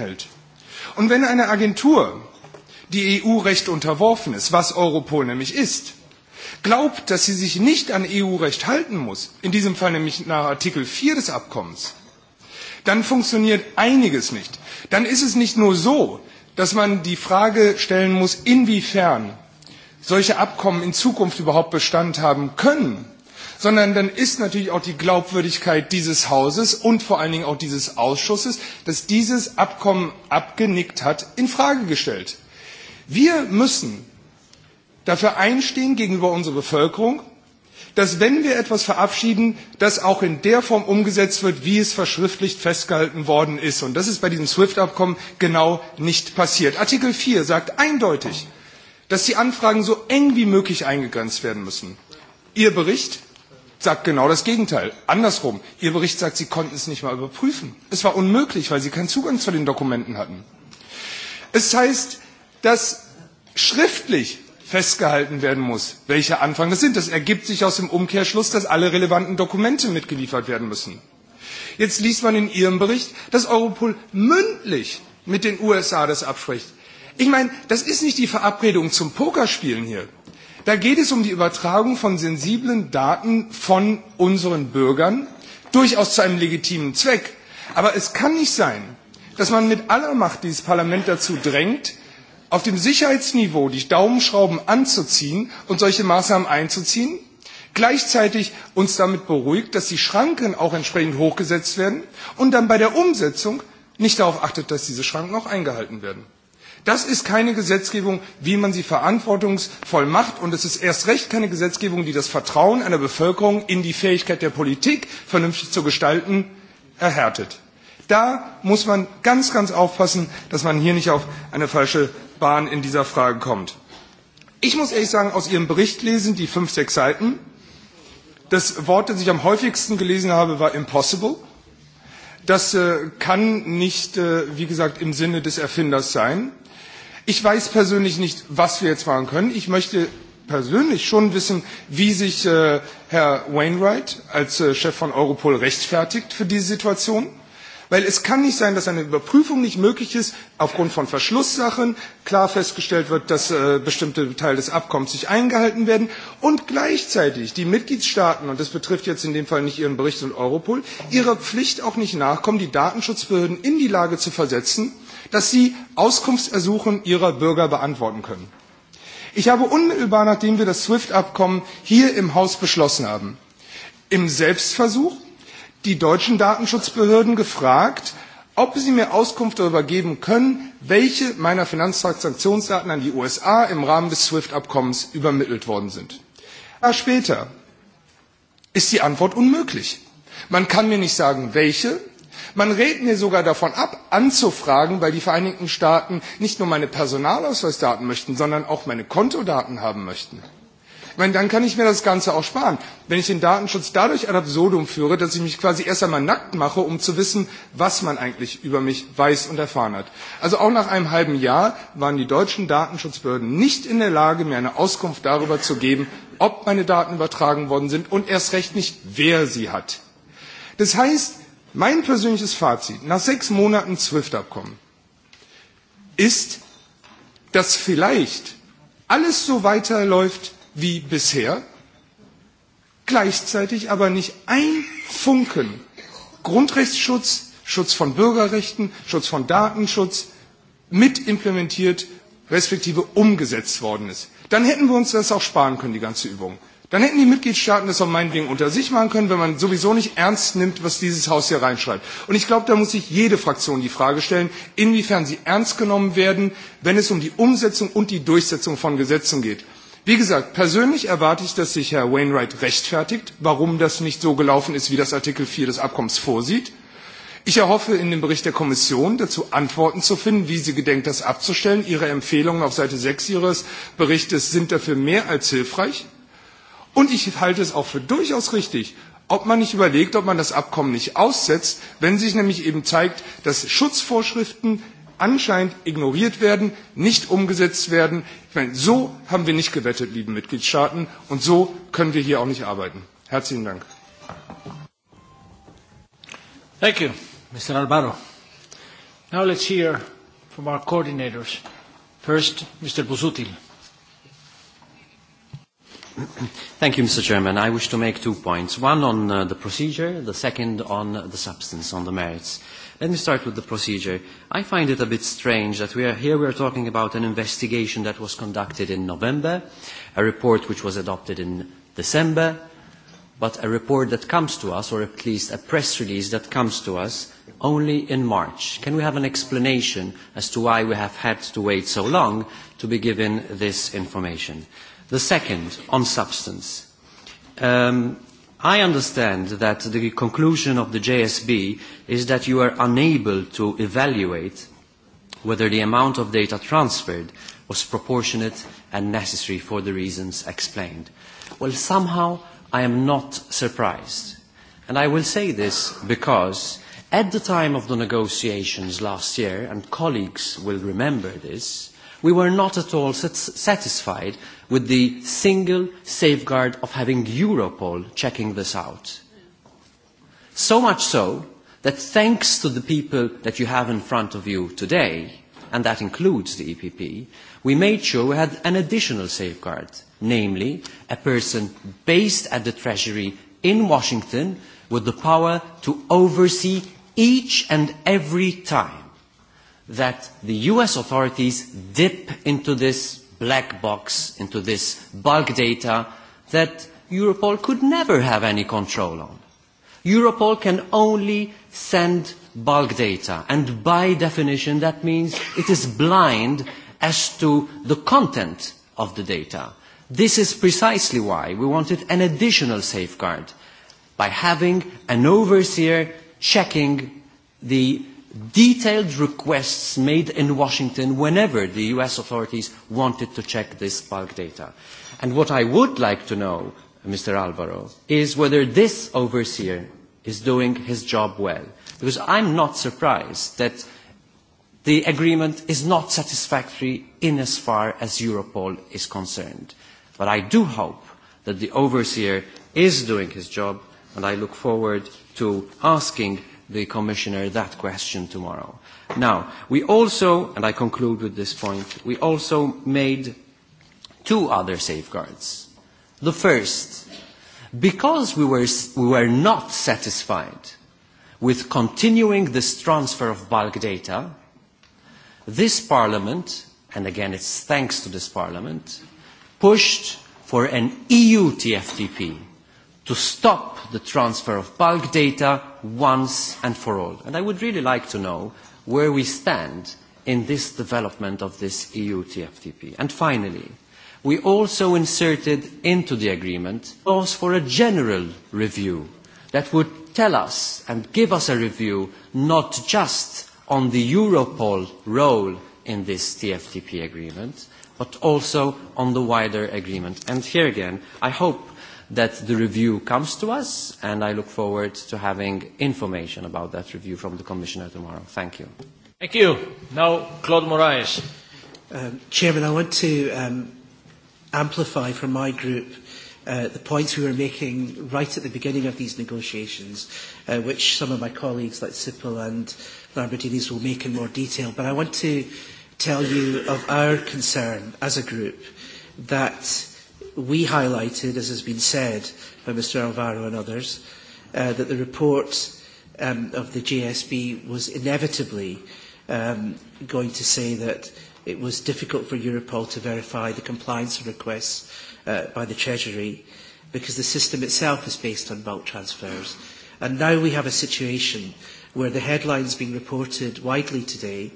hält. Und wenn eine Agentur, die EU-Recht unterworfen ist, was Europol nämlich ist, glaubt, dass sie sich nicht an EU-Recht halten muss, in diesem Fall nämlich nach Artikel 4 des Abkommens, dann funktioniert einiges nicht. Dann ist es nicht nur so, dass man die Frage stellen muss, inwiefern solche Abkommen in Zukunft überhaupt Bestand haben können, sondern dann ist natürlich auch die Glaubwürdigkeit dieses Hauses und vor allen Dingen auch dieses Ausschusses, das dieses Abkommen abgenickt hat, in Frage gestellt. Wir müssen dafür einstehen gegenüber unserer Bevölkerung, dass wenn wir etwas verabschieden, das auch in der Form umgesetzt wird, wie es verschriftlicht festgehalten worden ist. Und das ist bei diesem SWIFT-Abkommen genau nicht passiert. Artikel 4 sagt eindeutig, dass die Anfragen so eng wie möglich eingegrenzt werden müssen. Ihr Bericht sagt genau das Gegenteil. Andersrum. Ihr Bericht sagt, Sie konnten es nicht mal überprüfen. Es war unmöglich, weil Sie keinen Zugang zu den Dokumenten hatten. Es heißt, dass schriftlich festgehalten werden muss, welche Anfragen das sind. Das ergibt sich aus dem Umkehrschluss, dass alle relevanten Dokumente mitgeliefert werden müssen. Jetzt liest man in Ihrem Bericht, dass Europol mündlich mit den USA das abspricht. Ich meine, das ist nicht die Verabredung zum Pokerspielen hier. Da geht es um die Übertragung von sensiblen Daten von unseren Bürgern, durchaus zu einem legitimen Zweck. Aber es kann nicht sein, dass man mit aller Macht dieses Parlament dazu drängt, auf dem Sicherheitsniveau die Daumenschrauben anzuziehen und solche Maßnahmen einzuziehen, gleichzeitig uns damit beruhigt, dass die Schranken auch entsprechend hochgesetzt werden und dann bei der Umsetzung nicht darauf achtet, dass diese Schranken auch eingehalten werden. Das ist keine Gesetzgebung, wie man sie verantwortungsvoll macht. Und es ist erst recht keine Gesetzgebung, die das Vertrauen einer Bevölkerung in die Fähigkeit der Politik, vernünftig zu gestalten, erhärtet. Da muss man ganz, ganz aufpassen, dass man hier nicht auf eine falsche Bahn in dieser Frage kommt. Ich muss ehrlich sagen, aus Ihrem Bericht lesen, die fünf, sechs Seiten, das Wort, das ich am häufigsten gelesen habe, war impossible. Das kann nicht, wie gesagt, im Sinne des Erfinders sein. Ich weiß persönlich nicht, was wir jetzt machen können. Ich möchte persönlich schon wissen, wie sich äh, Herr Wainwright als äh, Chef von Europol rechtfertigt für diese Situation. Weil es kann nicht sein, dass eine Überprüfung nicht möglich ist, aufgrund von Verschlusssachen klar festgestellt wird, dass äh, bestimmte Teile des Abkommens nicht eingehalten werden und gleichzeitig die Mitgliedstaaten, und das betrifft jetzt in dem Fall nicht Ihren Bericht und Europol, ihrer Pflicht auch nicht nachkommen, die Datenschutzbehörden in die Lage zu versetzen, dass sie Auskunftsersuchen ihrer Bürger beantworten können. Ich habe unmittelbar, nachdem wir das SWIFT-Abkommen hier im Haus beschlossen haben, im Selbstversuch die deutschen Datenschutzbehörden gefragt, ob sie mir Auskunft darüber geben können, welche meiner Finanztransaktionsdaten an die USA im Rahmen des SWIFT-Abkommens übermittelt worden sind. Jahr später ist die Antwort unmöglich. Man kann mir nicht sagen, welche, Man rät mir sogar davon ab, anzufragen, weil die Vereinigten Staaten nicht nur meine Personalausweisdaten möchten, sondern auch meine Kontodaten haben möchten. Ich meine, dann kann ich mir das Ganze auch sparen. Wenn ich den Datenschutz dadurch ad absurdum führe, dass ich mich quasi erst einmal nackt mache, um zu wissen, was man eigentlich über mich weiß und erfahren hat. Also auch nach einem halben Jahr waren die deutschen Datenschutzbehörden nicht in der Lage, mir eine Auskunft darüber zu geben, ob meine Daten übertragen worden sind und erst recht nicht, wer sie hat. Das heißt, Mein persönliches Fazit nach sechs Monaten ZwIFT abkommen ist, dass vielleicht alles so weiterläuft wie bisher, gleichzeitig aber nicht ein Funken Grundrechtsschutz, Schutz von Bürgerrechten, Schutz von Datenschutz mit implementiert respektive umgesetzt worden ist. Dann hätten wir uns das auch sparen können, die ganze Übung. Dann hätten die Mitgliedstaaten das auch meinetwegen unter sich machen können, wenn man sowieso nicht ernst nimmt, was dieses Haus hier reinschreibt. Und ich glaube, da muss sich jede Fraktion die Frage stellen, inwiefern sie ernst genommen werden, wenn es um die Umsetzung und die Durchsetzung von Gesetzen geht. Wie gesagt, persönlich erwarte ich, dass sich Herr Wainwright rechtfertigt, warum das nicht so gelaufen ist, wie das Artikel 4 des Abkommens vorsieht. Ich erhoffe, in dem Bericht der Kommission dazu Antworten zu finden, wie sie gedenkt, das abzustellen. Ihre Empfehlungen auf Seite 6 Ihres Berichts sind dafür mehr als hilfreich. Und ich halte es auch für durchaus richtig, ob man nicht überlegt, ob man das Abkommen nicht aussetzt, wenn sich nämlich eben zeigt, dass Schutzvorschriften anscheinend ignoriert werden, nicht umgesetzt werden. Ich meine, so haben wir nicht gewettet, liebe Mitgliedstaaten, und so können wir hier auch nicht arbeiten. Herzlichen Dank. Thank you, Mr. Alvaro. Now let's hear from our coordinators. First, Mr. Busutil. Thank you, Mr. Chairman. I wish to make two points. One on uh, the procedure, the second on the substance, on the merits. Let me start with the procedure. I find it a bit strange that we are here, we are talking about an investigation that was conducted in November, a report which was adopted in December, but a report that comes to us, or at least a press release that comes to us, only in March. Can we have an explanation as to why we have had to wait so long to be given this information? The second, on substance. Um, I understand that the conclusion of the JSB is that you are unable to evaluate whether the amount of data transferred was proportionate and necessary for the reasons explained. Well, somehow I am not surprised. And I will say this because at the time of the negotiations last year, and colleagues will remember this, we were not at all satisfied with the single safeguard of having Europol checking this out. So much so that thanks to the people that you have in front of you today, and that includes the EPP, we made sure we had an additional safeguard, namely a person based at the Treasury in Washington with the power to oversee each and every time that the US authorities dip into this black box, into this bulk data that Europol could never have any control on. Europol can only send bulk data, and by definition that means it is blind as to the content of the data. This is precisely why we wanted an additional safeguard by having an overseer checking the detailed requests made in Washington whenever the US authorities wanted to check this bulk data. And what I would like to know, Mr. Alvaro, is whether this overseer is doing his job well. Because I'm not surprised that the agreement is not satisfactory in as far as Europol is concerned. But I do hope that the overseer is doing his job, and I look forward to asking the Commissioner that question tomorrow. Now, we also, and I conclude with this point, we also made two other safeguards. The first, because we were, we were not satisfied with continuing this transfer of bulk data, this Parliament, and again it's thanks to this Parliament, pushed for an EU TFTP to stop the transfer of bulk data once and for all. And I would really like to know where we stand in this development of this EU TFTP. And finally, we also inserted into the agreement clause for a general review that would tell us and give us a review not just on the Europol role in this TFTP agreement, but also on the wider agreement. And here again, I hope that the review comes to us, and I look forward to having information about that review from the Commissioner tomorrow. Thank you. Thank you. Now, Claude Moraes. Um, Chairman, I want to um, amplify from my group uh, the points we were making right at the beginning of these negotiations, uh, which some of my colleagues like Sipil and Lambertinis will make in more detail. But I want to tell you of our concern as a group that we highlighted, as has been said by Mr Alvaro and others, uh, that the report um, of the GSB was inevitably um, going to say that it was difficult for Europol to verify the compliance requests uh, by the Treasury because the system itself is based on bulk transfers. And now we have a situation where the headlines being reported widely today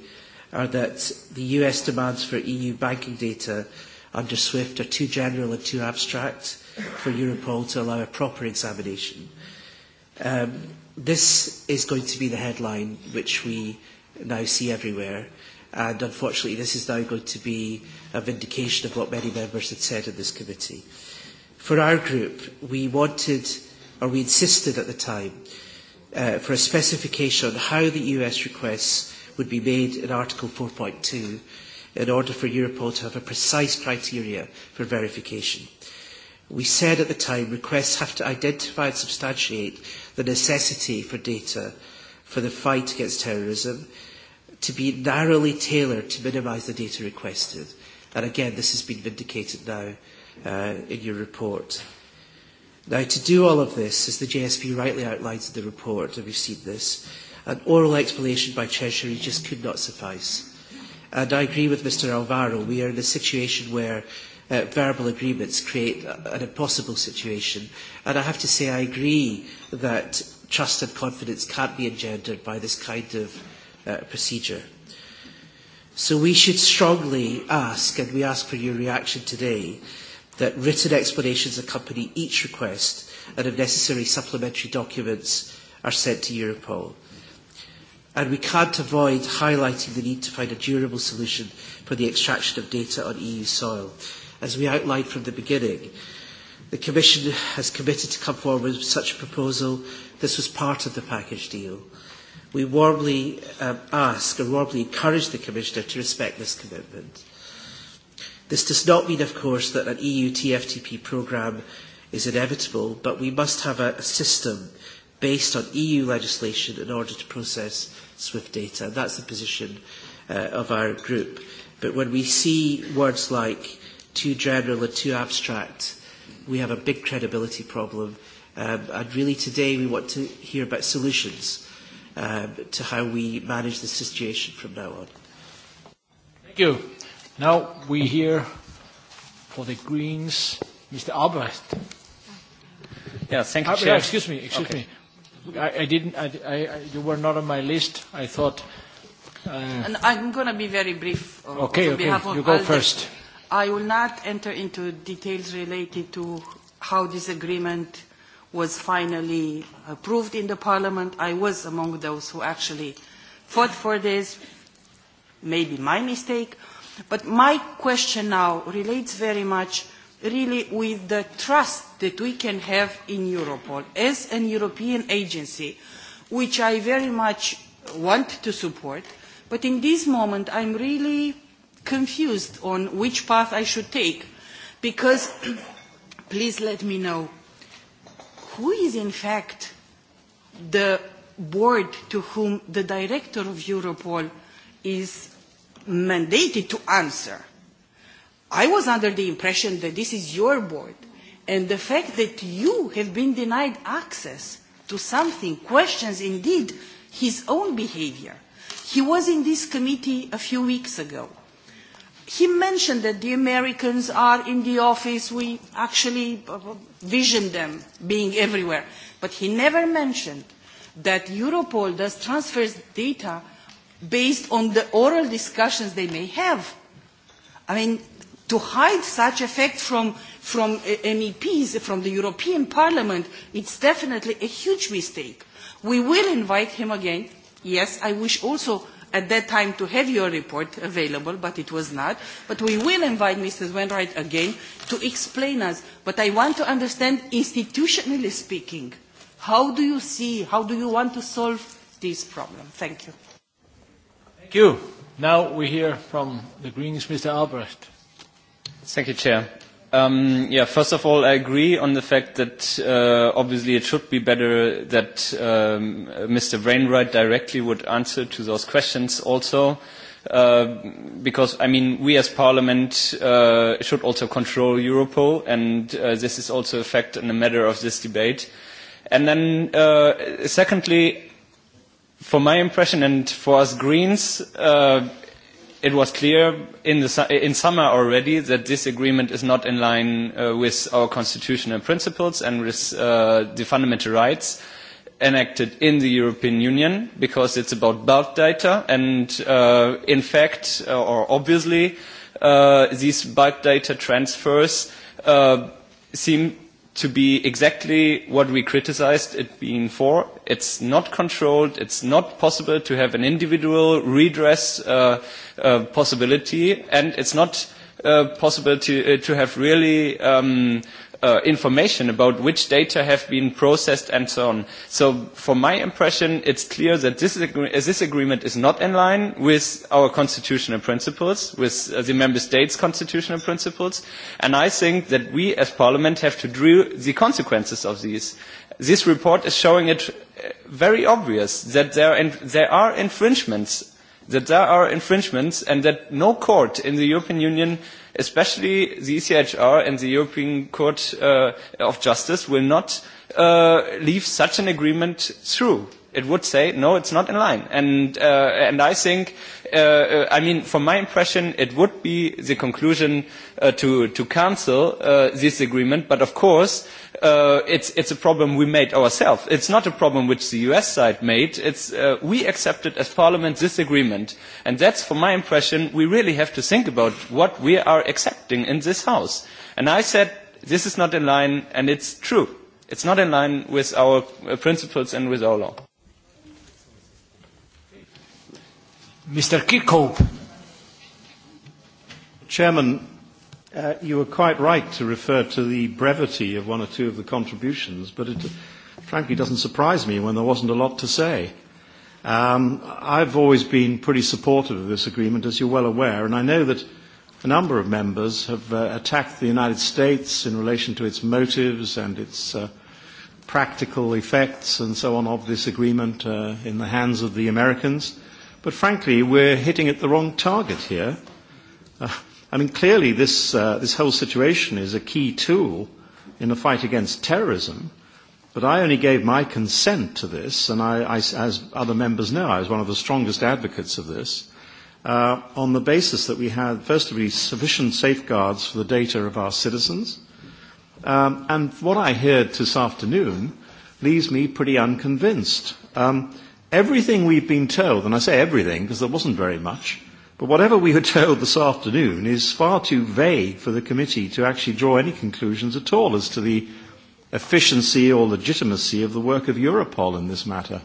are that the US demands for EU banking data under SWIFT are too general and too abstract for Europol to allow a proper examination. Um, this is going to be the headline which we now see everywhere. And unfortunately, this is now going to be a vindication of what many members had said in this committee. For our group, we wanted, or we insisted at the time, uh, for a specification on how the US requests would be made in Article in order for Europol to have a precise criteria for verification. We said at the time requests have to identify and substantiate the necessity for data for the fight against terrorism to be narrowly tailored to minimise the data requested. And again, this has been vindicated now uh, in your report. Now, to do all of this, as the JSP rightly outlines in the report, and we've seen this, an oral explanation by Treasury just could not suffice And I agree with Mr Alvaro. We are in a situation where uh, verbal agreements create an impossible situation. And I have to say I agree that trust and confidence can't be engendered by this kind of uh, procedure. So we should strongly ask, and we ask for your reaction today, that written explanations accompany each request and if necessary supplementary documents are sent to Europol and we can't avoid highlighting the need to find a durable solution for the extraction of data on EU soil. As we outlined from the beginning, the Commission has committed to come forward with such a proposal. This was part of the package deal. We warmly um, ask and warmly encourage the Commissioner to respect this commitment. This does not mean, of course, that an EU TFTP programme is inevitable, but we must have a, a system based on EU legislation in order to process SWIFT data. That's the position uh, of our group. But when we see words like too general or too abstract, we have a big credibility problem. Um, and really today we want to hear about solutions um, to how we manage the situation from now on. Thank you. Now we hear for the Greens, Mr. Albrecht. Yeah, thank you, Chair. Excuse me, excuse me. I, I didn't. I, I, you were not on my list. I thought. Uh, and I'm going to be very brief. Uh, okay, okay. You go ALDE. first. I will not enter into details related to how this agreement was finally approved in the Parliament. I was among those who actually fought for this. Maybe my mistake. But my question now relates very much really with the trust that we can have in Europol as an European agency, which I very much want to support. But in this moment, I'm really confused on which path I should take, because please let me know who is in fact the board to whom the director of Europol is mandated to answer I was under the impression that this is your board. And the fact that you have been denied access to something questions indeed his own behavior. He was in this committee a few weeks ago. He mentioned that the Americans are in the office. We actually vision them being everywhere. But he never mentioned that Europol does transfers data based on the oral discussions they may have. I mean, to hide such effect from, from MEPs, from the European Parliament, it's definitely a huge mistake. We will invite him again. Yes, I wish also at that time to have your report available, but it was not. But we will invite Mr Wainwright again to explain us. But I want to understand, institutionally speaking, how do you see, how do you want to solve this problem? Thank you. Thank you. Now we hear from the Greens, Mr. Albrecht. Thank you, Chair. Um, yeah, first of all, I agree on the fact that uh, obviously it should be better that um, Mr. Brainwright directly would answer to those questions also, uh, because, I mean, we as Parliament uh, should also control Europol, and uh, this is also a fact in the matter of this debate. And then, uh, secondly, for my impression and for us Greens, uh, it was clear in, the, in summer already that this agreement is not in line uh, with our constitutional principles and with uh, the fundamental rights enacted in the European Union because it's about bulk data and uh, in fact uh, or obviously uh, these bulk data transfers uh, seem to be exactly what we criticized it being for. It's not controlled. It's not possible to have an individual redress uh, uh, possibility, and it's not uh, possible to uh, to have really. Um, uh, information about which data have been processed and so on. So from my impression, it's clear that this, agree this agreement is not in line with our constitutional principles, with uh, the member states' constitutional principles. And I think that we as parliament have to drill the consequences of these. This report is showing it very obvious that there, there are infringements that there are infringements and that no court in the European Union, especially the ECHR and the European Court uh, of Justice, will not uh, leave such an agreement through. It would say, no, it's not in line. And, uh, and I think uh, I mean, from my impression, it would be the conclusion uh, to to cancel uh, this agreement. But of course, uh, it's it's a problem we made ourselves. It's not a problem which the U.S. side made. It's uh, we accepted as Parliament this agreement, and that's, from my impression, we really have to think about what we are accepting in this House. And I said this is not in line, and it's true. It's not in line with our principles and with our law. Mr. Kirkhope. Chairman, uh, you were quite right to refer to the brevity of one or two of the contributions, but it frankly doesn't surprise me when there wasn't a lot to say. Um, I've always been pretty supportive of this agreement, as you're well aware, and I know that a number of members have uh, attacked the United States in relation to its motives and its uh, practical effects and so on of this agreement uh, in the hands of the Americans. But frankly, we're hitting at the wrong target here. Uh, I mean, clearly, this, uh, this whole situation is a key tool in the fight against terrorism. But I only gave my consent to this, and I, I, as other members know, I was one of the strongest advocates of this, uh, on the basis that we had, first of all, sufficient safeguards for the data of our citizens. Um, and what I heard this afternoon leaves me pretty unconvinced. Um, Everything we've been told, and I say everything because there wasn't very much, but whatever we were told this afternoon is far too vague for the committee to actually draw any conclusions at all as to the efficiency or legitimacy of the work of Europol in this matter.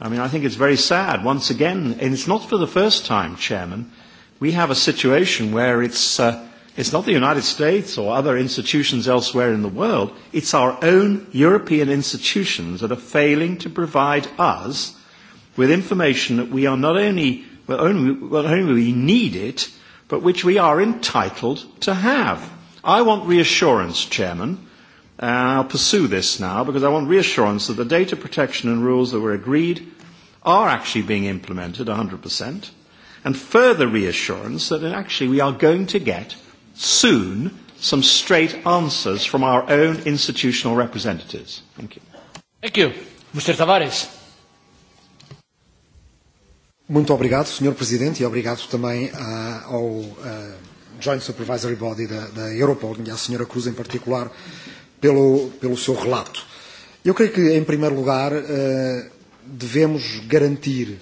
I mean, I think it's very sad. Once again, and it's not for the first time, Chairman, we have a situation where it's uh, It's not the United States or other institutions elsewhere in the world. It's our own European institutions that are failing to provide us with information that we are not only, well, only, well, only we need it, but which we are entitled to have. I want reassurance, Chairman, and I'll pursue this now because I want reassurance that the data protection and rules that were agreed are actually being implemented 100%, and further reassurance that actually we are going to get soon some straight answers from our own institutional representatives. Thank you. Thank you. Mr. Tavares. Muito obrigado, Sr. Presidente, e obrigado também uh, ao uh, Joint Supervisory Body da, da Europol e à Sra. Cruz em particular pelo, pelo seu relato. Eu creio que, em primeiro lugar, uh, devemos garantir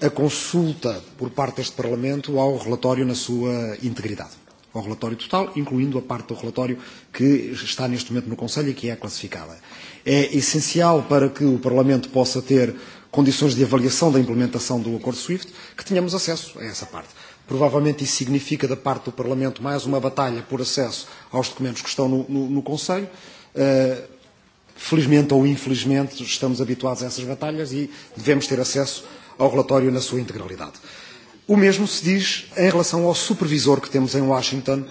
a consulta por parte deste Parlamento ao relatório na sua integridade ao relatório total, incluindo a parte do relatório que está neste momento no Conselho e que é classificada. É essencial para que o Parlamento possa ter condições de avaliação da implementação do Acordo SWIFT que tenhamos acesso a essa parte. Provavelmente isso significa da parte do Parlamento mais uma batalha por acesso aos documentos que estão no, no, no Conselho. Uh, felizmente ou infelizmente, estamos habituados a essas batalhas e devemos ter acesso ao relatório na sua integralidade. O mesmo se diz em relação ao supervisor que temos em Washington,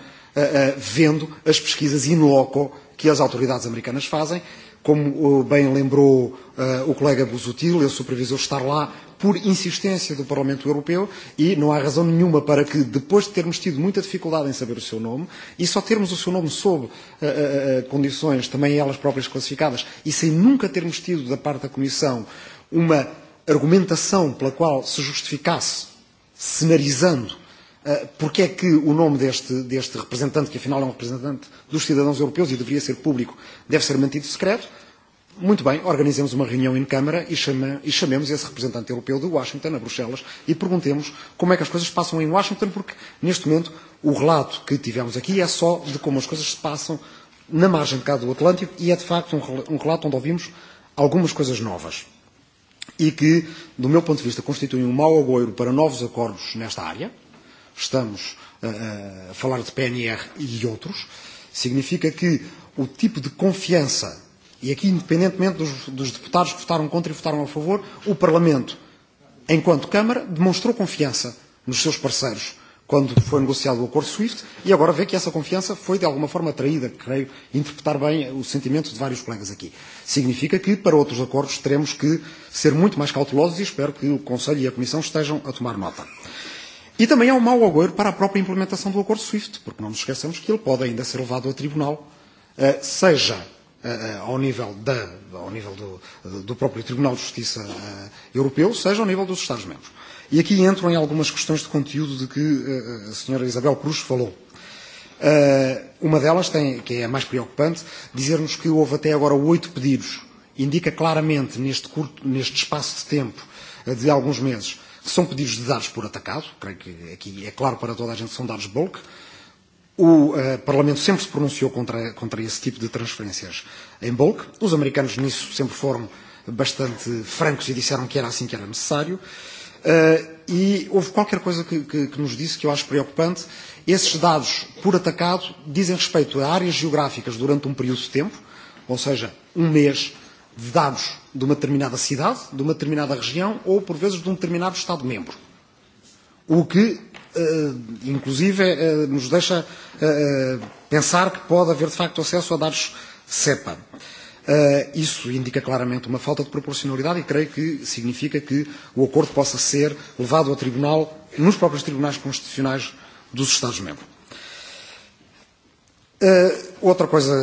vendo as pesquisas in loco que as autoridades americanas fazem. Como bem lembrou o colega Busutil, o supervisor está lá por insistência do Parlamento Europeu e não há razão nenhuma para que, depois de termos tido muita dificuldade em saber o seu nome e só termos o seu nome sob uh, uh, condições, também elas próprias classificadas, e sem nunca termos tido da parte da Comissão uma argumentação pela qual se justificasse cenarizando porque é que o nome deste, deste representante, que afinal é um representante dos cidadãos europeus e deveria ser público, deve ser mantido secreto. Muito bem, organizemos uma reunião em Câmara e, chama, e chamemos esse representante europeu de Washington, a Bruxelas, e perguntemos como é que as coisas passam em Washington, porque neste momento o relato que tivemos aqui é só de como as coisas se passam na margem de cá do Atlântico e é de facto um, um relato onde ouvimos algumas coisas novas e que, do meu ponto de vista, constituem um mau agouro para novos acordos nesta área. Estamos a falar de PNR e outros. Significa que o tipo de confiança, e aqui independentemente dos, dos deputados que votaram contra e votaram a favor, o Parlamento, enquanto Câmara, demonstrou confiança nos seus parceiros quando foi negociado o acordo SWIFT e agora vê que essa confiança foi de alguma forma traída, creio interpretar bem o sentimento de vários colegas aqui. Significa que para outros acordos teremos que ser muito mais cautelosos e espero que o Conselho e a Comissão estejam a tomar nota. E também é um mau agouro para a própria implementação do acordo SWIFT, porque não nos esqueçamos que ele pode ainda ser levado a tribunal, seja ao nível, da, ao nível do, do próprio Tribunal de Justiça Europeu, seja ao nível dos Estados-membros. E aqui entram em algumas questões de conteúdo de que a senhora Isabel Cruz falou. Uma delas, tem, que é a mais preocupante, dizer-nos que houve até agora oito pedidos. Indica claramente, neste, curto, neste espaço de tempo de alguns meses, que são pedidos de dados por atacado, creio que aqui é claro para toda a gente, são dados bulk, O uh, Parlamento sempre se pronunciou contra, contra esse tipo de transferências em bulk. Os americanos nisso sempre foram bastante francos e disseram que era assim que era necessário. Uh, Uh, e houve qualquer coisa que, que, que nos disse que eu acho preocupante. Esses dados, por atacado, dizem respeito a áreas geográficas durante um período de tempo, ou seja, um mês de dados de uma determinada cidade, de uma determinada região ou, por vezes, de um determinado Estado-membro. O que, inclusive, nos deixa pensar que pode haver, de facto, acesso a dados CEPA. Uh, isso indica claramente uma falta de proporcionalidade e creio que significa que o acordo possa ser levado ao Tribunal, nos próprios Tribunais Constitucionais dos Estados-membros. Uh, outra coisa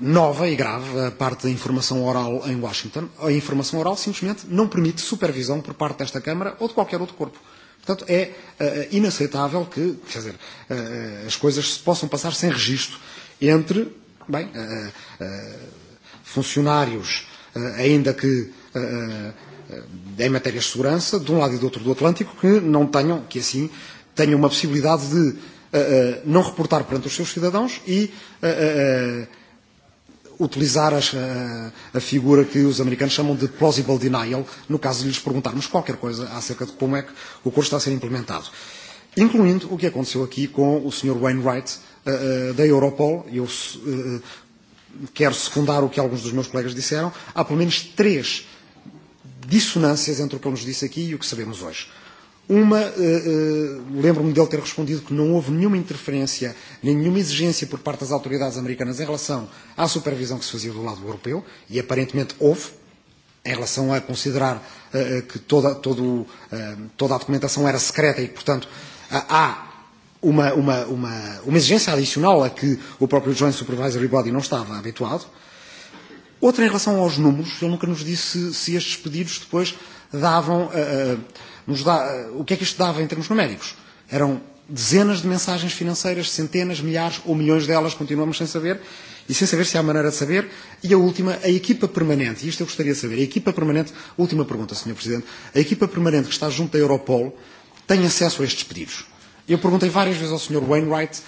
nova e grave, a parte da informação oral em Washington. A informação oral simplesmente não permite supervisão por parte desta Câmara ou de qualquer outro corpo. Portanto, é uh, inaceitável que quer dizer, uh, as coisas se possam passar sem registro entre bem, uh, uh, funcionários, ainda que em matéria de segurança, de um lado e do outro do Atlântico, que não tenham, que assim tenham uma possibilidade de não reportar perante os seus cidadãos e utilizar as, a, a figura que os americanos chamam de plausible denial, no caso de lhes perguntarmos qualquer coisa acerca de como é que o curso está a ser implementado. Incluindo o que aconteceu aqui com o Sr. Wainwright uh, uh, da Europol. Eu uh, quero secundar o que alguns dos meus colegas disseram, há pelo menos três dissonâncias entre o que ele nos disse aqui e o que sabemos hoje. Uma, lembro-me dele ter respondido que não houve nenhuma interferência, nem nenhuma exigência por parte das autoridades americanas em relação à supervisão que se fazia do lado europeu, e aparentemente houve, em relação a considerar que toda, todo, toda a documentação era secreta e, portanto, há uma, uma, uma, uma exigência adicional a que o próprio Joint Supervisory Body não estava habituado. Outra em relação aos números, ele nunca nos disse se estes pedidos depois davam, uh, nos da, uh, o que é que isto dava em termos numéricos. Eram dezenas de mensagens financeiras, centenas, milhares ou milhões delas, continuamos sem saber, e sem saber se há maneira de saber. E a última, a equipa permanente, e isto eu gostaria de saber, a equipa permanente, última pergunta, Sr. Presidente, a equipa permanente que está junto da Europol tem acesso a estes pedidos? Eu perguntei várias vezes ao Sr. Wainwright,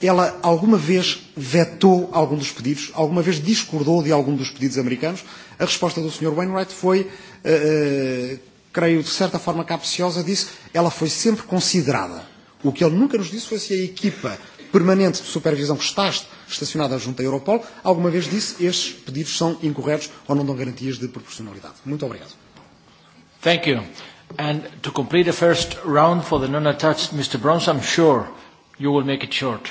ela alguma vez vetou algum dos pedidos? Alguma vez discordou de algum dos pedidos americanos? A resposta do Sr. Wainwright foi, uh, uh, creio de certa forma capciosa, disse ela foi sempre considerada. O que ele nunca nos disse foi se a equipa permanente de supervisão que está estacionada junto à Europol alguma vez disse estes pedidos são incorretos ou não dão garantias de proporcionalidade. Muito obrigado. Thank you. And to complete the first round for the non-attached, Mr. Brons, I'm sure you will make it short.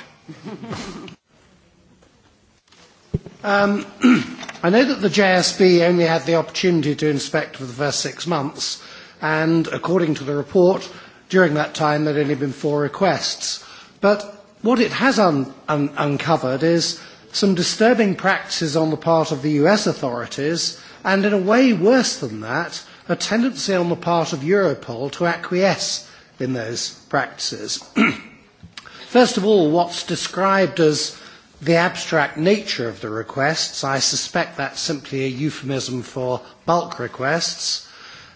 um, I know that the JSB only had the opportunity to inspect for the first six months, and according to the report, during that time there had only been four requests. But what it has un- un- uncovered is some disturbing practices on the part of the US authorities, and in a way worse than that, a tendency on the part of Europol to acquiesce in those practices. First of all, what's described as the abstract nature of the requests, I suspect that's simply a euphemism for bulk requests,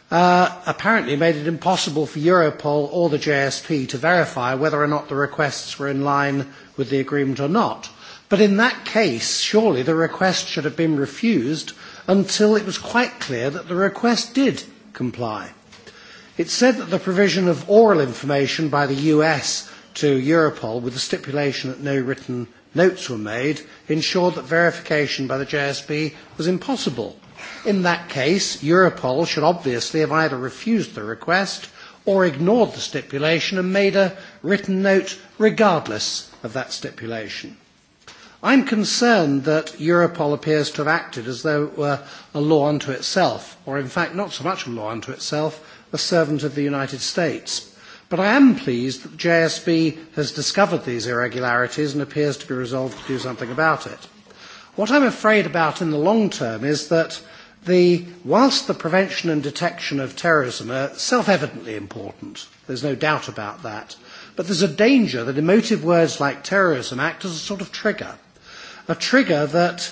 uh, apparently made it impossible for Europol or the JSP to verify whether or not the requests were in line with the agreement or not. But in that case, surely the request should have been refused until it was quite clear that the request did comply. It said that the provision of oral information by the US to Europol with the stipulation that no written notes were made ensured that verification by the JSB was impossible. In that case, Europol should obviously have either refused the request or ignored the stipulation and made a written note regardless of that stipulation. I'm concerned that Europol appears to have acted as though it were a law unto itself, or in fact not so much a law unto itself, a servant of the United States. But I am pleased that the JSB has discovered these irregularities and appears to be resolved to do something about it. What I'm afraid about in the long term is that the, whilst the prevention and detection of terrorism are self-evidently important, there's no doubt about that, but there's a danger that emotive words like terrorism act as a sort of trigger – a trigger that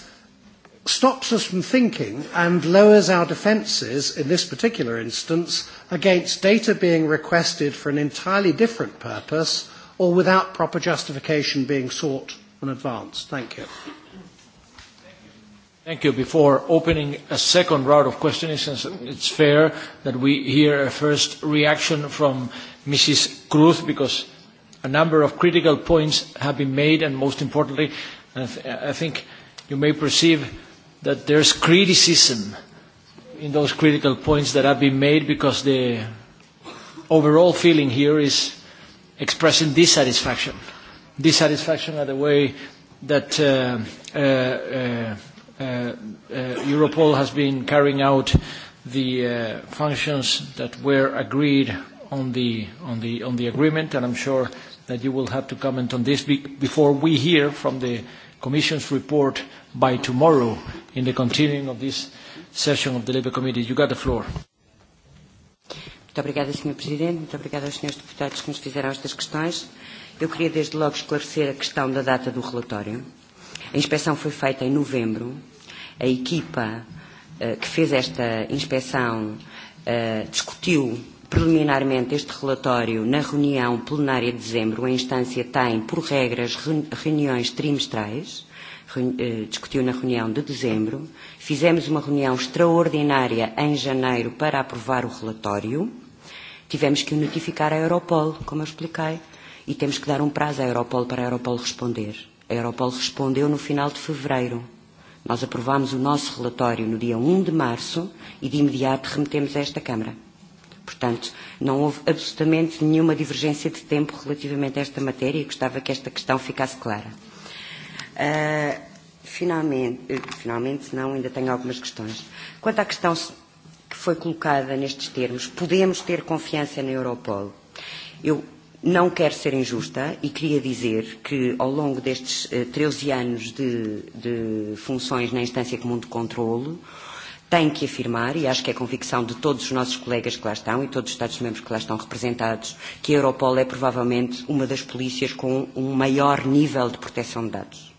stops us from thinking and lowers our defences, in this particular instance, against data being requested for an entirely different purpose or without proper justification being sought and advanced. Thank you. Thank you. Before opening a second round of questions, it's fair that we hear a first reaction from Mrs. Cruz because a number of critical points have been made and most importantly, I, th- I think you may perceive that there's criticism in those critical points that have been made because the overall feeling here is expressing dissatisfaction. Dissatisfaction at the way that uh uh, uh, uh, uh, Europol has been carrying out the uh, functions that were agreed on the, on the, on the agreement, and I'm sure that you will have to comment on this before we hear from the Commission's report by tomorrow in the continuing of this session of the Labour Committee. You got the floor. Muito obrigada, Sr. Presidente. Muito obrigada aos Srs. Deputados que nos fizeram estas questões. Eu queria, desde logo, esclarecer a questão da data do relatório. A inspeção foi feita em novembro. A equipa uh, que fez esta inspeção uh, discutiu preliminarmente este relatório na reunião plenária de dezembro. A instância tem, por regras, reuniões trimestrais. Discutiu na reunião de dezembro. Fizemos uma reunião extraordinária em janeiro para aprovar o relatório. Tivemos que o notificar à Europol, como eu expliquei, e temos que dar um prazo à Europol para a Europol responder. A Europol respondeu no final de fevereiro. Nós aprovámos o nosso relatório no dia 1 de março e de imediato remetemos a esta Câmara. Portanto, não houve absolutamente nenhuma divergência de tempo relativamente a esta matéria e gostava que esta questão ficasse clara. Uh, finalmente, finalmente não, ainda tenho algumas questões. Quanto à questão que foi colocada nestes termos, podemos ter confiança na Europol? Eu não quero ser injusta e queria dizer que ao longo destes uh, 13 anos de, de funções na instância comum de controlo, tem que afirmar, e acho que é convicção de todos os nossos colegas que lá estão e todos os Estados-membros que lá estão representados, que a Europol é provavelmente uma das polícias com um maior nível de proteção de dados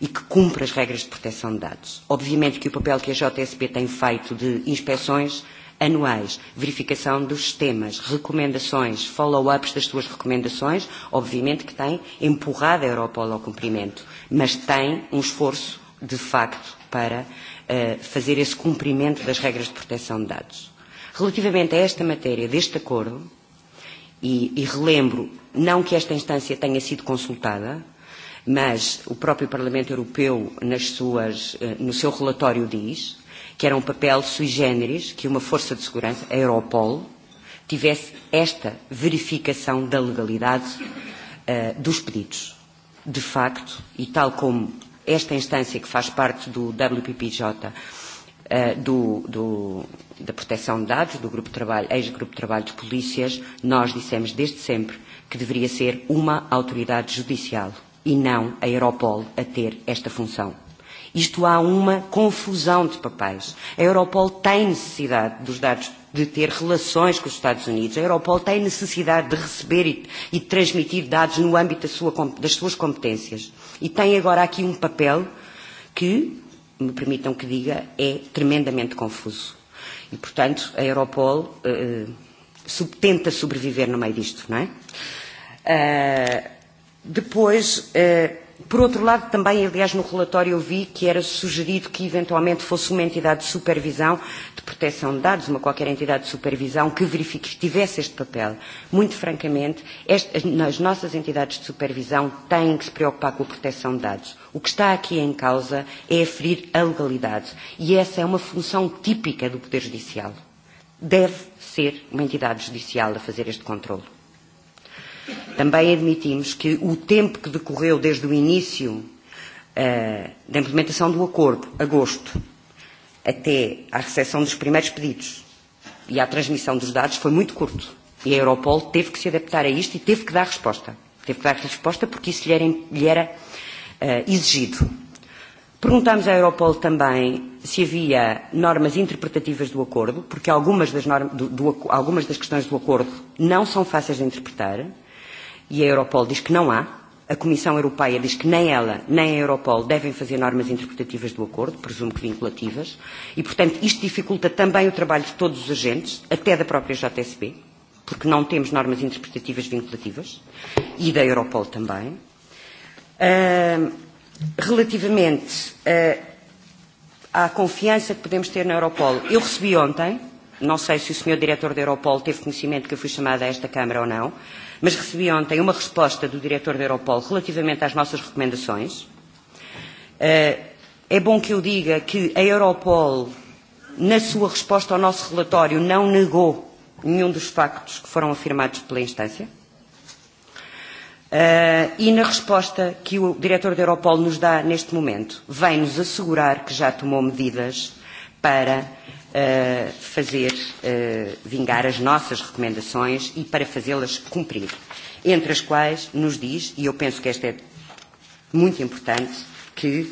e que cumpre as regras de proteção de dados. Obviamente que o papel que a JSP tem feito de inspeções anuais, verificação dos sistemas, recomendações, follow-ups das suas recomendações, obviamente que tem empurrado a Europol ao cumprimento, mas tem um esforço de facto para fazer esse cumprimento das regras de proteção de dados. Relativamente a esta matéria deste acordo, e, e relembro, não que esta instância tenha sido consultada, mas o próprio Parlamento Europeu, nas suas, no seu relatório, diz que era um papel sui generis que uma força de segurança, a Europol, tivesse esta verificação da legalidade uh, dos pedidos. De facto, e tal como esta instância que faz parte do WPPJ, do, do, da proteção de dados, do grupo de trabalho, ex-grupo de trabalho de polícias, nós dissemos desde sempre que deveria ser uma autoridade judicial e não a Europol a ter esta função. Isto há uma confusão de papéis. A Europol tem necessidade dos dados de ter relações com os Estados Unidos. A Europol tem necessidade de receber e, e transmitir dados no âmbito da sua, das suas competências. E tem agora aqui um papel que, me permitam que diga, é tremendamente confuso. E, portanto, a Europol uh, tenta sobreviver no meio disto, não é? Uh, depois, uh, Por outro lado, também, aliás, no relatório eu vi que era sugerido que eventualmente fosse uma entidade de supervisão, de proteção de dados, uma qualquer entidade de supervisão, que verifique que tivesse este papel. Muito francamente, este, as nossas entidades de supervisão têm que se preocupar com a proteção de dados. O que está aqui em causa é aferir a legalidade. E essa é uma função típica do Poder Judicial. Deve ser uma entidade judicial a fazer este controle. Também admitimos que o tempo que decorreu desde o início uh, da implementação do acordo, agosto, até à recepção dos primeiros pedidos e à transmissão dos dados foi muito curto. E a Europol teve que se adaptar a isto e teve que dar resposta. Teve que dar resposta porque isso lhe era, lhe era uh, exigido. Perguntámos à Europol também se havia normas interpretativas do acordo, porque algumas das, norm, do, do, algumas das questões do acordo não são fáceis de interpretar e a Europol diz que não há. A Comissão Europeia diz que nem ela nem a Europol devem fazer normas interpretativas do acordo, presumo que vinculativas, e, portanto, isto dificulta também o trabalho de todos os agentes, até da própria JSP, porque não temos normas interpretativas vinculativas, e da Europol também. Uh, relativamente uh, à confiança que podemos ter na Europol, eu recebi ontem, não sei se o senhor diretor da Europol teve conhecimento que eu fui chamada a esta Câmara ou não, mas recebi ontem uma resposta do diretor da Europol relativamente às nossas recomendações. É bom que eu diga que a Europol, na sua resposta ao nosso relatório, não negou nenhum dos factos que foram afirmados pela instância. Uh, e na resposta que o diretor da Europol nos dá neste momento, vem-nos assegurar que já tomou medidas para uh, fazer uh, vingar as nossas recomendações e para fazê-las cumprir, entre as quais nos diz, e eu penso que esta é muito importante, que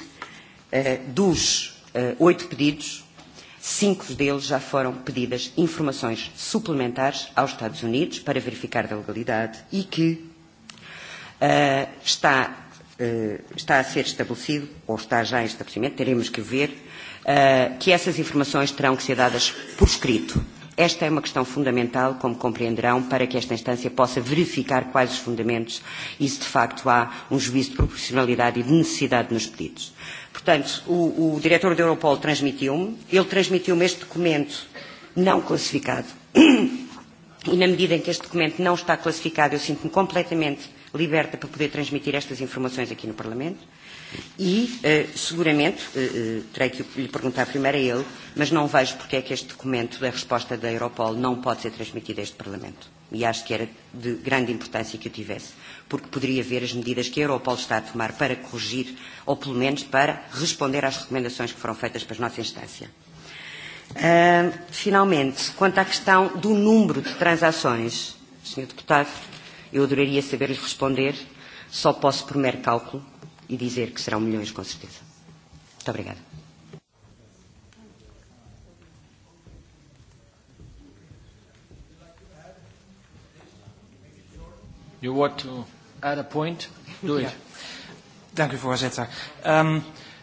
uh, dos uh, oito pedidos, cinco deles já foram pedidas informações suplementares aos Estados Unidos para verificar da legalidade e que uh, está, uh, está a ser estabelecido, ou está já em estabelecimento, teremos que ver que essas informações terão que ser dadas por escrito. Esta é uma questão fundamental, como compreenderão, para que esta instância possa verificar quais os fundamentos e se de facto há um juízo de proporcionalidade e de necessidade nos pedidos. Portanto, o, o diretor da Europol transmitiu-me, ele transmitiu-me este documento não classificado. E na medida em que este documento não está classificado, eu sinto-me completamente liberta para poder transmitir estas informações aqui no Parlamento. Uh, E, eh, seguramente, eh, terei que lhe perguntar primeiro a ele, mas não vejo porque é que este documento da resposta da Europol não pode ser transmitido a este Parlamento. E acho que era de grande importância que o tivesse, porque poderia ver as medidas que a Europol está a tomar para corrigir, ou pelo menos para responder às recomendações que foram feitas para a nossa instância. Uh, finalmente, quanto à questão do número de transações, Sr. Deputado, eu adoraria saber-lhe responder, só posso por mero cálculo, e dizer que serão milhões, com certeza. Muito obrigada. You want to add a point? Do it. Yeah. Dank u, voorzitter. Um,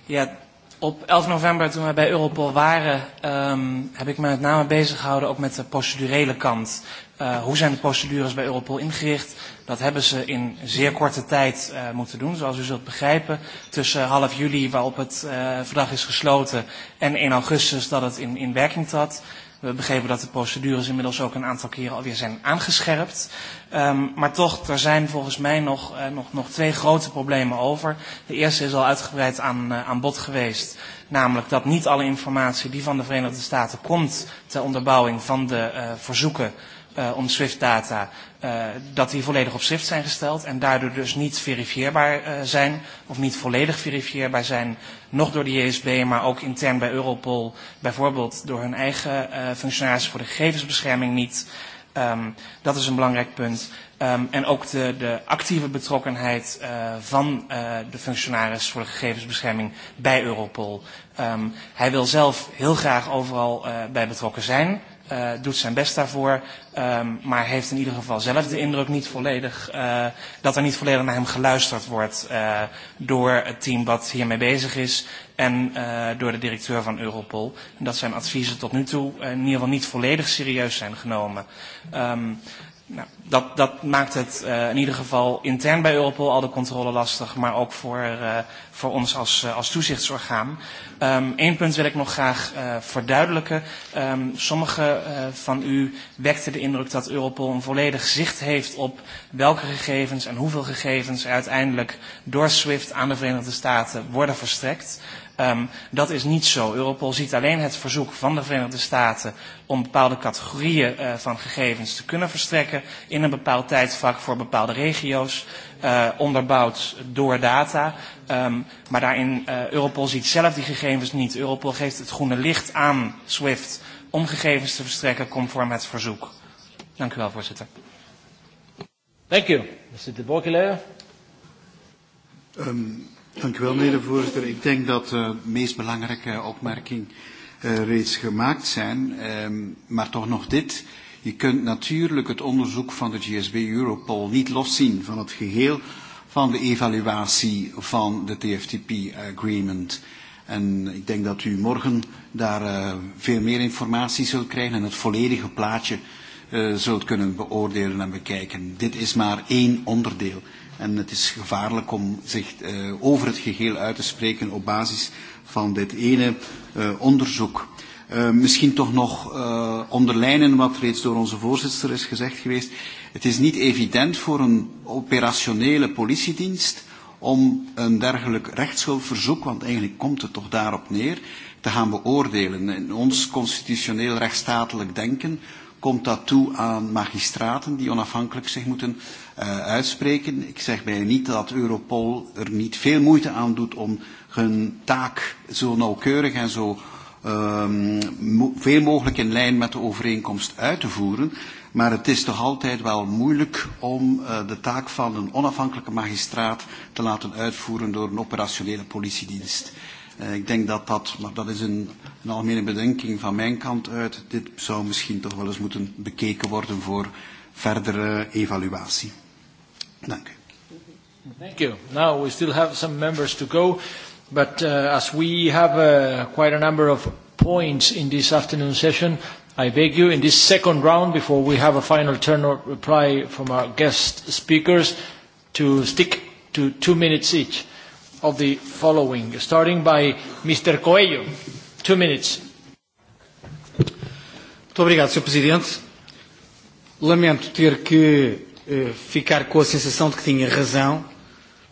yeah, Op 11 november, toen we bij Europol waren, um, heb ik me met name bezig gehouden ook met de procedurele kant. Uh, hoe zijn de procedures bij Europol ingericht? Dat hebben ze in zeer korte tijd uh, moeten doen, zoals u zult begrijpen. Tussen half juli, waarop het uh, verdrag is gesloten, en 1 augustus dat het in, in werking trad. We begrepen dat de procedures inmiddels ook een aantal keren alweer zijn aangescherpt. Um, maar toch, er zijn volgens mij nog, uh, nog, nog twee grote problemen over. De eerste is al uitgebreid aan, uh, aan bod geweest. Namelijk dat niet alle informatie die van de Verenigde Staten komt ter onderbouwing van de uh, verzoeken uh, om SWIFT-data, uh, dat die volledig op Swift zijn gesteld en daardoor dus niet verifieerbaar uh, zijn of niet volledig verifieerbaar zijn, nog door de JSB, maar ook intern bij Europol, bijvoorbeeld door hun eigen uh, functionarissen voor de gegevensbescherming niet. Um, dat is een belangrijk punt. Um, en ook de, de actieve betrokkenheid uh, van uh, de functionaris voor de gegevensbescherming bij Europol. Um, hij wil zelf heel graag overal uh, bij betrokken zijn uh, doet zijn best daarvoor, um, maar heeft in ieder geval zelf de indruk niet volledig, uh, dat er niet volledig naar hem geluisterd wordt uh, door het team wat hiermee bezig is en uh, door de directeur van Europol. En dat zijn adviezen tot nu toe uh, in ieder geval niet volledig serieus zijn genomen. Um, Nou, dat, dat maakt het uh, in ieder geval intern bij Europol al de controle lastig, maar ook voor, uh, voor ons als, uh, als toezichtsorgaan. Um, Eén punt wil ik nog graag uh, verduidelijken. Um, Sommigen uh, van u wekten de indruk dat Europol een volledig zicht heeft op welke gegevens en hoeveel gegevens er uiteindelijk door SWIFT aan de Verenigde Staten worden verstrekt. Um, dat is niet zo. Europol ziet alleen het verzoek van de Verenigde Staten om bepaalde categorieën uh, van gegevens te kunnen verstrekken in een bepaald tijdvak voor bepaalde regio's, uh, onderbouwd door data. Um, maar daarin, uh, Europol ziet zelf die gegevens niet. Europol geeft het groene licht aan SWIFT om gegevens te verstrekken conform het verzoek. Dank u wel, voorzitter. Dank u. Mr. De Borkelaar. Um, Dank u wel, meneer de voorzitter. Ik denk dat de meest belangrijke opmerking reeds gemaakt zijn, maar toch nog dit. Je kunt natuurlijk het onderzoek van de GSB Europol niet loszien van het geheel van de evaluatie van de TFTP-agreement. En ik denk dat u morgen daar veel meer informatie zult krijgen en het volledige plaatje zult kunnen beoordelen en bekijken. Dit is maar één onderdeel. En het is gevaarlijk om zich uh, over het geheel uit te spreken op basis van dit ene uh, onderzoek. Uh, misschien toch nog uh, onderlijnen wat reeds door onze voorzitter is gezegd geweest. Het is niet evident voor een operationele politiedienst om een dergelijk rechtshulpverzoek, want eigenlijk komt het toch daarop neer, te gaan beoordelen. In ons constitutioneel rechtsstatelijk denken komt dat toe aan magistraten die onafhankelijk zich moeten uh, uitspreken. Ik zeg bij niet dat Europol er niet veel moeite aan doet om hun taak zo nauwkeurig en zo um, mo veel mogelijk in lijn met de overeenkomst uit te voeren. Maar het is toch altijd wel moeilijk om uh, de taak van een onafhankelijke magistraat te laten uitvoeren door een operationele politiedienst. Uh, ik denk dat dat, maar dat is een, een algemene bedenking van mijn kant uit, dit zou misschien toch wel eens moeten bekeken worden voor verdere evaluatie. Danke. Thank you. Now we still have some members to go, but uh, as we have uh, quite a number of points in this afternoon session, I beg you, in this second round, before we have a final turn of reply from our guest speakers, to stick to two minutes each of the following, starting by Mr. Coelho. Two minutes. Muito obrigado, Sr. Presidente. Lamento ter que ficar com a sensação de que tinha razão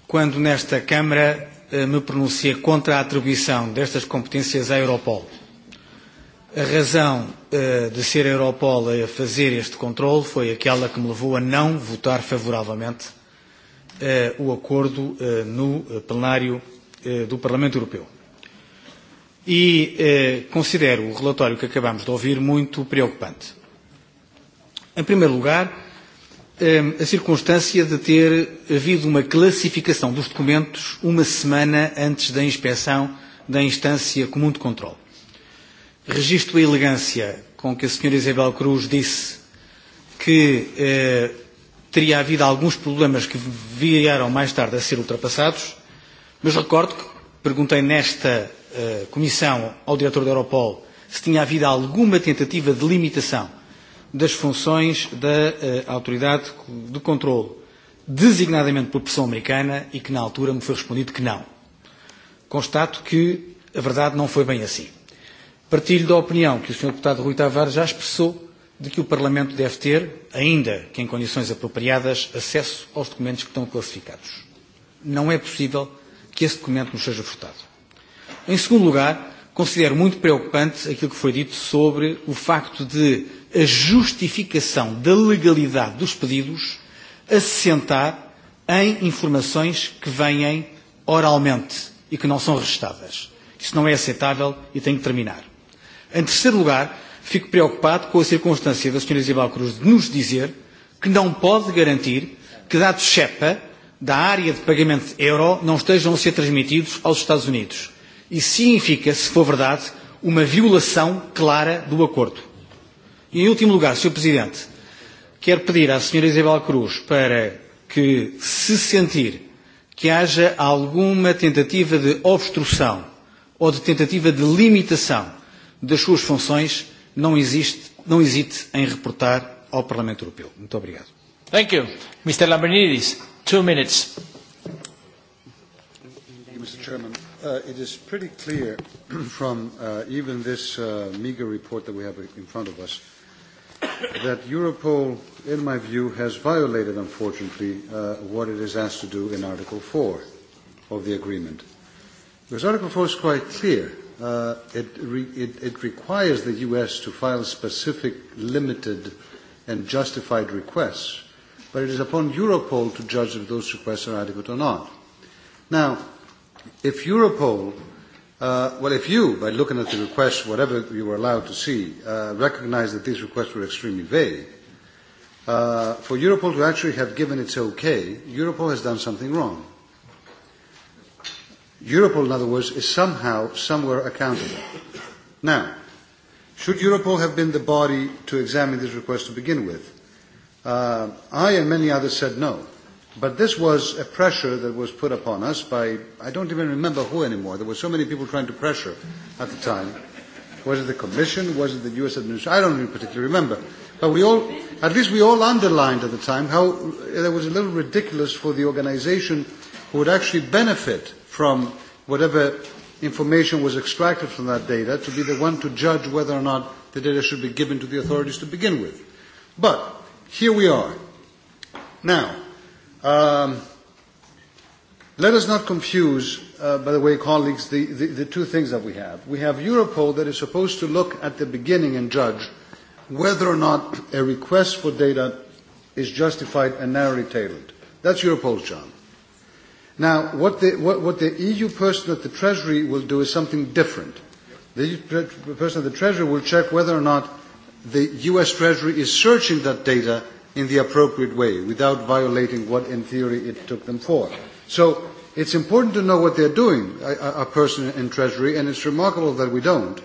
quando nesta Câmara me pronuncia contra a atribuição destas competências à Europol. A razão de ser a Europol a fazer este controle foi aquela que me levou a não votar favoravelmente o acordo no plenário do Parlamento Europeu. E considero o relatório que acabamos de ouvir muito preocupante. Em primeiro lugar, a circunstância de ter havido uma classificação dos documentos uma semana antes da inspeção da instância comum de controle. Registro a elegância com que a senhora Isabel Cruz disse que eh, teria havido alguns problemas que vieram mais tarde a ser ultrapassados, mas recordo que perguntei nesta eh, comissão ao diretor da Europol se tinha havido alguma tentativa de limitação das funções da autoridade de controle, designadamente por pressão americana, e que na altura me foi respondido que não. Constato que a verdade não foi bem assim. Partilho da opinião que o Sr. Deputado Rui Tavares já expressou de que o Parlamento deve ter, ainda que em condições apropriadas, acesso aos documentos que estão classificados. Não é possível que esse documento nos seja furtado. Em segundo lugar, considero muito preocupante aquilo que foi dito sobre o facto de a justificação da legalidade dos pedidos assentar em informações que vêm oralmente e que não são registadas. Isso não é aceitável e tem que terminar. Em terceiro lugar, fico preocupado com a circunstância da Sra. Isabel Cruz de nos dizer que não pode garantir que dados CEPA da área de pagamento euro não estejam a ser transmitidos aos Estados Unidos. Isso significa, se for verdade, uma violação clara do acordo. E, em último lugar, Sr. Presidente, quero pedir à Sra. Isabel Cruz para que, se sentir que haja alguma tentativa de obstrução ou de tentativa de limitação das suas funções, não, existe, não hesite em reportar ao Parlamento Europeu. Muito obrigado. Thank you. Mr. Lambrinidis, two minutes. Mr. Chairman, uh, it is pretty clear from uh, even this uh, meager report that we have in front of us that Europol, in my view, has violated, unfortunately, uh, what it is asked to do in Article 4 of the agreement. Because Article 4 is quite clear. Uh, it, re- it, it requires the U.S. to file specific, limited, and justified requests, but it is upon Europol to judge if those requests are adequate or not. Now, if Europol Uh, well, if you, by looking at the request, whatever you were allowed to see, uh, recognize that these requests were extremely vague, uh, for Europol to actually have given its okay, Europol has done something wrong. Europol, in other words, is somehow, somewhere accountable. Now, should Europol have been the body to examine this request to begin with? Uh, I and many others said no. But this was a pressure that was put upon us by, I don't even remember who anymore. There were so many people trying to pressure at the time. Was it the Commission? Was it the U.S. administration? I don't even particularly remember. But we all, at least we all underlined at the time how it was a little ridiculous for the organization who would actually benefit from whatever information was extracted from that data to be the one to judge whether or not the data should be given to the authorities to begin with. But here we are. Now, Um, let us not confuse, uh, by the way, colleagues, the, the, the two things that we have. We have Europol that is supposed to look at the beginning and judge whether or not a request for data is justified and narrowly tailored. That's Europol's job. Now, what the, what, what the EU person at the Treasury will do is something different. The EU person at the Treasury will check whether or not the US Treasury is searching that data in the appropriate way without violating what in theory it took them for. So it's important to know what they're doing, a, a person in Treasury, and it's remarkable that we don't.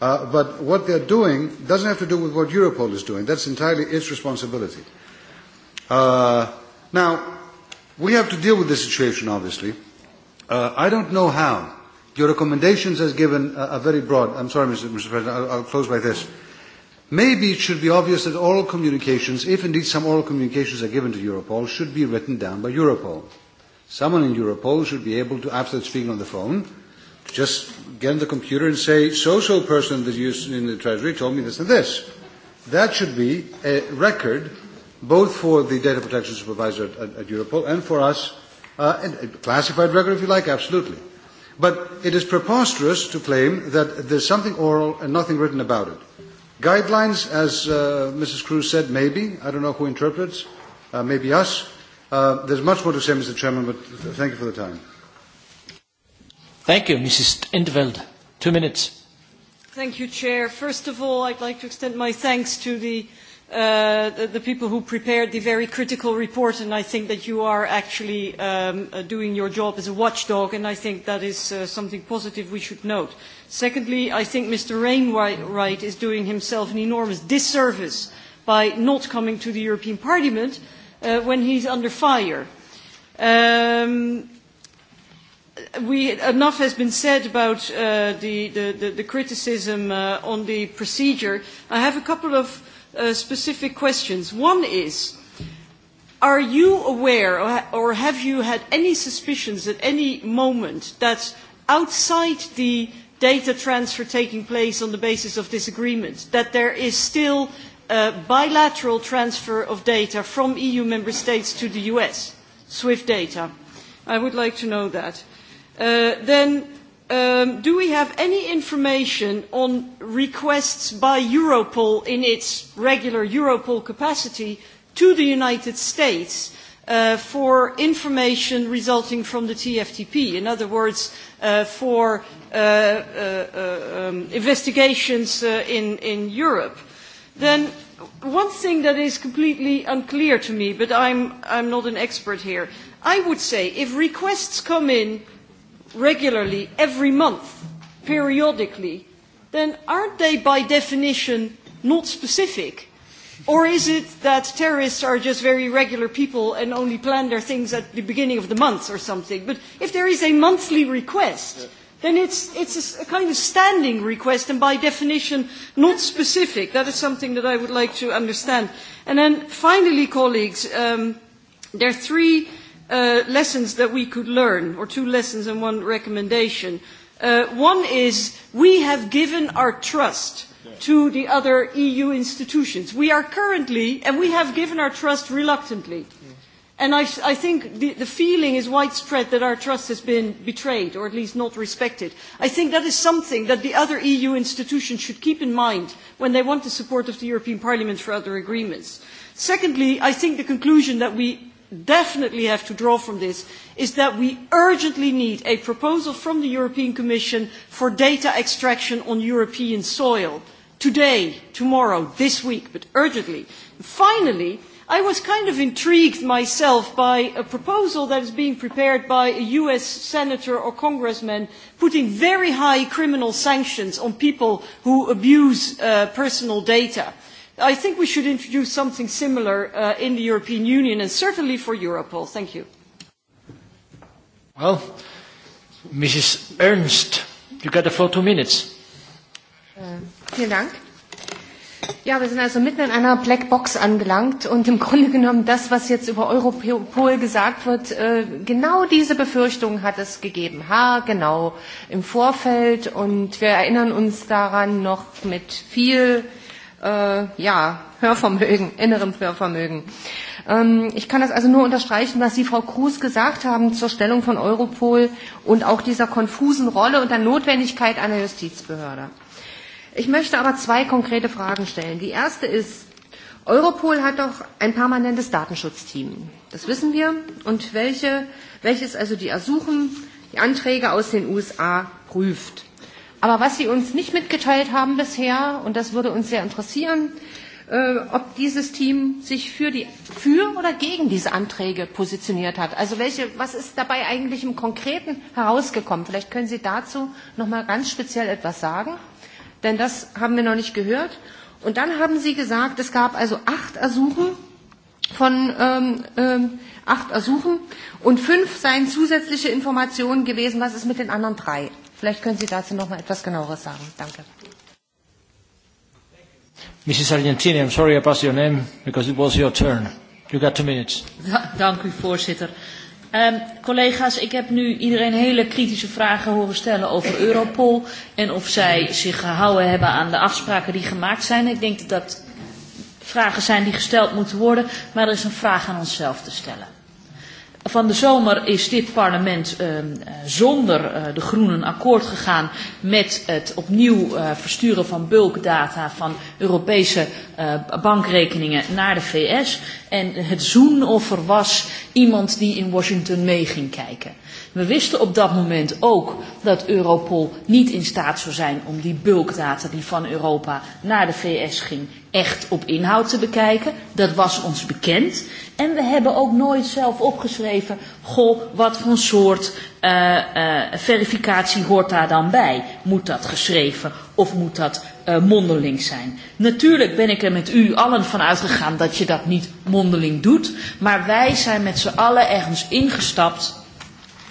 Uh, but what they're doing doesn't have to do with what Europol is doing. That's entirely its responsibility. Uh, now, we have to deal with this situation, obviously. Uh, I don't know how. Your recommendations has given a, a very broad, I'm sorry, Mr. Mr. President, I'll, I'll close by this. Uh, Maybe it should be obvious that oral communications, if indeed some oral communications are given to Europol, should be written down by Europol. Someone in Europol should be able to, after speaking on the phone, to just get on the computer and say, so-so person that you in the Treasury told me this and this. That should be a record both for the data protection supervisor at, at, at Europol and for us, uh, and a classified record if you like, absolutely. But it is preposterous to claim that there's something oral and nothing written about it. Guidelines, as uh, Mrs. Cruz said, maybe. I don't know who interprets. Uh, maybe us. Uh, there's much more to say, Mr. Chairman, but th- thank you for the time. Thank you, Mrs. Indeveld. Two minutes. Thank you, Chair. First of all, I'd like to extend my thanks to the the people who prepared the very critical report, and I think that you are actually doing your job as a watchdog, and I think that is something positive we should note. Secondly, I think Mr. Rainwright is doing himself an enormous disservice by not coming to the European Parliament when he is under fire. enough has been said about the, criticism on the procedure. I have a couple of specific questions. One is, are you aware or have you had any suspicions at any moment that outside the data transfer taking place on the basis of this agreement, that there is still a bilateral transfer of data from EU member states to the US, SWIFT data? I would like to know that. then do we have any information on requests by Europol in its regular Europol capacity to the United States for information resulting from the TFTP? In other words, for investigations in, Europe. Then one thing that is completely unclear to me, but I am not an expert here, I would say if requests come in regularly every month, periodically, then aren't they by definition not specific? Or is it that terrorists are just very regular people and only plan their things at the beginning of the month or something? But if there is a monthly request, then it's, it's a, a kind of standing request and by definition not specific. That is something that I would like to understand. And then finally, colleagues, um, there are three lessons that we could learn, or two lessons and one recommendation. one is we have given our trust to the other EU institutions. We are currently, and we have given our trust reluctantly. And I, I think the, the feeling is widespread that our trust has been betrayed, or at least not respected. I think that is something that the other EU institutions should keep in mind when they want the support of the European Parliament for other agreements. Secondly, I think the conclusion that we definitely have to draw from this is that we urgently need a proposal from the European Commission for data extraction on European soil today, tomorrow, this week, but urgently. Finally, I was kind of intrigued myself by a proposal that is being prepared by a US senator or congressman putting very high criminal sanctions on people who abuse personal data I think we should introduce something similar uh, in the European Union and certainly for Europol. Thank you. Well, Mrs. Ernst, you got the floor two minutes. Uh, vielen Dank. Ja, wir sind also mitten in einer Blackbox angelangt und im Grunde genommen das, was jetzt über Europol gesagt wird, genau diese Befürchtung hat es gegeben. Ha, genau, im Vorfeld und wir erinnern uns daran noch mit viel äh, äh, ja, Hörvermögen, innerem Hörvermögen. Ähm, ich kann das also nur unterstreichen, was Sie, Frau Kruse, gesagt haben zur Stellung von Europol und auch dieser konfusen Rolle und der Notwendigkeit einer Justizbehörde. Ich möchte aber zwei konkrete Fragen stellen. Die erste ist, Europol hat doch ein permanentes Datenschutzteam. Das wissen wir. Und welche, welches also die Ersuchen, die Anträge aus den USA prüft. Aber was Sie uns nicht mitgeteilt haben bisher, und das würde uns sehr interessieren, äh, ob dieses Team sich für, die, für oder gegen diese Anträge positioniert hat. Also welche, was ist dabei eigentlich im Konkreten herausgekommen? Vielleicht können Sie dazu noch mal ganz speziell etwas sagen, denn das haben wir noch nicht gehört. Und dann haben Sie gesagt, es gab also acht Ersuchen von ähm, ähm, acht Ersuchen und fünf seien zusätzliche Informationen gewesen. Was ist mit den anderen drei? Vielleicht können Sie dazu noch mal etwas genaueres sagen. Danke. Mrs. Argentini, I'm sorry I passed your name because it was your turn. You got two minutes. Ja, dank u, voorzitter. Um, collega's, ik heb nu iedereen hele kritische vragen horen stellen over Europol en of zij zich gehouden hebben aan de afspraken die gemaakt zijn. Ik denk dat dat vragen zijn die gesteld moeten worden, maar er is een vraag aan onszelf te stellen van de zomer is dit parlement uh, zonder uh, de groenen akkoord gegaan met het opnieuw uh, versturen van bulkdata van Europese uh, bankrekeningen naar de VS. En het zoenoffer was iemand die in Washington mee ging kijken. We wisten op dat moment ook dat Europol niet in staat zou zijn om die bulkdata die van Europa naar de VS ging echt op inhoud te bekijken. Dat was ons bekend. En we hebben ook nooit zelf opgeschreven, goh, wat voor soort uh, uh, verificatie hoort daar dan bij? Moet dat geschreven of moet dat uh, mondeling zijn? Natuurlijk ben ik er met u allen van uitgegaan dat je dat niet mondeling doet. Maar wij zijn met z'n allen ergens ingestapt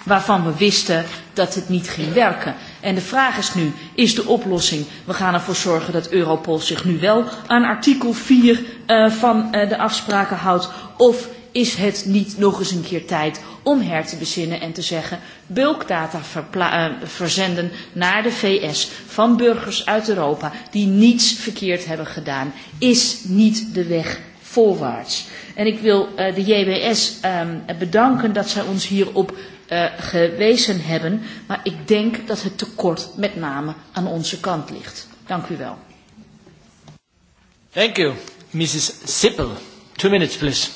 waarvan we wisten dat het niet ging werken. En de vraag is nu, is de oplossing, we gaan ervoor zorgen dat Europol zich nu wel aan artikel 4 uh, van uh, de afspraken houdt, of is het niet nog eens een keer tijd om her te bezinnen en te zeggen bulkdata verzenden naar de VS van burgers uit Europa die niets verkeerd hebben gedaan, is niet de weg voorwaarts. En ik wil uh, de JBS um, bedanken dat zij ons hierop uh, gewezen hebben. Maar ik denk dat het tekort met name aan onze kant ligt. Dank u wel. Dank u, Mrs. Sippel, two minutes please.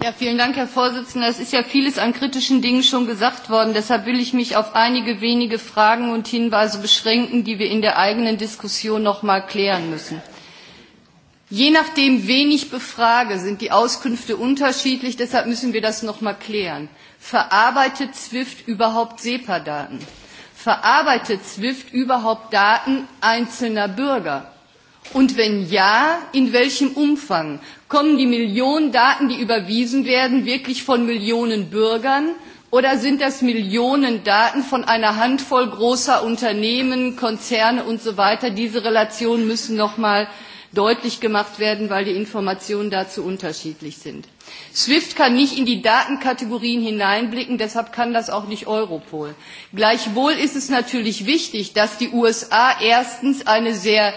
Ja, vielen Dank, Herr Vorsitzender. Es ist ja vieles an kritischen Dingen schon gesagt worden. Deshalb will ich mich auf einige wenige Fragen und Hinweise beschränken, die wir in der eigenen Diskussion noch mal klären müssen. Je nachdem, wen ich befrage, sind die Auskünfte unterschiedlich. Deshalb müssen wir das noch mal klären. Verarbeitet SWIFT überhaupt SEPA-Daten? Verarbeitet SWIFT überhaupt Daten einzelner Bürger? Und wenn ja, in welchem Umfang? Kommen die Millionen Daten, die überwiesen werden, wirklich von Millionen Bürgern? Oder sind das Millionen Daten von einer Handvoll großer Unternehmen, Konzerne und so weiter? Diese Relationen müssen noch mal deutlich gemacht werden, weil die Informationen dazu unterschiedlich sind. SWIFT kann nicht in die Datenkategorien hineinblicken, deshalb kann das auch nicht Europol. Gleichwohl ist es natürlich wichtig, dass die USA erstens eine sehr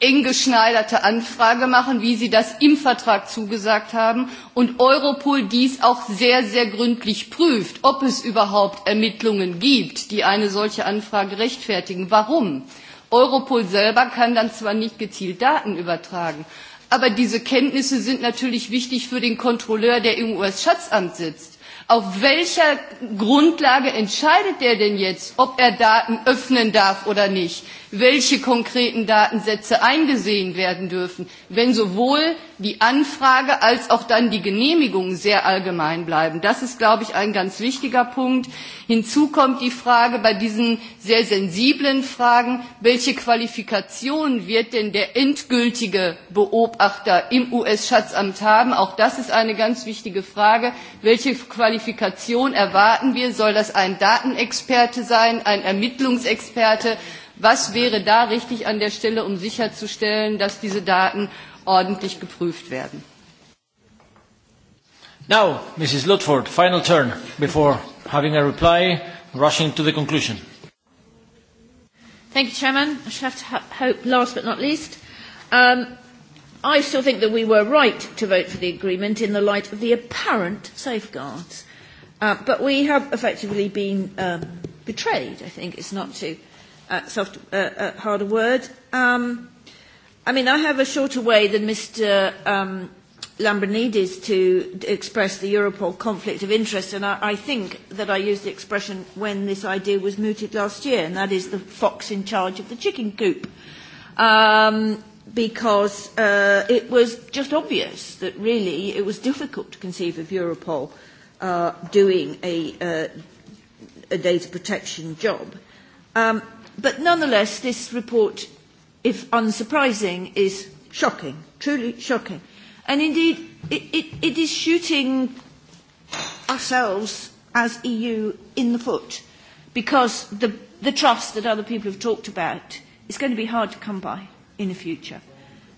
eng geschneiderte Anfrage machen, wie Sie das im Vertrag zugesagt haben, und Europol dies auch sehr, sehr gründlich prüft, ob es überhaupt Ermittlungen gibt, die eine solche Anfrage rechtfertigen. Warum? Europol selber kann dann zwar nicht gezielt Daten übertragen, aber diese Kenntnisse sind natürlich wichtig für den Kontrolleur, der im US-Schatzamt sitzt. Auf welcher Grundlage entscheidet er denn jetzt, ob er Daten öffnen darf oder nicht? Welche konkreten Datensätze eingesehen werden dürfen, wenn sowohl die Anfrage als auch dann die Genehmigung sehr allgemein bleiben. Das ist, glaube ich, ein ganz wichtiger Punkt. Hinzu kommt die Frage bei diesen sehr sensiblen Fragen, welche Qualifikation wird denn der endgültige Beobachter im US-Schatzamt haben? Auch das ist eine ganz wichtige Frage. Welche Qualifikation erwarten wir? Soll das ein Datenexperte sein, ein Ermittlungsexperte? Was wäre da richtig an der Stelle, um sicherzustellen, dass diese Daten ordentlich geprüft werden. Now, Mrs. Lutford, final turn before having a reply, rushing to the conclusion. Thank you, Chairman. I should have to hope last but not least. Um, I still think that we were right to vote for the agreement in the light of the apparent safeguards. Uh, but we have effectively been um, betrayed, I think. It's not too uh, soft, uh, uh, hard a word. Um, I mean, I have a shorter way than Mr. Um, Lambrinidis to express the Europol conflict of interest, and I, I think that I used the expression when this idea was mooted last year, and that is the fox in charge of the chicken coop. Um, because uh, it was just obvious that really it was difficult to conceive of Europol uh, doing a, uh, a data protection job. Um, but nonetheless, this report if unsurprising, is shocking, truly shocking. And indeed, it, it, it is shooting ourselves as EU in the foot because the, the trust that other people have talked about is going to be hard to come by in the future.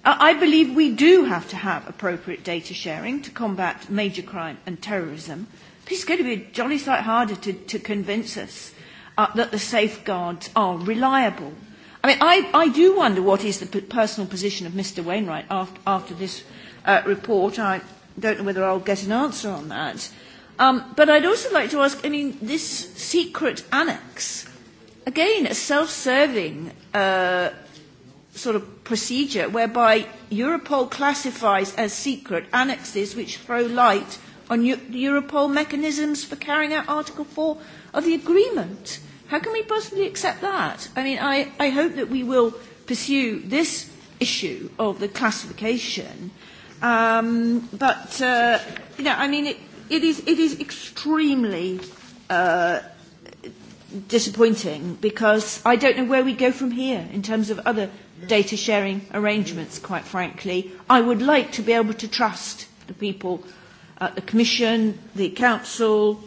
I believe we do have to have appropriate data sharing to combat major crime and terrorism, but it's going to be a jolly sight harder to, to convince us uh, that the safeguards are reliable I mean, I, I do wonder what is the personal position of Mr. Wainwright after, after this uh, report. I don't know whether I'll get an answer on that. Um, but I'd also like to ask, I mean, this secret annex, again, a self-serving uh, sort of procedure whereby Europol classifies as secret annexes which throw light on Europol mechanisms for carrying out Article 4 of the agreement. Uh, How can we possibly accept that? I mean, I, I hope that we will pursue this issue of the classification. Um, but, uh, you know, I mean, it, it, is, it is extremely uh, disappointing because I don't know where we go from here in terms of other data sharing arrangements, quite frankly. I would like to be able to trust the people at the Commission, the Council,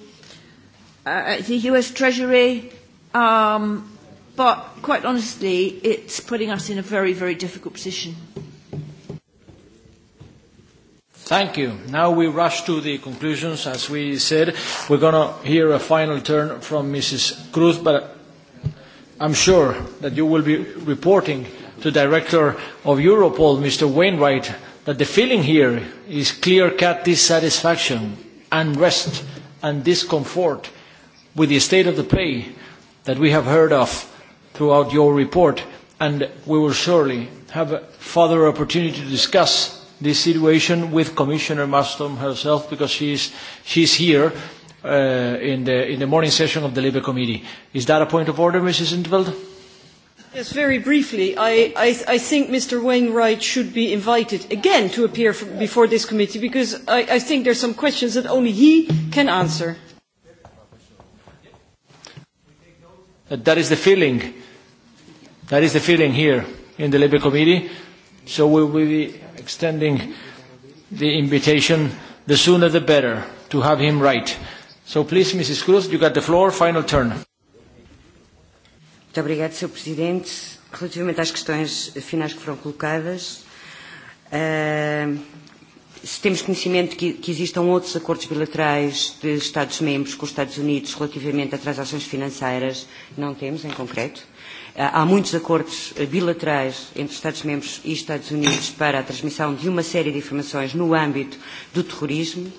uh, the US Treasury, Um, but quite honestly, it's putting us in a very, very difficult position. Thank you. Now we rush to the conclusions. As we said, we're going to hear a final turn from Mrs. Cruz, but I'm sure that you will be reporting to Director of Europol, Mr. Wainwright, that the feeling here is clear-cut dissatisfaction, unrest, and discomfort with the state of the play that we have heard of throughout your report, and we will surely have a further opportunity to discuss this situation with Commissioner Marston herself because she's, she's here uh, in, the, in the morning session of the Labour Committee. Is that a point of order, Mrs. Intveld? Yes, very briefly. I, I, I think Mr. Wainwright should be invited again to appear for, before this committee because I, I think there are some questions that only he can answer. That is the feeling. That is the feeling here in the Labour Committee. So we will be extending the invitation, the sooner the better, to have him right. So please, Mrs. Cruz, you got the floor, final turn. Muito obrigado, Sr. Presidente. Relativamente às questões finais que foram colocadas, uh, se temos conhecimento que, que existam outros acordos bilaterais de Estados-membros com os Estados Unidos relativamente a transações financeiras, não temos em concreto. Há muitos acordos bilaterais entre Estados-membros e Estados Unidos para a transmissão de uma série de informações no âmbito do terrorismo.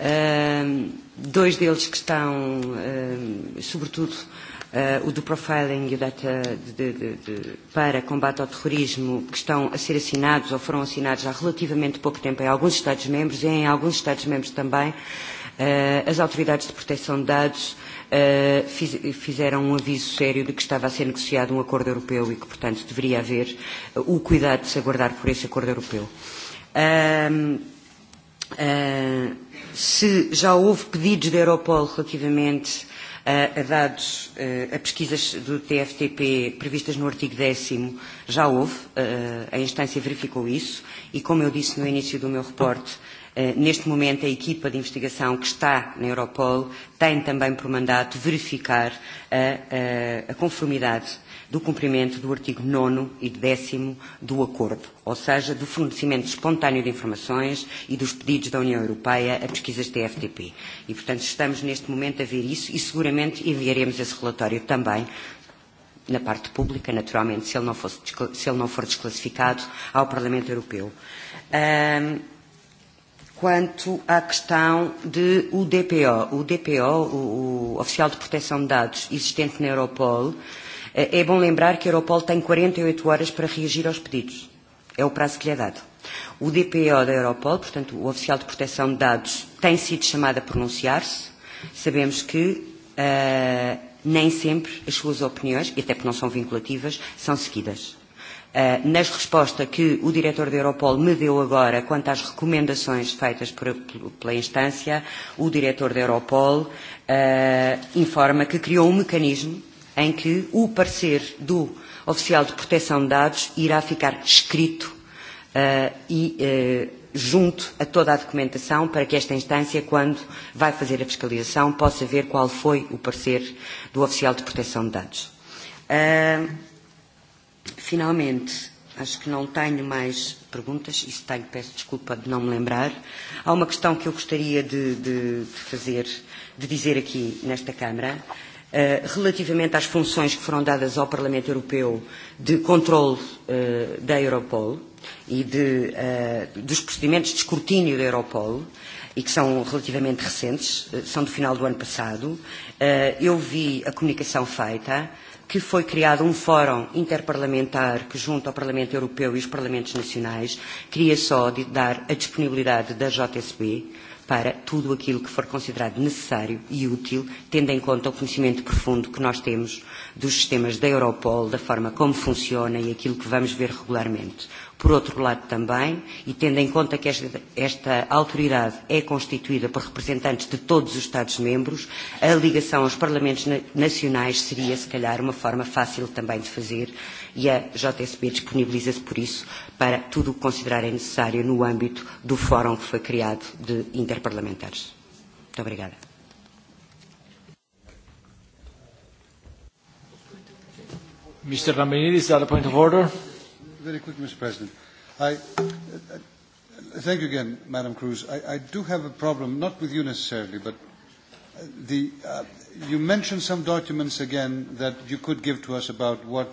Uh, dois deles que estão, uh, sobretudo, uh, uh, o do profiling data de, de, de, para combate ao terrorismo que estão a ser assinados ou foram assinados há relativamente pouco tempo em alguns Estados-membros e em alguns Estados-membros também uh, as autoridades de proteção de dados uh, fiz, fizeram um aviso sério de que estava a ser negociado um acordo europeu e que, portanto, deveria haver o cuidado de se aguardar por esse acordo europeu. Uh, uh, se já houve pedidos da Europol relativamente a dados, a pesquisas do TFTP previstas no artigo 10 já houve, a instância verificou isso e, como eu disse no início do meu reporte, neste momento a equipa de investigação que está na Europol tem também por mandato verificar a, a, a conformidade do cumprimento do artigo 9 e 10 do Acordo, ou seja, do fornecimento espontâneo de informações e dos pedidos da União Europeia a pesquisas TFTP. E, portanto, estamos neste momento a ver isso e seguramente enviaremos esse relatório também na parte pública, naturalmente, se ele não, fosse, se ele não for desclassificado, ao Parlamento Europeu. Um, quanto à questão de o DPO, o DPO, o, o Oficial de Proteção de Dados existente na Europol, uh, É bom lembrar que a Europol tem 48 horas para reagir aos pedidos. É o prazo que lhe é dado. O DPO da Europol, portanto, o Oficial de Proteção de Dados, tem sido chamado a pronunciar-se. Sabemos que uh, nem sempre as suas opiniões, e até porque não são vinculativas, são seguidas. Uh, nas resposta que o diretor da Europol me deu agora quanto às recomendações feitas por, pela instância, o diretor da Europol uh, informa que criou um mecanismo em que o parecer do oficial de proteção de dados irá ficar escrito uh, e uh, junto a toda a documentação para que esta instância, quando vai fazer a fiscalização, possa ver qual foi o parecer do oficial de proteção de dados. Uh, finalmente, acho que não tenho mais perguntas, isso tenho, peço desculpa de não me lembrar. Há uma questão que eu gostaria de, de, de fazer, de dizer aqui nesta Câmara. Uh, relativamente às funções que foram dadas ao Parlamento Europeu de controle da Europol e de, dos procedimentos de escrutínio da Europol, e que são relativamente recentes, são do final do ano passado, eu vi a comunicação feita que foi criado um fórum interparlamentar que, junto ao Parlamento Europeu e os Parlamentos Nacionais, queria só dar a disponibilidade da JSB para tudo aquilo que for considerado necessário e útil, tendo em conta o conhecimento profundo que nós temos dos sistemas da Europol, da forma como funciona e aquilo que vamos ver regularmente por outro lado também, e tendo em conta que esta, esta autoridade é constituída por representantes de todos os Estados-membros, a ligação aos Parlamentos Nacionais seria, se calhar, uma forma fácil também de fazer, e a JSB disponibiliza-se por isso para tudo o que considerarem necessário no âmbito do fórum que foi criado de interparlamentares. Muito obrigada. Mr. Ramirez, is that a point of order? very quick, Mr. President. I, thank you again, Madam Cruz. I, I do have a problem, not with you necessarily, but the, uh, you mentioned some documents again that you could give to us about what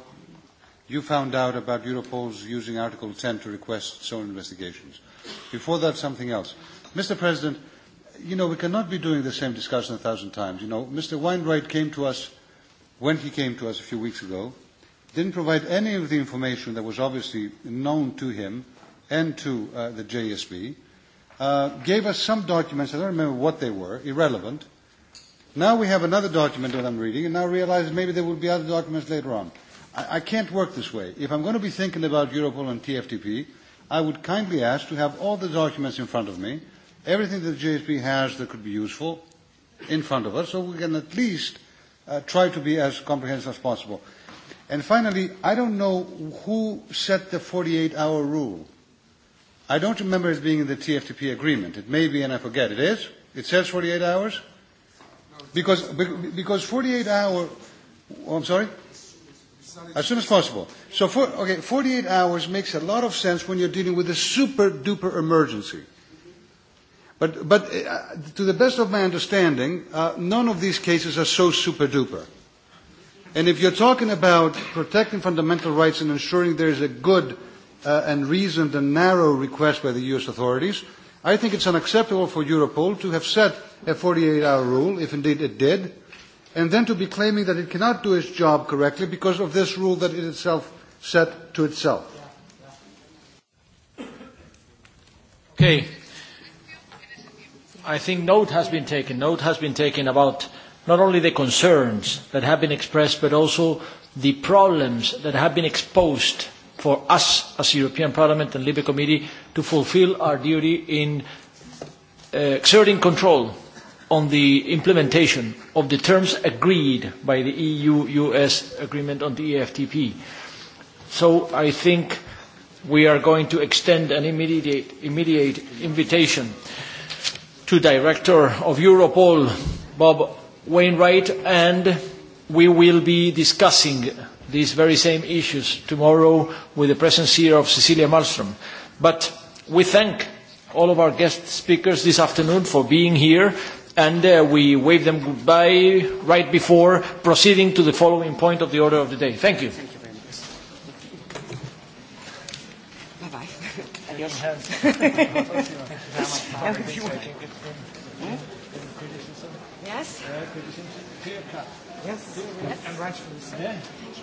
you found out about Europol's using Article 10 to request its own investigations. Before that, something else. Mr. President, you know, we cannot be doing the same discussion a thousand times. You know, Mr. Weinwright came to us when he came to us a few weeks ago didn't provide any of the information that was obviously known to him and to uh, the JSB, uh, gave us some documents, I don't remember what they were, irrelevant. Now we have another document that I'm reading, and now realize maybe there will be other documents later on. I, I can't work this way. If I'm going to be thinking about Europol and TFTP, I would kindly ask to have all the documents in front of me, everything that the JSB has that could be useful in front of us, so we can at least uh, try to be as comprehensive as possible. And finally, I don't know who set the 48-hour rule. I don't remember it being in the TFTP agreement. It may be, and I forget. It is? It says 48 hours? Because, because 48 hour, oh, I'm sorry? As soon as possible. So, for, okay, 48 hours makes a lot of sense when you're dealing with a super duper emergency. But, but uh, to the best of my understanding, uh, none of these cases are so super duper. And if you're talking about protecting fundamental rights and ensuring there is a good uh, and reasoned and narrow request by the U.S. authorities, I think it's unacceptable for Europol to have set a 48-hour rule, if indeed it did, and then to be claiming that it cannot do its job correctly because of this rule that it itself set to itself. Okay. I think note has been taken. Note has been taken about not only the concerns that have been expressed, but also the problems that have been exposed for us as European Parliament and Libe Committee to fulfil our duty in exerting control on the implementation of the terms agreed by the EU-US agreement on the EFTP. So I think we are going to extend an immediate, immediate invitation to Director of Europol, Bob Wainwright, and we will be discussing these very same issues tomorrow with the presence here of Cecilia Malmström. But we thank all of our guest speakers this afternoon for being here, and uh, we wave them goodbye right before proceeding to the following point of the order of the day. Thank you. Thank you Bye-bye. Adios. Thank you very much. Yes? Yes. yes. And rightfully so. Yeah.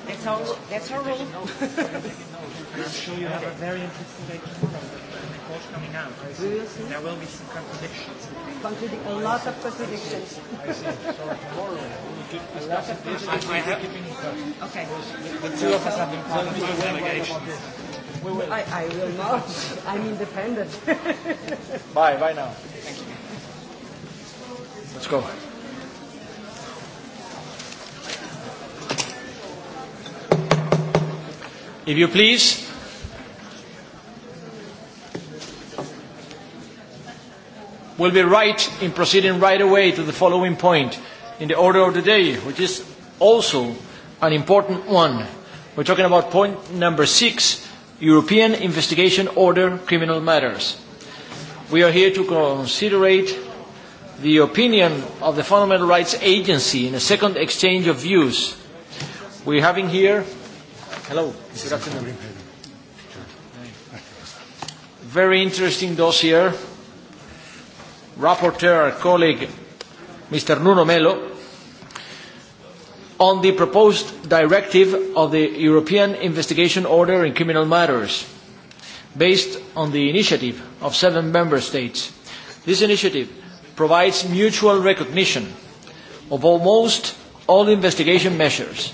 That's our, that's our rule. I'm sure you have a very interesting day tomorrow. The report coming out. I Will see? There will be some contradictions. Contradic- a lot of contradictions. I see. So tomorrow we discuss it. I, Okay. The two of us have been part of the delegation. We will. I, I will not. I'm independent. bye. Bye now. Thank you. Let's go. If you please. We'll be right in proceeding right away to the following point in the order of the day, which is also an important one. We're talking about point number six, European Investigation Order Criminal Matters. We are here to considerate the opinion of the Fundamental Rights Agency in a second exchange of views. We're having here Hello. Good afternoon. Very interesting dossier. Rapporteur, colleague, Mr. Nuno Melo, on the proposed directive of the European Investigation Order in Criminal Matters, based on the initiative of seven member states. This initiative provides mutual recognition of almost all investigation measures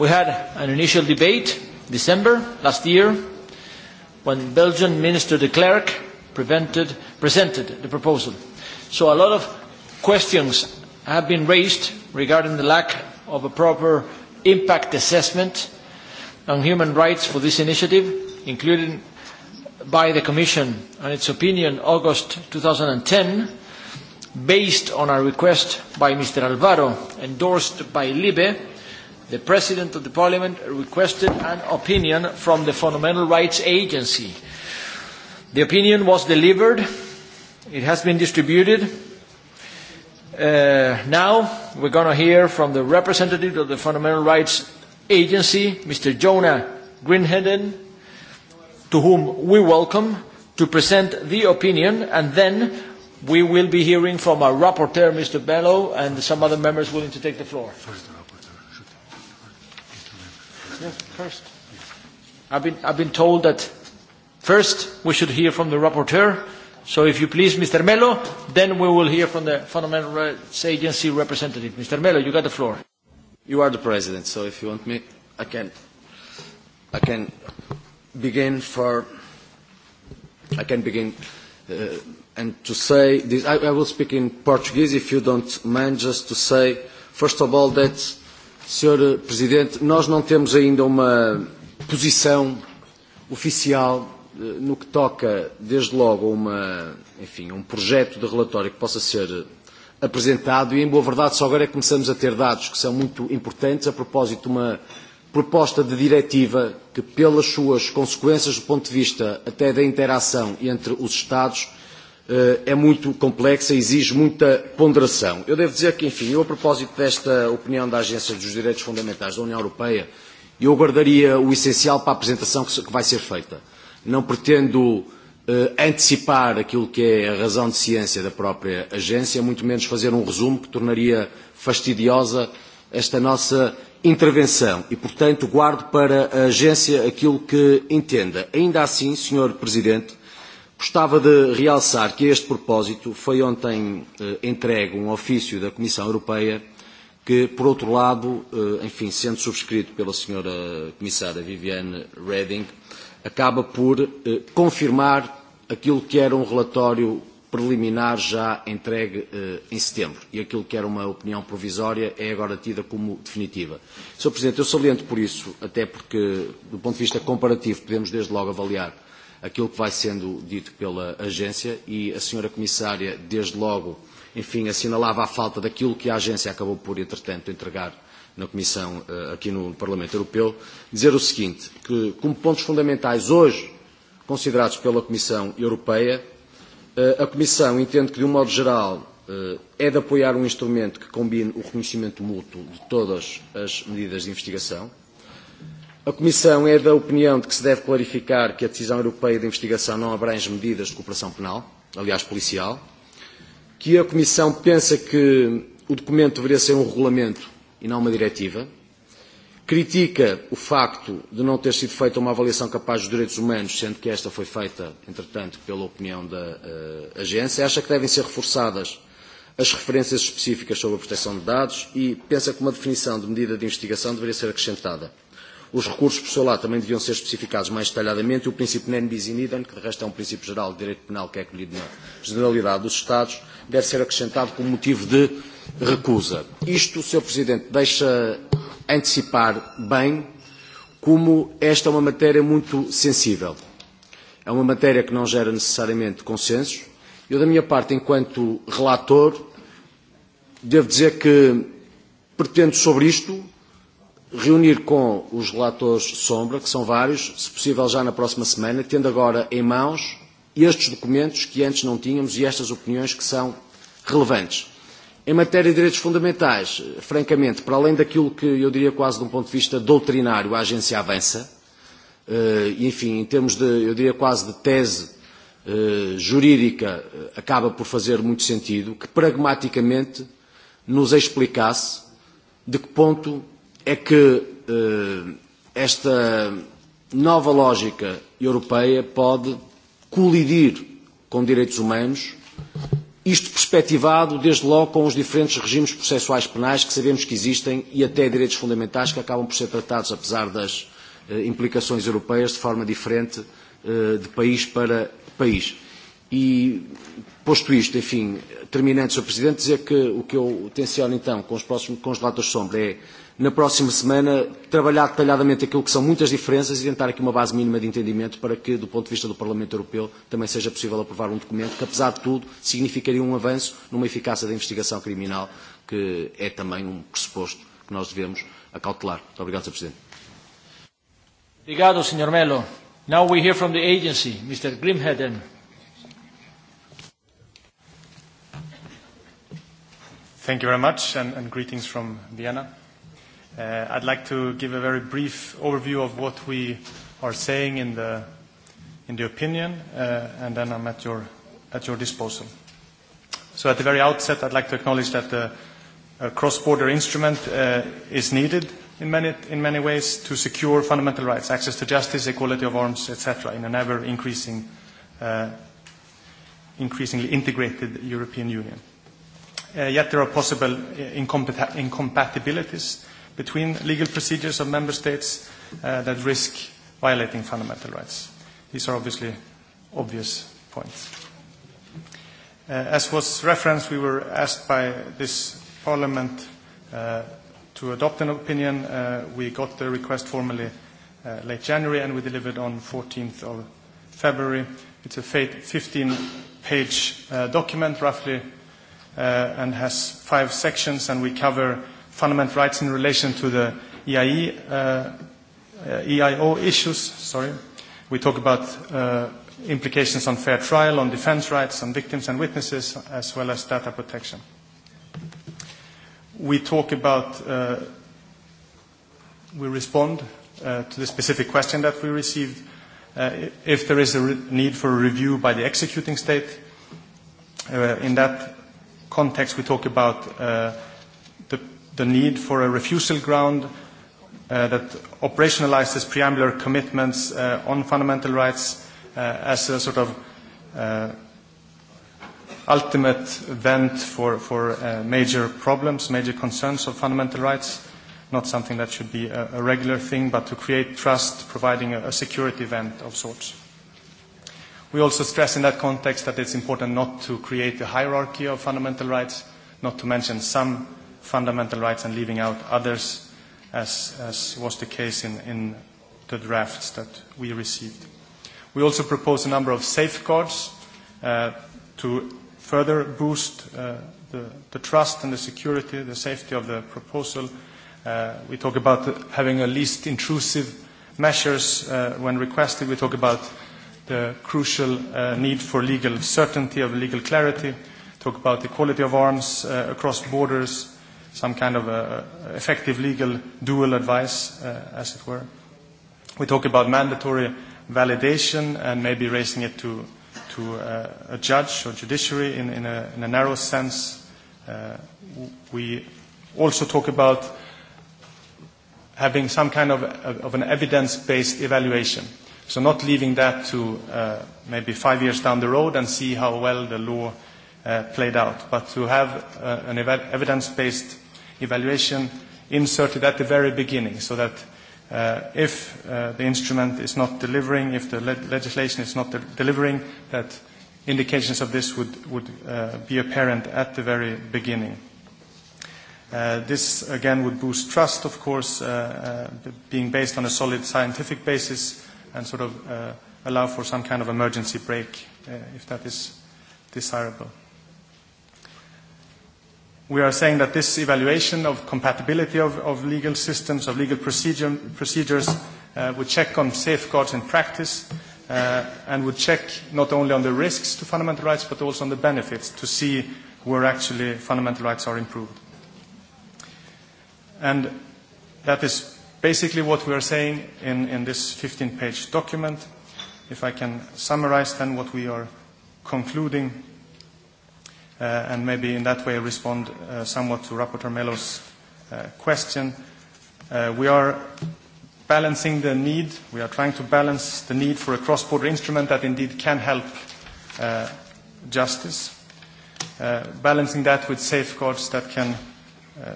We had an initial debate December last year when Belgian Minister de Klerk prevented, presented the proposal. So a lot of questions have been raised regarding the lack of a proper impact assessment on human rights for this initiative, including by the Commission and its opinion August 2010, based on a request by Mr. Alvaro, endorsed by LIBE, the President of the Parliament requested an opinion from the Fundamental Rights Agency. The opinion was delivered. It has been distributed. Uh, now we're going to hear from the representative of the Fundamental Rights Agency, Mr. Jonah Greenheden, to whom we welcome, to present the opinion, and then we will be hearing from our rapporteur, Mr. Bello, and some other members willing to take the floor. First yes, first. I've been, I've been told that first we should hear from the rapporteur. So if you please, Mr. Melo, then we will hear from the Fundamental Rights Agency representative. Mr. Melo, you got the floor. You are the president, so if you want me, I can, I can begin for, I can begin uh, and to say this. I, I will speak in Portuguese if you don't mind, just to say, first of all, that Sr. Presidente, nós não temos ainda uma posição oficial no que toca, desde logo, a uma, enfim, um projeto de relatório que possa ser apresentado e, em boa verdade, só agora é que começamos a ter dados que são muito importantes a propósito de uma proposta de diretiva que, pelas suas consequências do ponto de vista até da interação entre os Estados, é muito complexa, exige muita ponderação. Eu devo dizer que, enfim, eu, a propósito desta opinião da Agência dos Direitos Fundamentais da União Europeia, eu guardaria o essencial para a apresentação que vai ser feita. Não pretendo antecipar aquilo que é a razão de ciência da própria agência, muito menos fazer um resumo que tornaria fastidiosa esta nossa intervenção e, portanto, guardo para a agência aquilo que entenda. Ainda assim, Sr. Presidente, Gostava de realçar que, a este propósito, foi ontem entregue um ofício da Comissão Europeia que, por outro lado, enfim, sendo subscrito pela Sra. Comissária Viviane Reding, acaba por confirmar aquilo que era um relatório preliminar já entregue em setembro e aquilo que era uma opinião provisória é agora tida como definitiva. Sr. Presidente, eu saliento por isso, até porque, do ponto de vista comparativo, podemos desde logo avaliar aquilo que vai sendo dito pela agência e a senhora comissária, desde logo, enfim, assinalava a falta daquilo que a agência acabou por, entretanto, entregar na Comissão, aqui no Parlamento Europeu, dizer o seguinte, que como pontos fundamentais hoje considerados pela Comissão Europeia, a Comissão entende que, de um modo geral, é de apoiar um instrumento que combine o reconhecimento mútuo de todas as medidas de investigação, A Comissão é da opinião de que se deve clarificar que a decisão europeia de investigação não abrange medidas de cooperação penal, aliás policial, que a Comissão pensa que o documento deveria ser um regulamento e não uma diretiva, critica o facto de não ter sido feita uma avaliação capaz dos direitos humanos, sendo que esta foi feita, entretanto, pela opinião da uh, agência, acha que devem ser reforçadas as referências específicas sobre a proteção de dados e pensa que uma definição de medida de investigação deveria ser acrescentada. Os recursos, por seu lado, também deviam ser especificados mais detalhadamente e o princípio nem bis in idem, que de resto é um princípio geral de direito penal que é acolhido na generalidade dos Estados, deve ser acrescentado como motivo de recusa. Isto, Sr. Presidente, deixa antecipar bem como esta é uma matéria muito sensível. É uma matéria que não gera necessariamente consensos. Eu, da minha parte, enquanto relator, devo dizer que pretendo sobre isto reunir com os relatores Sombra, que são vários, se possível já na próxima semana, tendo agora em mãos estes documentos que antes não tínhamos e estas opiniões que são relevantes. Em matéria de direitos fundamentais, francamente, para além daquilo que eu diria quase de um ponto de vista doutrinário, a agência avança, enfim, em termos de, eu diria quase de tese jurídica, acaba por fazer muito sentido que pragmaticamente nos explicasse de que ponto é que esta nova lógica europeia pode colidir com direitos humanos, isto perspectivado desde logo com os diferentes regimes processuais penais que sabemos que existem e até direitos fundamentais que acabam por ser tratados, apesar das implicações europeias, de forma diferente de país para país. E, posto isto, enfim, terminando, Sr. Presidente, dizer que o que eu tenciono então com os, próximos, com os relatos sombra é na próxima semana, trabalhar detalhadamente aquilo que são muitas diferenças e tentar aqui uma base mínima de entendimento para que, do ponto de vista do Parlamento Europeu, também seja possível aprovar um documento que, apesar de tudo, significaria um avanço numa eficácia da investigação criminal, que é também um pressuposto que nós devemos acautelar. Muito obrigado, Sr. Presidente. Obrigado, Sr. Melo. Now we hear from the agency, Mr. Grimheden. Thank you very much, and, and greetings from Vienna. Uh, I'd like to give a very brief overview of what we are saying in the, in the opinion, uh, and then I'm at your, at your disposal. So at the very outset, I'd like to acknowledge that the a cross-border instrument uh, is needed in many, in many ways to secure fundamental rights, access to justice, equality of arms, etc., in an ever-increasing, uh, increasingly integrated European Union. Uh, yet there are possible incompatibilities between legal procedures of member states uh, that risk violating fundamental rights. These are obviously obvious points. Uh, as was referenced, we were asked by this Parliament uh, to adopt an opinion. Uh, we got the request formally uh, late January and we delivered on 14th of February. It's a 15-page uh, document, roughly, uh, and has five sections, and we cover fundamental rights in relation to the EIE, uh, EIO issues. Sorry, we talk about uh, implications on fair trial, on defence rights, on victims and witnesses, as well as data protection. We talk about, uh, we respond uh, to the specific question that we received, uh, if there is a re need for a review by the executing state. Uh, in that context, we talk about uh, the need for a refusal ground uh, that operationalizes preambular commitments uh, on fundamental rights uh, as a sort of uh, ultimate vent for, for uh, major problems, major concerns of fundamental rights, not something that should be a, a regular thing, but to create trust, providing a, a security vent of sorts. We also stress in that context that it's important not to create a hierarchy of fundamental rights, not to mention some fundamental rights and leaving out others, as, as was the case in, in the drafts that we received. We also propose a number of safeguards uh, to further boost uh, the, the trust and the security, the safety of the proposal. Uh, we talk about having a least intrusive measures uh, when requested. We talk about the crucial uh, need for legal certainty of legal clarity, talk about the quality of arms uh, across borders, some kind of a effective legal dual advice, uh, as it were. We talk about mandatory validation and maybe raising it to, to uh, a judge or judiciary in, in, a, in a narrow sense. Uh, we also talk about having some kind of, of an evidence-based evaluation. So not leaving that to uh, maybe five years down the road and see how well the law uh, played out, but to have uh, an evidence-based evaluation inserted at the very beginning so that uh, if uh, the instrument is not delivering, if the le legislation is not de delivering, that indications of this would, would uh, be apparent at the very beginning. Uh, this again would boost trust, of course, uh, uh, being based on a solid scientific basis and sort of uh, allow for some kind of emergency break uh, if that is desirable. We are saying that this evaluation of compatibility of, of legal systems, of legal procedure, procedures, uh, would check on safeguards in practice uh, and would check not only on the risks to fundamental rights but also on the benefits to see where actually fundamental rights are improved. And that is basically what we are saying in, in this 15-page document. If I can summarize then what we are concluding uh, and maybe in that way respond uh, somewhat to Rapporteur Melo's uh, question. Uh, we are balancing the need, we are trying to balance the need for a cross-border instrument that indeed can help uh, justice, uh, balancing that with safeguards that can uh,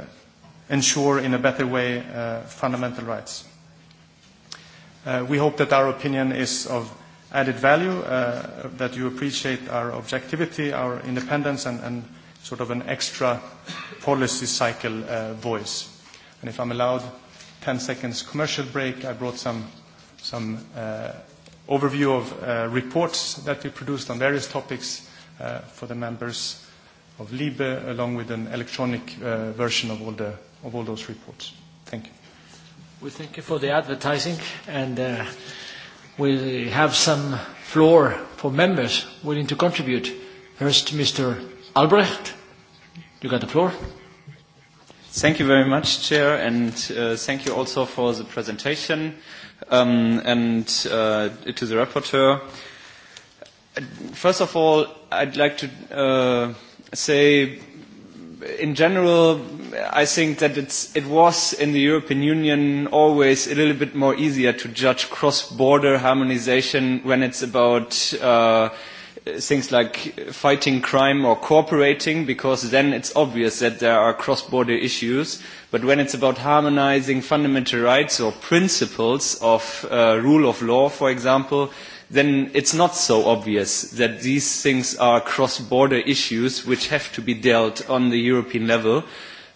ensure in a better way uh, fundamental rights. Uh, we hope that our opinion is of added value uh, that you appreciate our objectivity, our independence, and, and sort of an extra policy cycle uh, voice. And if I'm allowed 10 seconds commercial break, I brought some, some uh, overview of uh, reports that we produced on various topics uh, for the members of LIBE, along with an electronic uh, version of all, the, of all those reports. Thank you. We thank you for the advertising and. Uh, we have some floor for members willing to contribute. First, Mr. Albrecht, you got the floor. Thank you very much, Chair, and uh, thank you also for the presentation um, and uh, to the rapporteur. First of all, I'd like to uh, say in general, I think that it's, it was in the European Union always a little bit more easier to judge cross-border harmonization when it's about uh, things like fighting crime or cooperating, because then it's obvious that there are cross-border issues. But when it's about harmonizing fundamental rights or principles of uh, rule of law, for example, uh, then it's not so obvious that these things are cross-border issues which have to be dealt on the European level.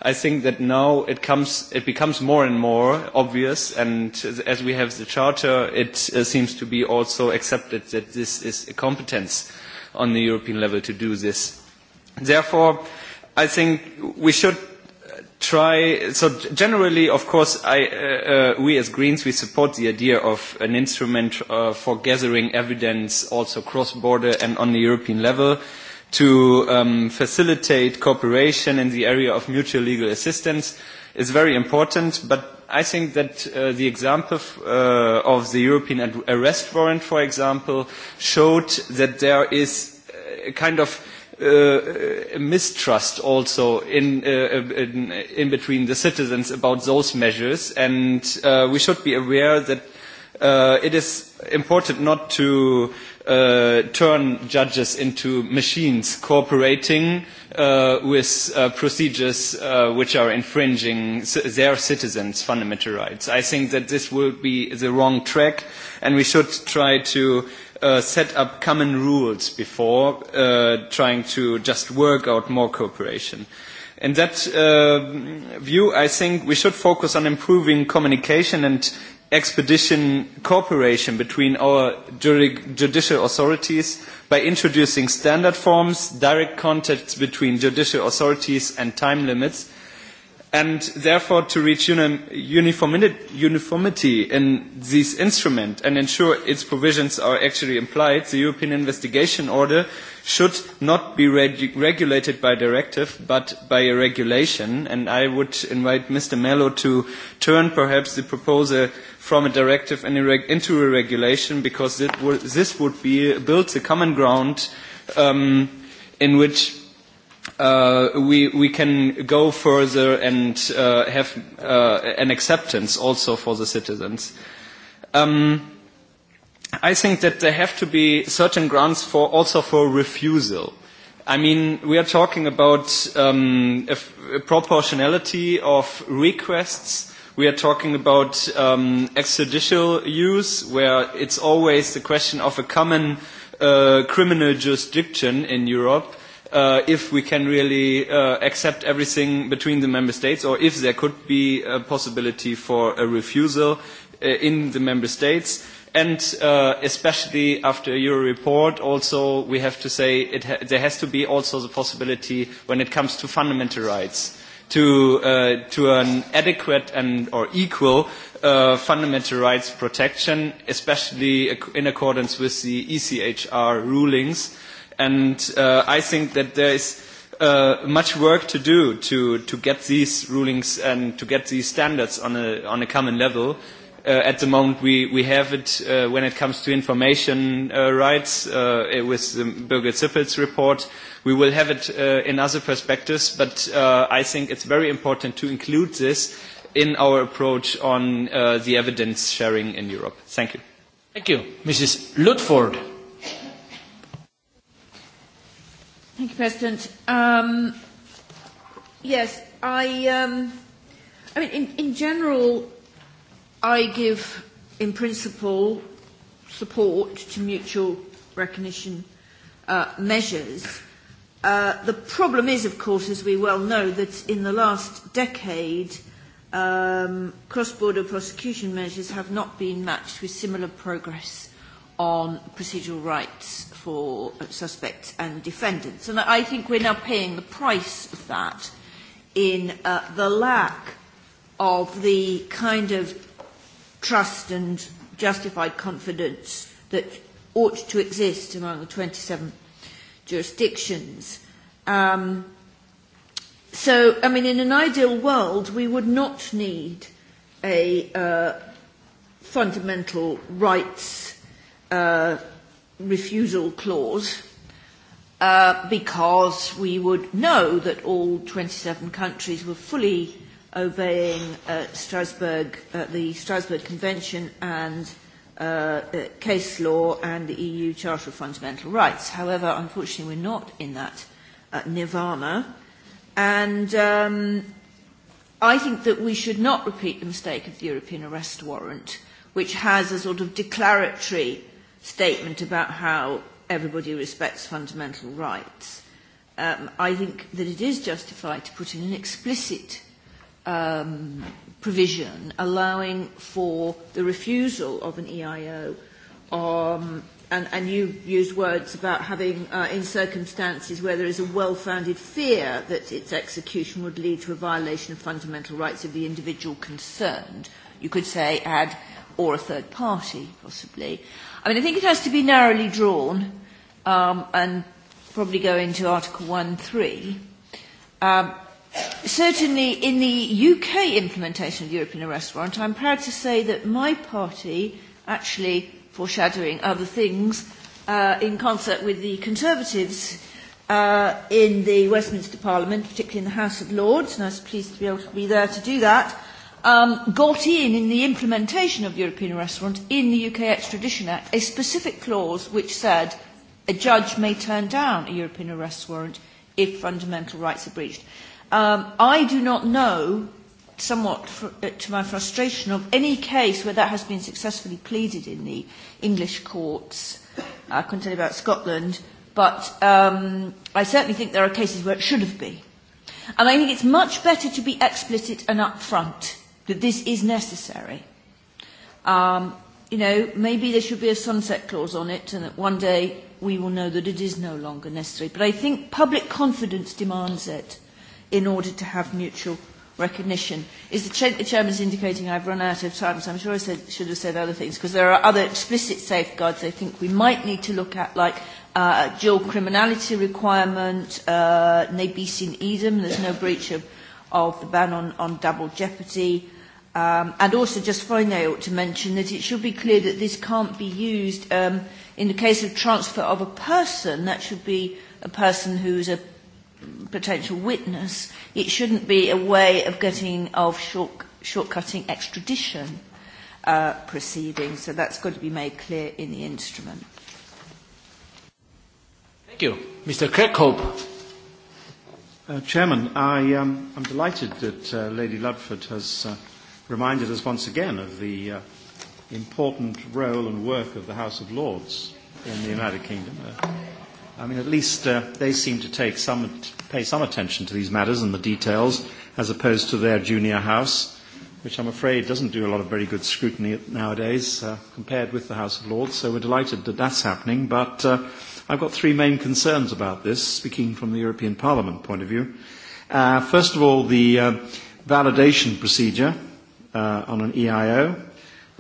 I think that now it comes, it becomes more and more obvious, and as we have the charter, it seems to be also accepted that this is a competence on the European level to do this. Therefore, I think we should try so generally of course I, uh, uh, we as greens we support the idea of an instrument uh, for gathering evidence also cross border and on the european level to um, facilitate cooperation in the area of mutual legal assistance is very important but i think that uh, the example uh, of the european arrest warrant for example showed that there is a kind of uh, mistrust also in, uh, in, in between the citizens about those measures, and uh, we should be aware that uh, it is important not to uh, turn judges into machines cooperating uh, with uh, procedures uh, which are infringing their citizens' fundamental rights. I think that this will be the wrong track, and we should try to set up common rules before uh, trying to just work out more cooperation. In that uh, view, I think we should focus on improving communication and expedition cooperation between our judicial authorities by introducing standard forms, direct contacts between judicial authorities and time limits, and therefore to reach uniformity in this instrument and ensure its provisions are actually implied, the European Investigation Order should not be regulated by directive but by a regulation. And I would invite Mr. Mello to turn perhaps the proposal from a directive into a regulation because this would be build the common ground in which uh, we, we can go further and uh, have uh, an acceptance also for the citizens. Um, I think that there have to be certain grounds for also for refusal. I mean, we are talking about um, a, a proportionality of requests. We are talking about um, extrajudicial use, where it's always the question of a common uh, criminal jurisdiction in Europe uh, if we can really uh, accept everything between the member states or if there could be a possibility for a refusal uh, in the member states. And uh, especially after your report, also we have to say it ha there has to be also the possibility when it comes to fundamental rights to uh, to an adequate and or equal uh, fundamental rights protection, especially in accordance with the ECHR rulings And uh, I think that there is uh, much work to do to, to get these rulings and to get these standards on a, on a common level. Uh, at the moment, we, we have it uh, when it comes to information uh, rights uh, with the Birgit Zippel's report. We will have it uh, in other perspectives, but uh, I think it's very important to include this in our approach on uh, the evidence sharing in Europe. Thank you. Thank you. Mrs. Ludford. Thank you, President. Um, yes, I, um, I mean, in, in general, I give, in principle, support to mutual recognition uh, measures. Uh, the problem is, of course, as we well know, that in the last decade, um, cross-border prosecution measures have not been matched with similar progress on procedural rights for suspects and defendants. And I think we're now paying the price of that in uh, the lack of the kind of trust and justified confidence that ought to exist among the 27 jurisdictions. Um, so, I mean, in an ideal world, we would not need a uh, fundamental rights uh, refusal clause uh, because we would know that all 27 countries were fully obeying uh, Strasbourg, uh, the Strasbourg Convention and uh, uh, case law and the EU Charter of Fundamental Rights. However, unfortunately, we're not in that uh, nirvana. And um, I think that we should not repeat the mistake of the European arrest warrant, which has a sort of declaratory statement about how everybody respects fundamental rights, um, I think that it is justified to put in an explicit um, provision allowing for the refusal of an EIO um, and, and you use words about having, uh, in circumstances where there is a well-founded fear that its execution would lead to a violation of fundamental rights of the individual concerned. You could say add, or a third party, possibly. I mean, I think it has to be narrowly drawn um, and probably go into Article 1.3. Um, certainly in the UK implementation of the European arrest warrant, I'm proud to say that my party, actually foreshadowing other things, uh, in concert with the Conservatives uh, in the Westminster Parliament, particularly in the House of Lords, and I was pleased to be able to be there to do that, um, got in, in the implementation of the European Restaurant, in the UK Extradition Act, a specific clause which said a judge may turn down a European arrest warrant if fundamental rights are breached. Um, I do not know, somewhat fr- to my frustration, of any case where that has been successfully pleaded in the English courts. I couldn't tell you about Scotland, but um, I certainly think there are cases where it should have been. And I think it's much better to be explicit and upfront that this is necessary. Um, you know, maybe there should be a sunset clause on it and that one day we will know that it is no longer necessary. But I think public confidence demands it in order to have mutual recognition. Is the, cha- the chairman's indicating I've run out of time, so I'm sure I said, should have said other things, because there are other explicit safeguards I think we might need to look at, like uh, dual criminality requirement, uh, ne bis in idem, there's no breach of, of the ban on, on double jeopardy, Um, and also just finally I ought to mention that it should be clear that this can't be used um, in the case of transfer of a person, that should be a person who's a potential witness. It shouldn't be a way of getting of short, shortcutting extradition uh, proceedings, so that's got to be made clear in the instrument. Thank you. Mr. Kirkhope. Uh, Chairman, I, um, I'm delighted that uh, Lady Ludford has uh, reminded us once again of the uh, important role and work of the House of Lords in the United Kingdom. Uh, I mean, at least uh, they seem to take some, pay some attention to these matters and the details, as opposed to their junior house, which I'm afraid doesn't do a lot of very good scrutiny nowadays uh, compared with the House of Lords. So we're delighted that that's happening. But uh, I've got three main concerns about this, speaking from the European Parliament point of view. Uh, first of all, the uh, validation procedure uh, on an EIO.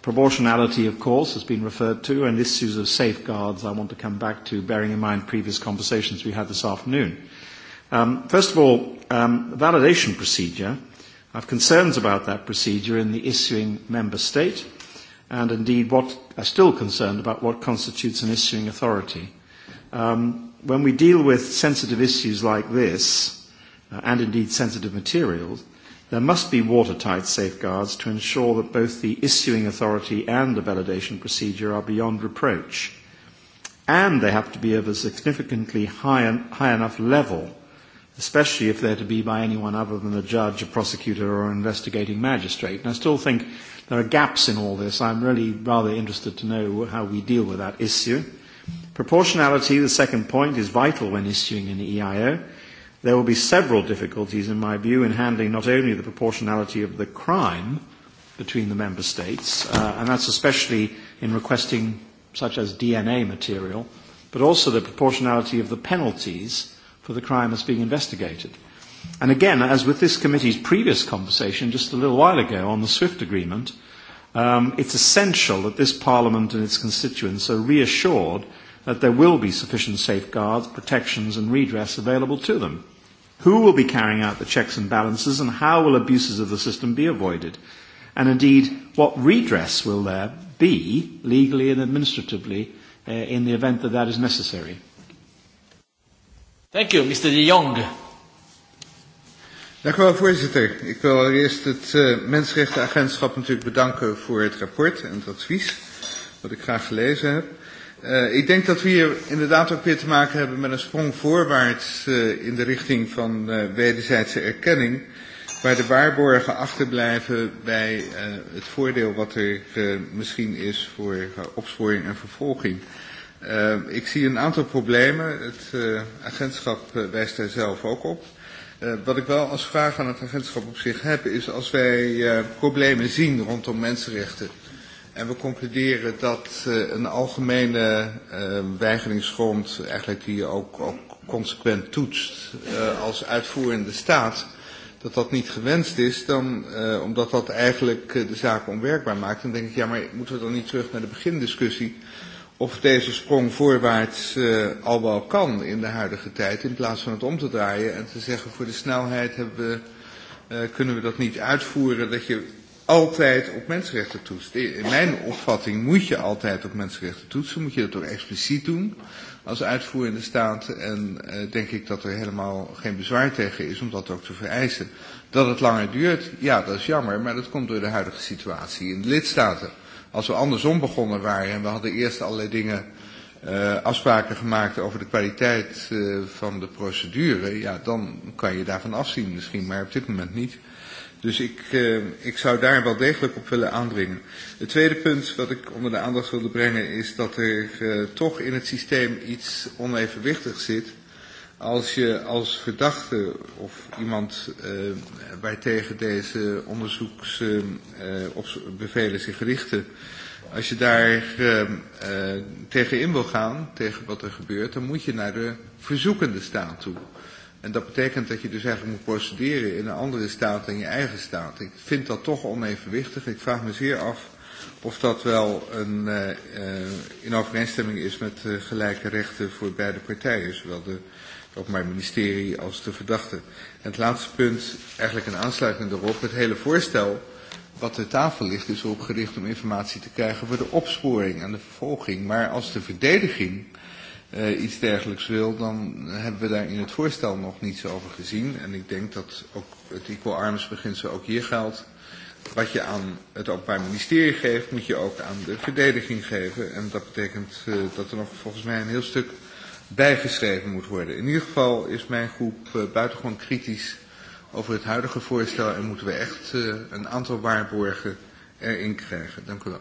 Proportionality, of course, has been referred to, and issues of safeguards I want to come back to, bearing in mind previous conversations we had this afternoon. Um, first of all, um, validation procedure. I have concerns about that procedure in the issuing member state, and indeed what are still concerned about what constitutes an issuing authority. Um, when we deal with sensitive issues like this, uh, and indeed sensitive materials, There must be watertight safeguards to ensure that both the issuing authority and the validation procedure are beyond reproach. And they have to be of a significantly high, high enough level, especially if they're to be by anyone other than a judge, a prosecutor, or an investigating magistrate. And I still think there are gaps in all this. I'm really rather interested to know how we deal with that issue. Proportionality, the second point, is vital when issuing an EIO There will be several difficulties, in my view, in handling not only the proportionality of the crime between the member states, uh, and that's especially in requesting such as DNA material, but also the proportionality of the penalties for the crime that's being investigated. And again, as with this committee's previous conversation just a little while ago on the SWIFT agreement, um, it's essential that this Parliament and its constituents are reassured that there will be sufficient safeguards, protections and redress available to them. Who will be carrying out the checks and balances and how will abuses of the system be avoided? And indeed, what redress will there be legally and administratively uh, in the event that that is necessary? Thank you, Mr. De Jong. Dank u wel, voorzitter. Ik wil allereerst het uh, Mensenrechtenagentschap natuurlijk bedanken voor het rapport en het advies, wat ik graag gelezen heb. Uh, ik denk dat we hier inderdaad ook weer te maken hebben met een sprong voorwaarts uh, in de richting van uh, wederzijdse erkenning. Waar de waarborgen achterblijven bij uh, het voordeel wat er uh, misschien is voor uh, opsporing en vervolging. Uh, ik zie een aantal problemen. Het uh, agentschap uh, wijst daar zelf ook op. Uh, wat ik wel als vraag aan het agentschap op zich heb, is als wij uh, problemen zien rondom mensenrechten. En we concluderen dat uh, een algemene uh, weigeringsgrond, eigenlijk die je ook, ook consequent toetst uh, als uitvoerende staat, dat dat niet gewenst is, dan, uh, omdat dat eigenlijk uh, de zaak onwerkbaar maakt. Dan denk ik, ja, maar moeten we dan niet terug naar de begindiscussie of deze sprong voorwaarts uh, al wel kan in de huidige tijd, in plaats van het om te draaien en te zeggen voor de snelheid hebben we, uh, kunnen we dat niet uitvoeren, dat je altijd op mensenrechten toetsen. In mijn opvatting moet je altijd op mensenrechten toetsen. Moet je dat ook expliciet doen als uitvoerende staat. En uh, denk ik dat er helemaal geen bezwaar tegen is om dat ook te vereisen. Dat het langer duurt, ja, dat is jammer. Maar dat komt door de huidige situatie in de lidstaten. Als we andersom begonnen waren en we hadden eerst allerlei dingen uh, afspraken gemaakt over de kwaliteit uh, van de procedure, ja, dan kan je daarvan afzien misschien, maar op dit moment niet. Dus ik, ik zou daar wel degelijk op willen aandringen. Het tweede punt wat ik onder de aandacht wilde brengen is dat er toch in het systeem iets onevenwichtig zit. Als je als verdachte of iemand uh, waartegen deze onderzoeksbevelen eh, zich richten, als je daar eh, uh, tegen in wil gaan, tegen wat er gebeurt, dan moet je naar de verzoekende staat toe. En dat betekent dat je dus eigenlijk moet procederen in een andere staat dan je eigen staat. Ik vind dat toch onevenwichtig. Ik vraag me zeer af of dat wel een, uh, in overeenstemming is met uh, gelijke rechten voor beide partijen, zowel de, het Openbaar Ministerie als de verdachte. En het laatste punt, eigenlijk een aansluiting daarop, het hele voorstel wat ter tafel ligt is opgericht gericht om informatie te krijgen voor de opsporing en de vervolging. Maar als de verdediging uh, iets dergelijks wil, dan hebben we daar in het voorstel nog niets over gezien. En ik denk dat ook het equal arms beginsel ook hier geldt. Wat je aan het Openbaar Ministerie geeft, moet je ook aan de verdediging geven. En dat betekent uh, dat er nog volgens mij een heel stuk bijgeschreven moet worden. In ieder geval is mijn groep uh, buitengewoon kritisch over het huidige voorstel en moeten we echt uh, een aantal waarborgen erin krijgen. Dank u wel.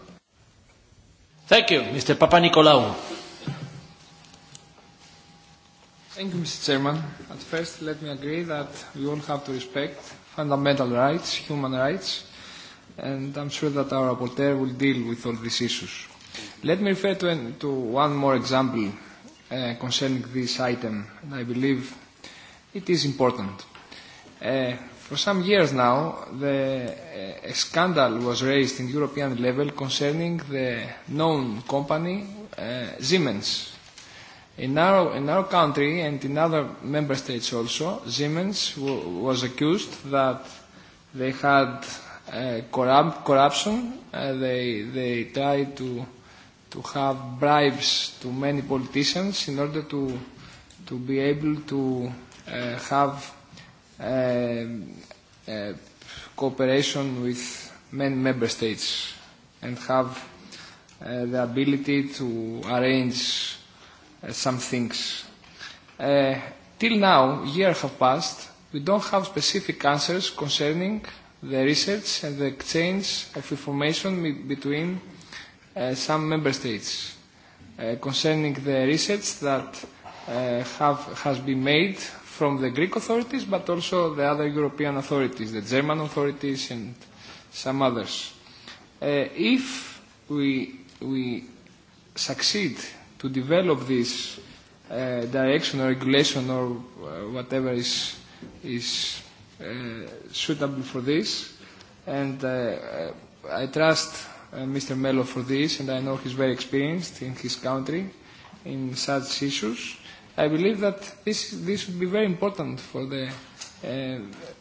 Thank you, Mr. Papa Nicolaou. Thank you, Mr. Chairman. At first, let me agree that we all have to respect fundamental rights, human rights, and I'm sure that our rapporteur will deal with all these issues. Let me refer to, to one more example uh, concerning this item, and I believe it is important. Uh, for some years now, the, uh, a scandal was raised in European level concerning the known company uh, Siemens In our, in our country and in other member states also, Siemens w- was accused that they had uh, corrupt, corruption. Uh, they, they tried to, to have bribes to many politicians in order to, to be able to uh, have uh, uh, cooperation with many member states and have uh, the ability to arrange some things. Uh, till now, a year have passed, we don't have specific answers concerning the research and the exchange of information between uh, some member states uh, concerning the research that uh, have, has been made from the Greek authorities, but also the other European authorities, the German authorities and some others. Uh, if we, we succeed to develop this uh, direction or regulation or uh, whatever is, is uh, suitable for this. And uh, I trust uh, Mr. Mello for this, and I know he's very experienced in his country in such issues. I believe that this, this would be very important for the uh,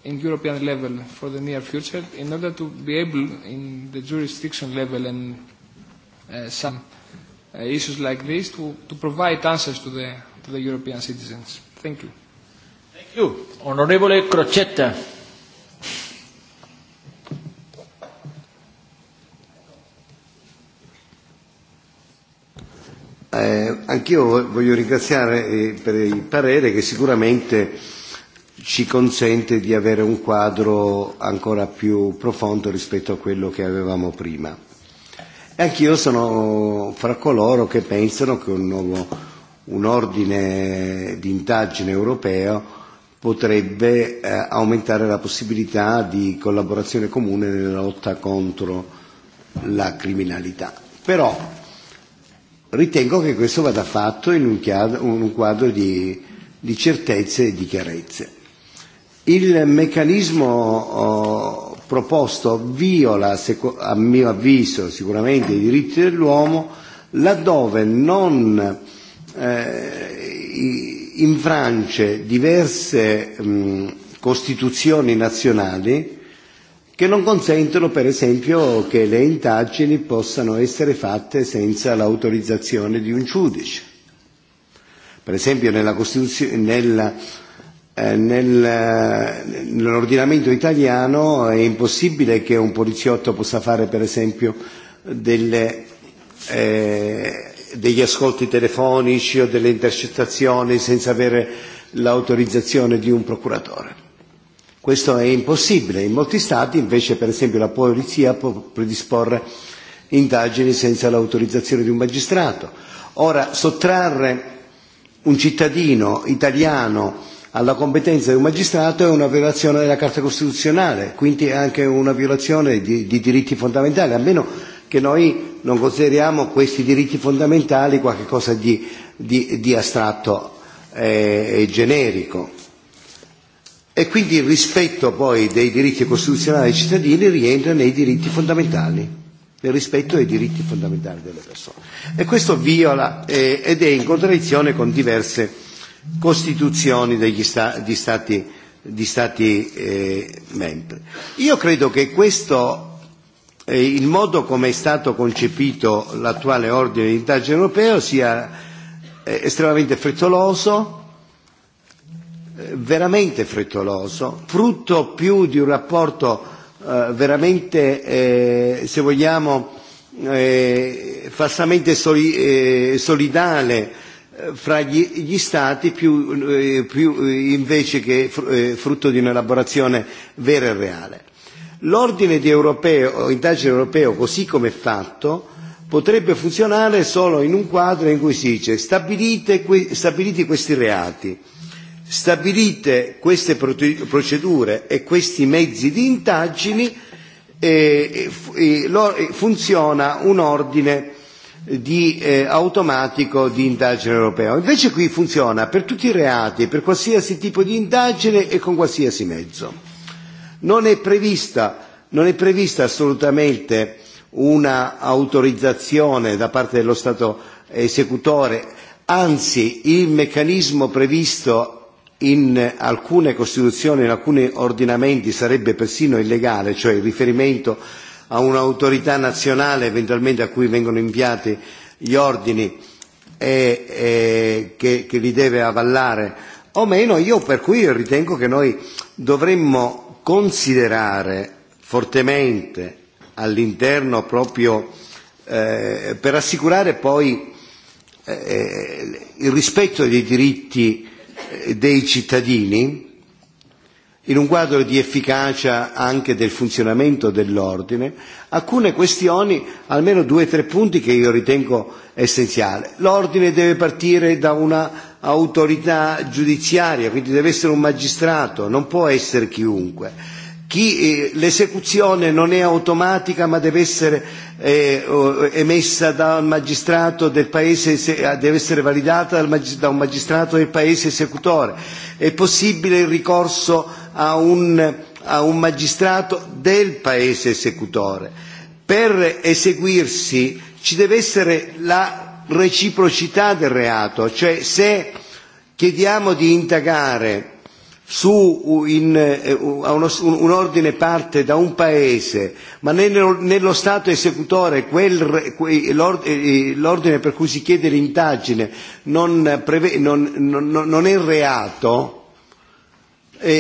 in European level for the near future in order to be able in the jurisdiction level and uh, some uh, issues like this to, to provide answers to the, to the European citizens. Thank you. Thank you. Onorevole Crocetta. Eh, anch'io voglio ringraziare eh, per il parere che sicuramente ci consente di avere un quadro ancora più profondo rispetto a quello che avevamo prima. E anch'io sono fra coloro che pensano che un nuovo un ordine di indagine europeo potrebbe eh, aumentare la possibilità di collaborazione comune nella lotta contro la criminalità. Però ritengo che questo vada fatto in un, in un quadro di, di certezze e di chiarezze. Il meccanismo proposto viola, a mio avviso, sicuramente i diritti dell'uomo laddove non eh, infrange diverse mh, costituzioni nazionali che non consentono per esempio che le indagini possano essere fatte senza l'autorizzazione di un giudice. Per esempio nella, Costituzione. nella nel, nell'ordinamento italiano è impossibile che un poliziotto possa fare per esempio delle, eh, degli ascolti telefonici o delle intercettazioni senza avere l'autorizzazione di un procuratore. Questo è impossibile. In molti Stati invece per esempio la polizia può predisporre indagini senza l'autorizzazione di un magistrato. Ora, sottrarre un cittadino italiano alla competenza di un magistrato è una violazione della Carta Costituzionale, quindi è anche una violazione di, di diritti fondamentali, a meno che noi non consideriamo questi diritti fondamentali qualcosa di, di, di astratto eh, e generico. E quindi il rispetto poi dei diritti costituzionali dei cittadini rientra nei diritti fondamentali, nel rispetto dei diritti fondamentali delle persone. E questo viola eh, ed è in contraddizione con diverse Costituzioni degli sta- di Stati, di stati eh, membri. Io credo che questo, eh, il modo come è stato concepito l'attuale ordine di indagine europeo sia eh, estremamente frettoloso, eh, veramente frettoloso, frutto più di un rapporto eh, veramente, eh, se vogliamo, eh, falsamente soli- eh, solidale fra gli, gli stati più, eh, più, invece che fr, eh, frutto di un'elaborazione vera e reale. L'ordine di europeo, indagine europeo, così come è fatto, potrebbe funzionare solo in un quadro in cui si dice stabilite, stabiliti questi reati, stabilite queste procedure e questi mezzi di indagini, e funziona un ordine di eh, automatico di indagine europeo. Invece qui funziona per tutti i reati, per qualsiasi tipo di indagine e con qualsiasi mezzo. Non è prevista, non è prevista assolutamente una autorizzazione da parte dello Stato esecutore, anzi il meccanismo previsto in alcune Costituzioni, in alcuni ordinamenti sarebbe persino illegale, cioè il riferimento a un'autorità nazionale eventualmente a cui vengono inviati gli ordini e, e che, che li deve avallare o meno, io per cui io ritengo che noi dovremmo considerare fortemente all'interno proprio eh, per assicurare poi eh, il rispetto dei diritti dei cittadini in un quadro di efficacia anche del funzionamento dell'ordine, alcune questioni, almeno due o tre punti che io ritengo essenziali. L'ordine deve partire da una autorità giudiziaria, quindi deve essere un magistrato, non può essere chiunque. Chi, eh, l'esecuzione non è automatica ma deve essere eh, emessa dal magistrato del paese, deve essere validata da un magistrato del paese esecutore. È possibile il ricorso a un, a un magistrato del paese esecutore. Per eseguirsi ci deve essere la reciprocità del reato, cioè se chiediamo di indagare su in, un ordine parte da un paese, ma nello, nello Stato esecutore quel, l'ordine per cui si chiede l'indagine non, preve, non, non, non è reato, E,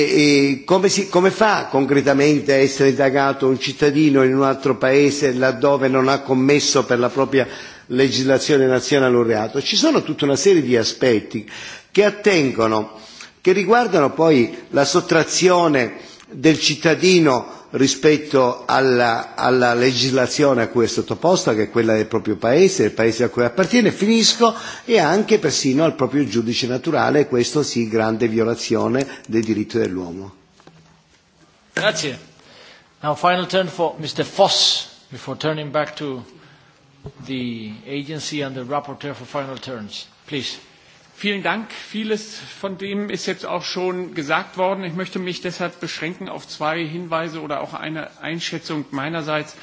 e come, si, come fa concretamente a essere indagato un cittadino in un altro paese laddove non ha commesso per la propria legislazione nazionale un reato? Ci sono tutta una serie di aspetti che attengono, che riguardano poi la sottrazione del cittadino rispetto alla, alla legislazione a cui è sottoposta, che è quella del proprio paese, del paese a cui appartiene, finisco, e anche persino al proprio giudice naturale, questo sì, grande violazione dei diritti dell'uomo. Grazie. Now final turn for Mr. Foss, before turning back to the agency and the rapporteur for final turns. Please. Vielen Dank. Vieles von dem ist jetzt auch schon gesagt worden. Ich möchte mich deshalb beschränken auf zwei Hinweise oder auch eine Einschätzung meinerseits.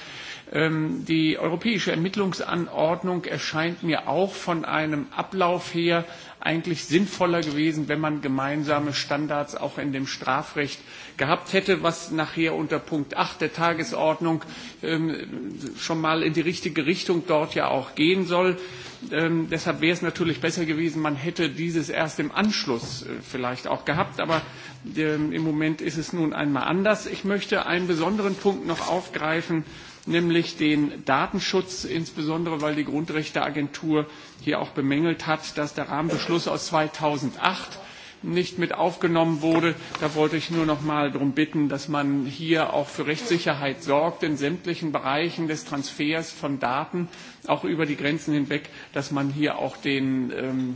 Die europäische Ermittlungsanordnung erscheint mir auch von einem Ablauf her eigentlich sinnvoller gewesen, wenn man gemeinsame Standards auch in dem Strafrecht gehabt hätte, was nachher unter Punkt 8 der Tagesordnung schon mal in die richtige Richtung dort ja auch gehen soll. deshalb wäre es natürlich besser gewesen, man hätte dieses erst im Anschluss vielleicht auch gehabt, aber im Moment ist es nun einmal anders. Ich möchte einen besonderen Punkt noch aufgreifen, nämlich den Datenschutz, insbesondere weil die Grundrechteagentur hier auch bemängelt hat, dass der Rahmenbeschluss aus 2008 nicht mit aufgenommen wurde. Da wollte ich nur noch mal darum bitten, dass man hier auch für Rechtssicherheit sorgt in sämtlichen Bereichen des Transfers von Daten, auch über die Grenzen hinweg, dass man hier auch den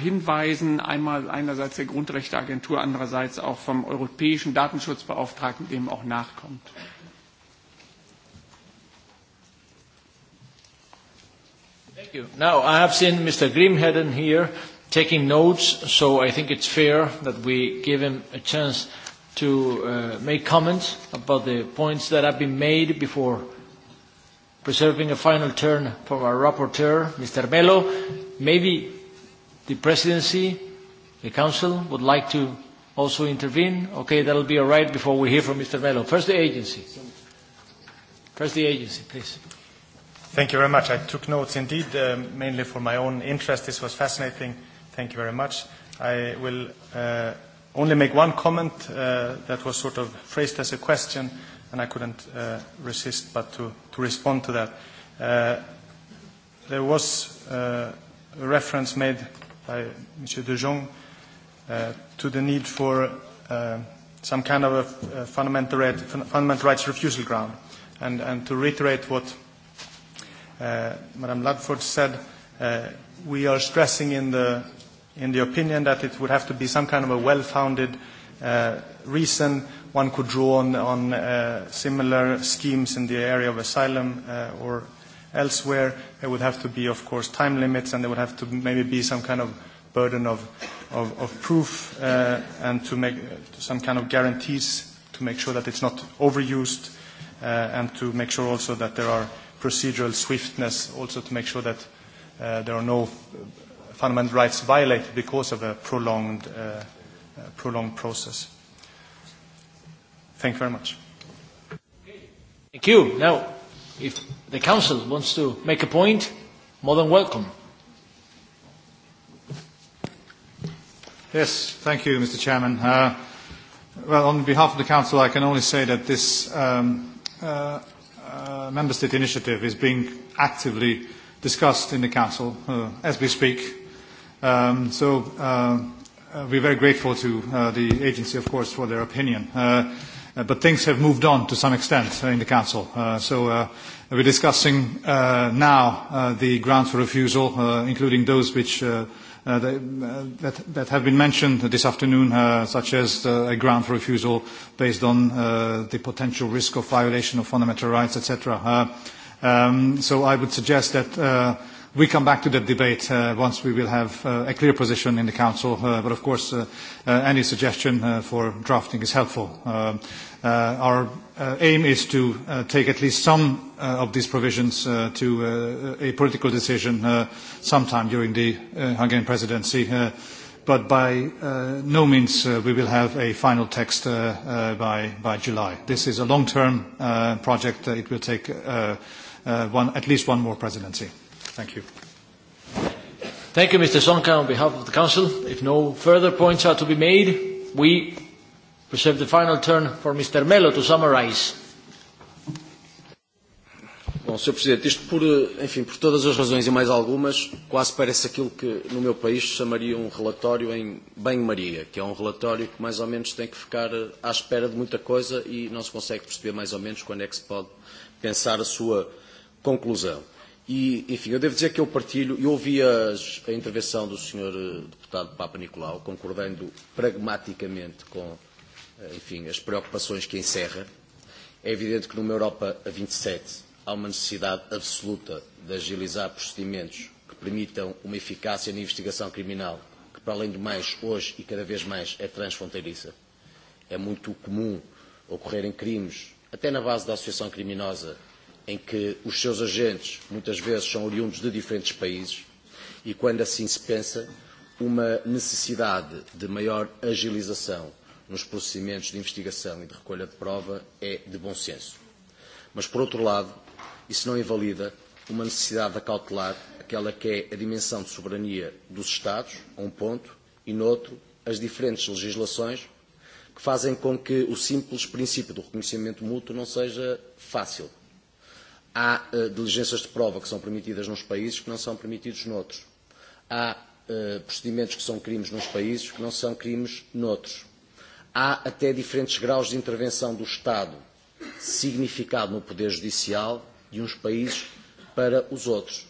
Hinweisen einmal einerseits der Grundrechteagentur, andererseits auch vom europäischen Datenschutzbeauftragten dem auch nachkommt. Thank you. Now, I have seen Mr. Grimheden here taking notes, so I think it's fair that we give him a chance to uh, make comments about the points that have been made before preserving a final turn from our rapporteur, Mr. Melo. Maybe the presidency, the council, would like to also intervene. Okay, that'll be all right before we hear from Mr. Melo. First, the agency. First, the agency, please. Thank you very much. I took notes indeed, uh, mainly for my own interest. This was fascinating. Thank you very much. I will uh, only make one comment uh, that was sort of phrased as a question, and I couldn't uh, resist but to, to respond to that. Uh, there was uh, a reference made by Mr De Jong uh, to the need for uh, some kind of a, a fundamental, right, fundamental rights refusal ground. And, and to reiterate what uh, Madam Ludford said, uh, we are stressing in the, in the opinion that it would have to be some kind of a well-founded uh, reason one could draw on, on uh, similar schemes in the area of asylum uh, or elsewhere. There would have to be, of course, time limits, and there would have to maybe be some kind of burden of, of, of proof uh, and to make some kind of guarantees to make sure that it's not overused uh, and to make sure also that there are procedural swiftness, also to make sure that uh, there are no fundamental rights violated because of a prolonged, uh, uh, prolonged process. Thank you very much. Thank you. Now, if the Council wants to make a point, more than welcome. Yes, thank you, Mr. Chairman. Uh, well, on behalf of the Council, I can only say that this um, uh, uh, member state initiative is being actively discussed in the Council uh, as we speak. Um, so uh, we're very grateful to uh, the agency, of course, for their opinion. Uh, but things have moved on to some extent in the Council. Uh, so uh, we're discussing uh, now uh, the grounds for refusal, uh, including those which uh, uh, that, that have been mentioned this afternoon, uh, such as uh, a ground for refusal based on uh, the potential risk of violation of fundamental rights, etc. Uh, um, so I would suggest that uh, We come back to that debate uh, once we will have uh, a clear position in the Council, uh, but of course uh, uh, any suggestion uh, for drafting is helpful. uh, our uh, aim is to uh, take at least some uh, of these provisions uh, to uh, a political decision uh, sometime during the uh, Hungarian presidency, uh, but by uh, no means uh, we will have a final text uh, uh, by, by July. This is a long-term uh, project. It will take uh, uh, one, at least one more presidency. Thank you. Thank you, Mr. Sonka, on behalf of the Council. If no further points are to be made, we reserve the final turn for Mr. Mello to summarize. Bom, Sr. Presidente, isto por, enfim, por todas as razões e mais algumas, quase parece aquilo que no meu país chamaria um relatório em banho-maria, que é um relatório que mais ou menos tem que ficar à espera de muita coisa e não se consegue perceber mais ou menos quando é que se pode pensar a sua conclusão. E, enfim, eu devo dizer que eu partilho, eu ouvi as, a intervenção do Sr. Deputado Papa Nicolau, concordando pragmaticamente com, enfim, as preocupações que encerra. É evidente que numa Europa a 27 há uma necessidade absoluta de agilizar procedimentos que permitam uma eficácia na investigação criminal, que para além do mais hoje e cada vez mais é transfronteiriça. É muito comum ocorrerem crimes, até na base da associação criminosa, em que os seus agentes muitas vezes são oriundos de diferentes países e quando assim se pensa, uma necessidade de maior agilização nos procedimentos de investigação e de recolha de prova é de bom senso. Mas, por outro lado, isso não invalida uma necessidade de acautelar aquela que é a dimensão de soberania dos Estados, a um ponto, e noutro, as diferentes legislações que fazem com que o simples princípio do reconhecimento mútuo não seja fácil Há uh, diligências de prova que são permitidas nos países que não são permitidos noutros. Há uh, procedimentos que são crimes nos países que não são crimes noutros. Há até diferentes graus de intervenção do Estado significado no Poder Judicial de uns países para os outros.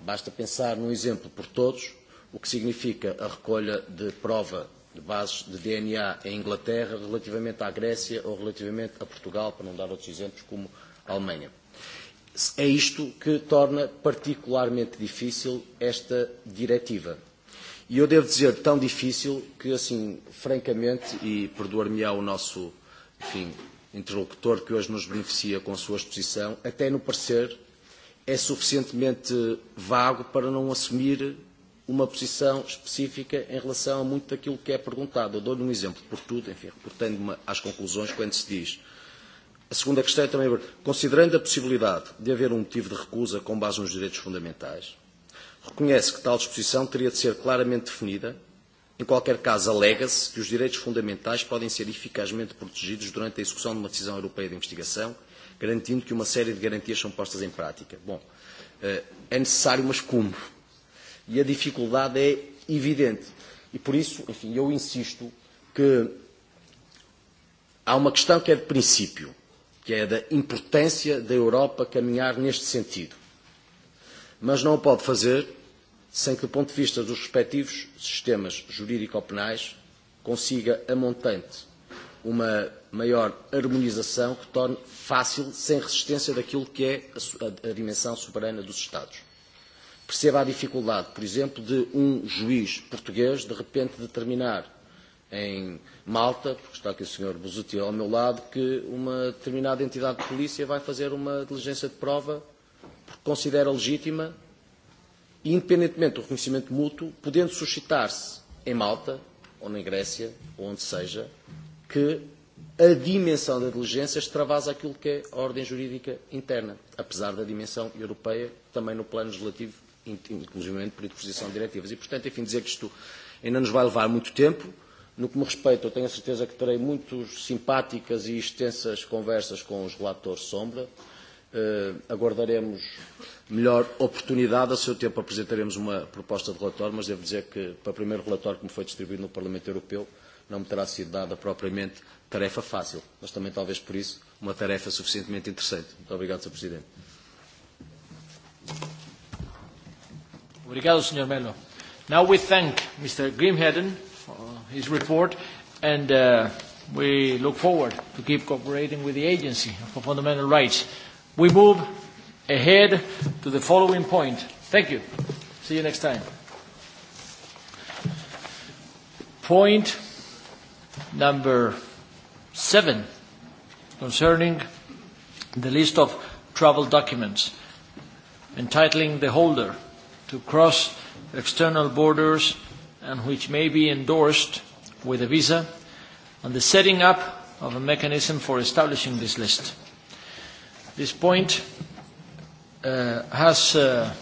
Basta pensar num exemplo por todos, o que significa a recolha de prova de bases de DNA em Inglaterra relativamente à Grécia ou relativamente a Portugal, para não dar outros exemplos, como a Alemanha. É isto que torna particularmente difícil esta diretiva. E eu devo dizer tão difícil que, assim, francamente, e perdoar-me ao nosso enfim, interlocutor que hoje nos beneficia com a sua exposição, até no parecer é suficientemente vago para não assumir uma posição específica em relação a muito daquilo que é perguntado. Eu dou-lhe um exemplo, por tudo, enfim, reportando-me às conclusões quando se diz A segunda questão é também, considerando a possibilidade de haver um motivo de recusa com base nos direitos fundamentais, reconhece que tal disposição teria de ser claramente definida. Em qualquer caso, alega-se que os direitos fundamentais podem ser eficazmente protegidos durante a execução de uma decisão europeia de investigação, garantindo que uma série de garantias são postas em prática. Bom, é necessário, mas como? E a dificuldade é evidente. E por isso, enfim, eu insisto que há uma questão que é de princípio que é da importância da Europa caminhar neste sentido. Mas não o pode fazer sem que, do ponto de vista dos respectivos sistemas jurídico-penais, consiga a montante uma maior harmonização que torne fácil, sem resistência, daquilo que é a, dimensão soberana dos Estados. Perceba a dificuldade, por exemplo, de um juiz português de repente determinar em Malta, porque está aqui o Sr. Bozutti ao meu lado, que uma determinada entidade de polícia vai fazer uma diligência de prova porque considera legítima, independentemente do reconhecimento mútuo, podendo suscitar-se em Malta, ou na Grécia, ou onde seja, que a dimensão da diligência extravasa aquilo que é a ordem jurídica interna, apesar da dimensão europeia, também no plano legislativo, inclusive por disposição de diretivas. E, portanto, enfim, dizer que isto ainda nos vai levar muito tempo, No que me respeita, eu tenho a certeza que terei muito simpáticas e extensas conversas com os relatores Sombra. Uh, aguardaremos melhor oportunidade. A seu tempo apresentaremos uma proposta de relatório, mas devo dizer que para o primeiro relatório que me foi distribuído no Parlamento Europeu não me terá sido dada propriamente tarefa fácil, mas também talvez por isso uma tarefa suficientemente interessante. Muito obrigado, Sr. Presidente. Obrigado, Sr. Melo. Now we thank Mr. Grimheden his report, and uh, we look forward to keep cooperating with the Agency for Fundamental Rights. We move ahead to the following point. Thank you. See you next time. Point number seven concerning the list of travel documents entitling the holder to cross external borders and which may be endorsed with a visa and the setting up of a mechanism for establishing this list. This point uh, has uh,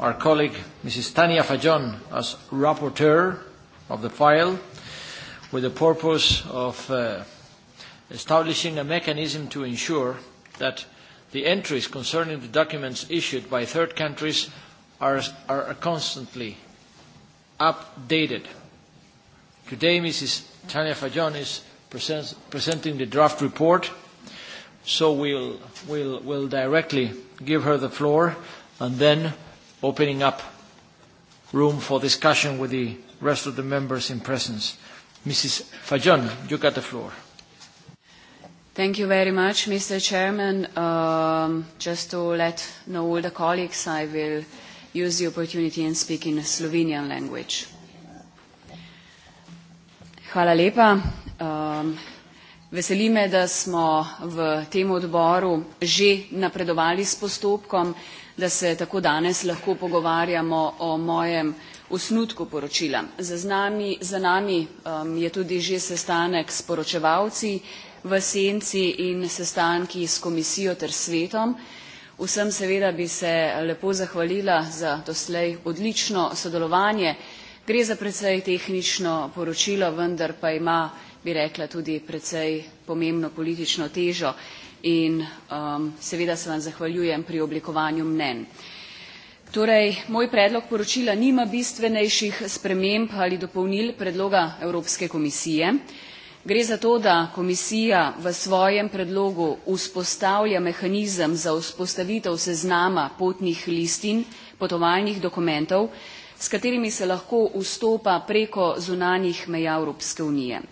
our colleague Mrs. Tania Fajon as rapporteur of the file with the purpose of uh, establishing a mechanism to ensure that the entries concerning the documents issued by third countries are, are constantly updated. Today, Mrs. Tania Fajon is presents, presenting the draft report, so we'll, we'll, we'll directly give her the floor and then opening up room for discussion with the rest of the members in presence. Mrs. Fajon, you got the floor. Thank you very much, Mr. Chairman. Um, just to let know all the colleagues, I will use the opportunity and speak in Slovenian language. Hvala lepa. Um, veseli me, da smo v tem odboru že napredovali s postopkom, da se tako danes lahko pogovarjamo o mojem osnutku poročila. Za, znami, za nami um, je tudi že sestanek s poročevalci v senci in sestanki s komisijo ter svetom. Vsem seveda bi se lepo zahvalila za doslej odlično sodelovanje. Gre za precej tehnično poročilo, vendar pa ima, bi rekla, tudi precej pomembno politično težo in um, seveda se vam zahvaljujem pri oblikovanju mnen. Torej, moj predlog poročila nima bistvenejših sprememb ali dopolnil predloga Evropske komisije. Gre za to, da komisija v svojem predlogu vzpostavlja mehanizem za vzpostavitev seznama potnih listin, potovalnih dokumentov, s katerimi se lahko vstopa preko zunanjih meja Evropske unije.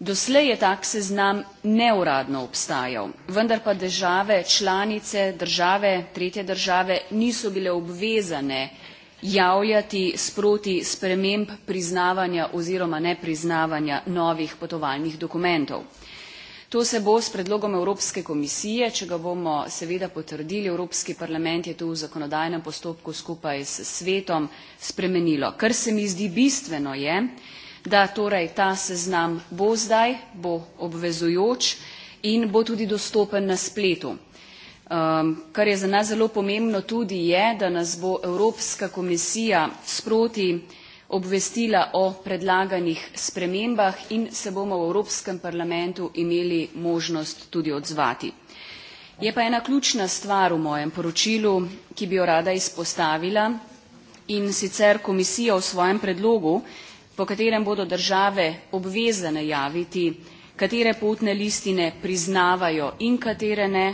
Doslej je tak seznam neuradno obstajal, vendar pa države članice, države, tretje države niso bile obvezane javljati sproti sprememb priznavanja oziroma nepriznavanja novih potovalnih dokumentov. To se bo s predlogom Evropske komisije, če ga bomo seveda potrdili, Evropski parlament je tu v zakonodajnem postopku skupaj s svetom, spremenilo. Kar se mi zdi bistveno je, da torej ta seznam bo zdaj, bo obvezujoč in bo tudi dostopen na spletu kar je za nas zelo pomembno tudi je, da nas bo Evropska komisija sproti obvestila o predlaganih spremembah in se bomo v Evropskem parlamentu imeli možnost tudi odzvati. Je pa ena ključna stvar v mojem poročilu, ki bi jo rada izpostavila in sicer komisija v svojem predlogu, po katerem bodo države obvezane javiti, katere potne listine priznavajo in katere ne,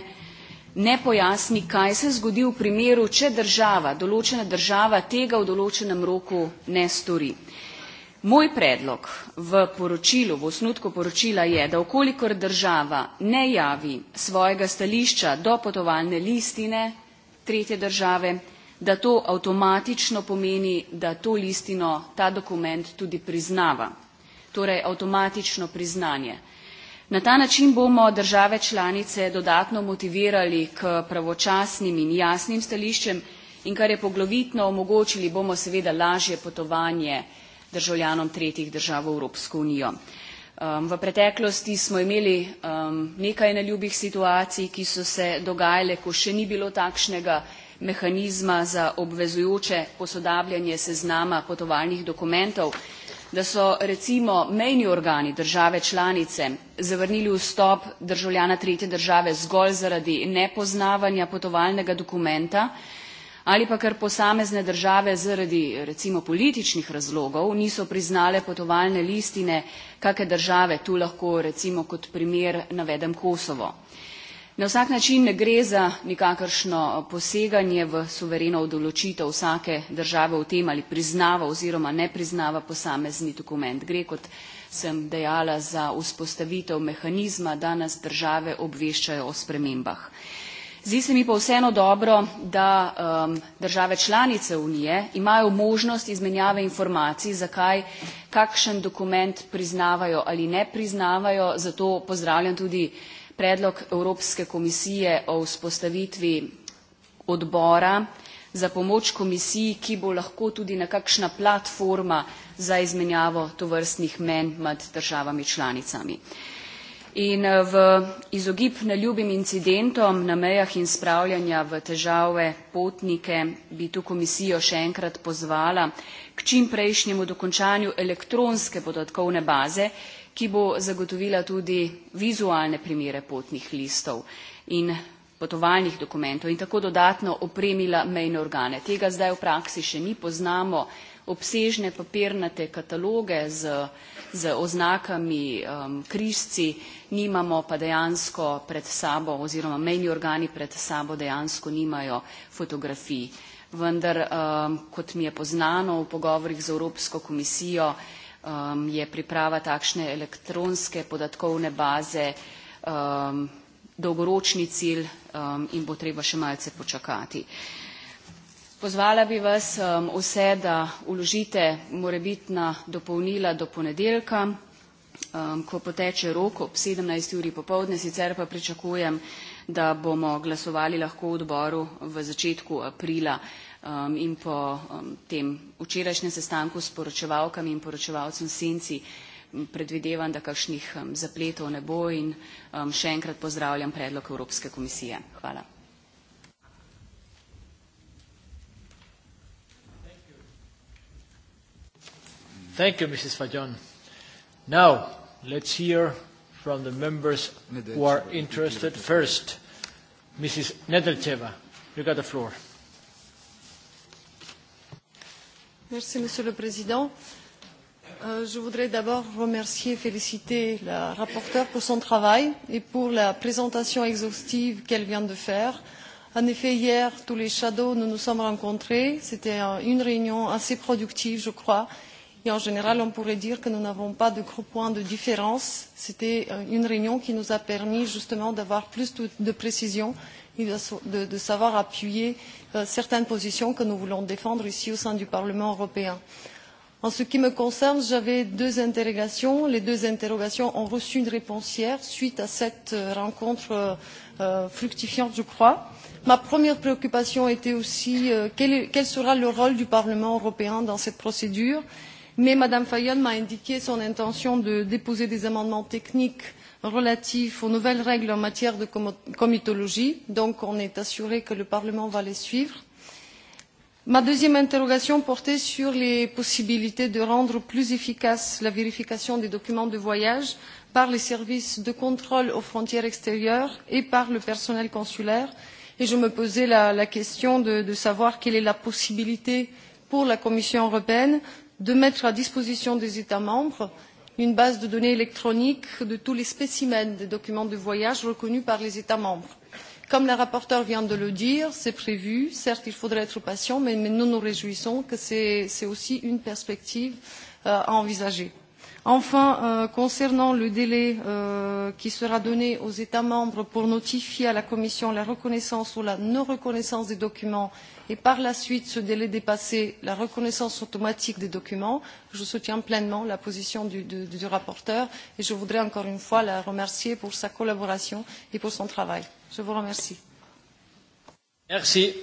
ne pojasni, kaj se zgodi v primeru, če država, določena država tega v določenem roku ne stori. Moj predlog v poročilu, v osnutku poročila je, da okolikor država ne javi svojega stališča do potovalne listine tretje države, da to avtomatično pomeni, da to listino, ta dokument tudi priznava. Torej avtomatično priznanje. Na ta način bomo države članice dodatno motivirali k pravočasnim in jasnim stališčem in kar je poglavitno, omogočili bomo seveda lažje potovanje državljanom tretjih držav v Evropsko unijo. V preteklosti smo imeli nekaj neljubih situacij, ki so se dogajale, ko še ni bilo takšnega mehanizma za obvezujoče posodabljanje seznama potovalnih dokumentov da so recimo mejni organi države članice zavrnili vstop državljana tretje države zgolj zaradi nepoznavanja potovalnega dokumenta ali pa ker posamezne države zaradi recimo političnih razlogov niso priznale potovalne listine kake države, tu lahko recimo kot primer navedem Kosovo. Na vsak način ne gre za nikakršno poseganje v suvereno odločitev vsake države o tem, ali priznava oziroma ne priznava posamezni dokument. Gre, kot sem dejala, za vzpostavitev mehanizma, da nas države obveščajo o spremembah. Zdi se mi pa vseeno dobro, da um, države članice Unije imajo možnost izmenjave informacij, zakaj kakšen dokument priznavajo ali ne priznavajo, zato pozdravljam tudi predlog Evropske komisije o vzpostavitvi odbora za pomoč komisiji, ki bo lahko tudi nekakšna platforma za izmenjavo tovrstnih mnen med državami članicami. In v izogib neljubim incidentom na mejah in spravljanja v težave potnike bi tu komisijo še enkrat pozvala k čimprejšnjemu dokončanju elektronske podatkovne baze, ki bo zagotovila tudi vizualne primere potnih listov in potovalnih dokumentov in tako dodatno opremila mejne organe. Tega zdaj v praksi še ni, poznamo obsežne papirnate kataloge z, z oznakami, um, križci, nimamo pa dejansko pred sabo oziroma mejni organi pred sabo dejansko nimajo fotografij. Vendar, um, kot mi je poznano v pogovorih z Evropsko komisijo, um, je priprava takšne elektronske podatkovne baze um, dolgoročni cilj um, in bo treba še malce počakati. Pozvala bi vas um, vse, da uložite morebitna dopolnila do ponedeljka, um, ko poteče rok ob 17. uri popovdne, sicer pa pričakujem, da bomo glasovali lahko v odboru v začetku aprila in po tem včerajšnjem sestanku s poročevalkami in poročevalcem Senci predvidevam, da kakšnih zapletov ne bo in še enkrat pozdravljam predlog Evropske komisije. Hvala. Thank you, Mrs. Fajon. Now, let's hear from the members who are interested first. Mrs. Nedelcheva, you got the floor. Merci, Monsieur le Président. Je voudrais d'abord remercier et féliciter la rapporteure pour son travail et pour la présentation exhaustive qu'elle vient de faire. En effet, hier, tous les shadows, nous nous sommes rencontrés. C'était une réunion assez productive, je crois. Et en général, on pourrait dire que nous n'avons pas de gros points de différence. C'était une réunion qui nous a permis justement d'avoir plus de précision de, de savoir appuyer certaines positions que nous voulons défendre ici au sein du Parlement européen. En ce qui me concerne, j'avais deux interrogations. Les deux interrogations ont reçu une réponse hier suite à cette rencontre fructifiante, je crois. Ma première préoccupation était aussi quel, sera le rôle du Parlement européen dans cette procédure. Mais Mme Fayon m'a indiqué son intention de déposer des amendements techniques relatif aux nouvelles règles en matière de comitologie. Donc, on est assuré que le Parlement va les suivre. Ma deuxième interrogation portait sur les possibilités de rendre plus efficace la vérification des documents de voyage par les services de contrôle aux frontières extérieures et par le personnel consulaire. Et je me posais la, question de, savoir quelle est la possibilité pour la Commission européenne de mettre à disposition des États membres une base de données électronique de tous les spécimens des documents de voyage reconnus par les États membres. Comme la rapporteure vient de le dire, c'est prévu. Certes, il faudra être patient, mais nous nous réjouissons que c'est aussi une perspective à envisager. Enfin, concernant le délai qui sera donné aux États membres pour notifier à la Commission la reconnaissance ou la non-reconnaissance des documents et par la suite ce délai dépassé, la reconnaissance automatique des documents. Je soutiens pleinement la position du, rapporteur et je voudrais encore une fois la remercier pour sa collaboration et pour son travail. Je vous remercie. Merci.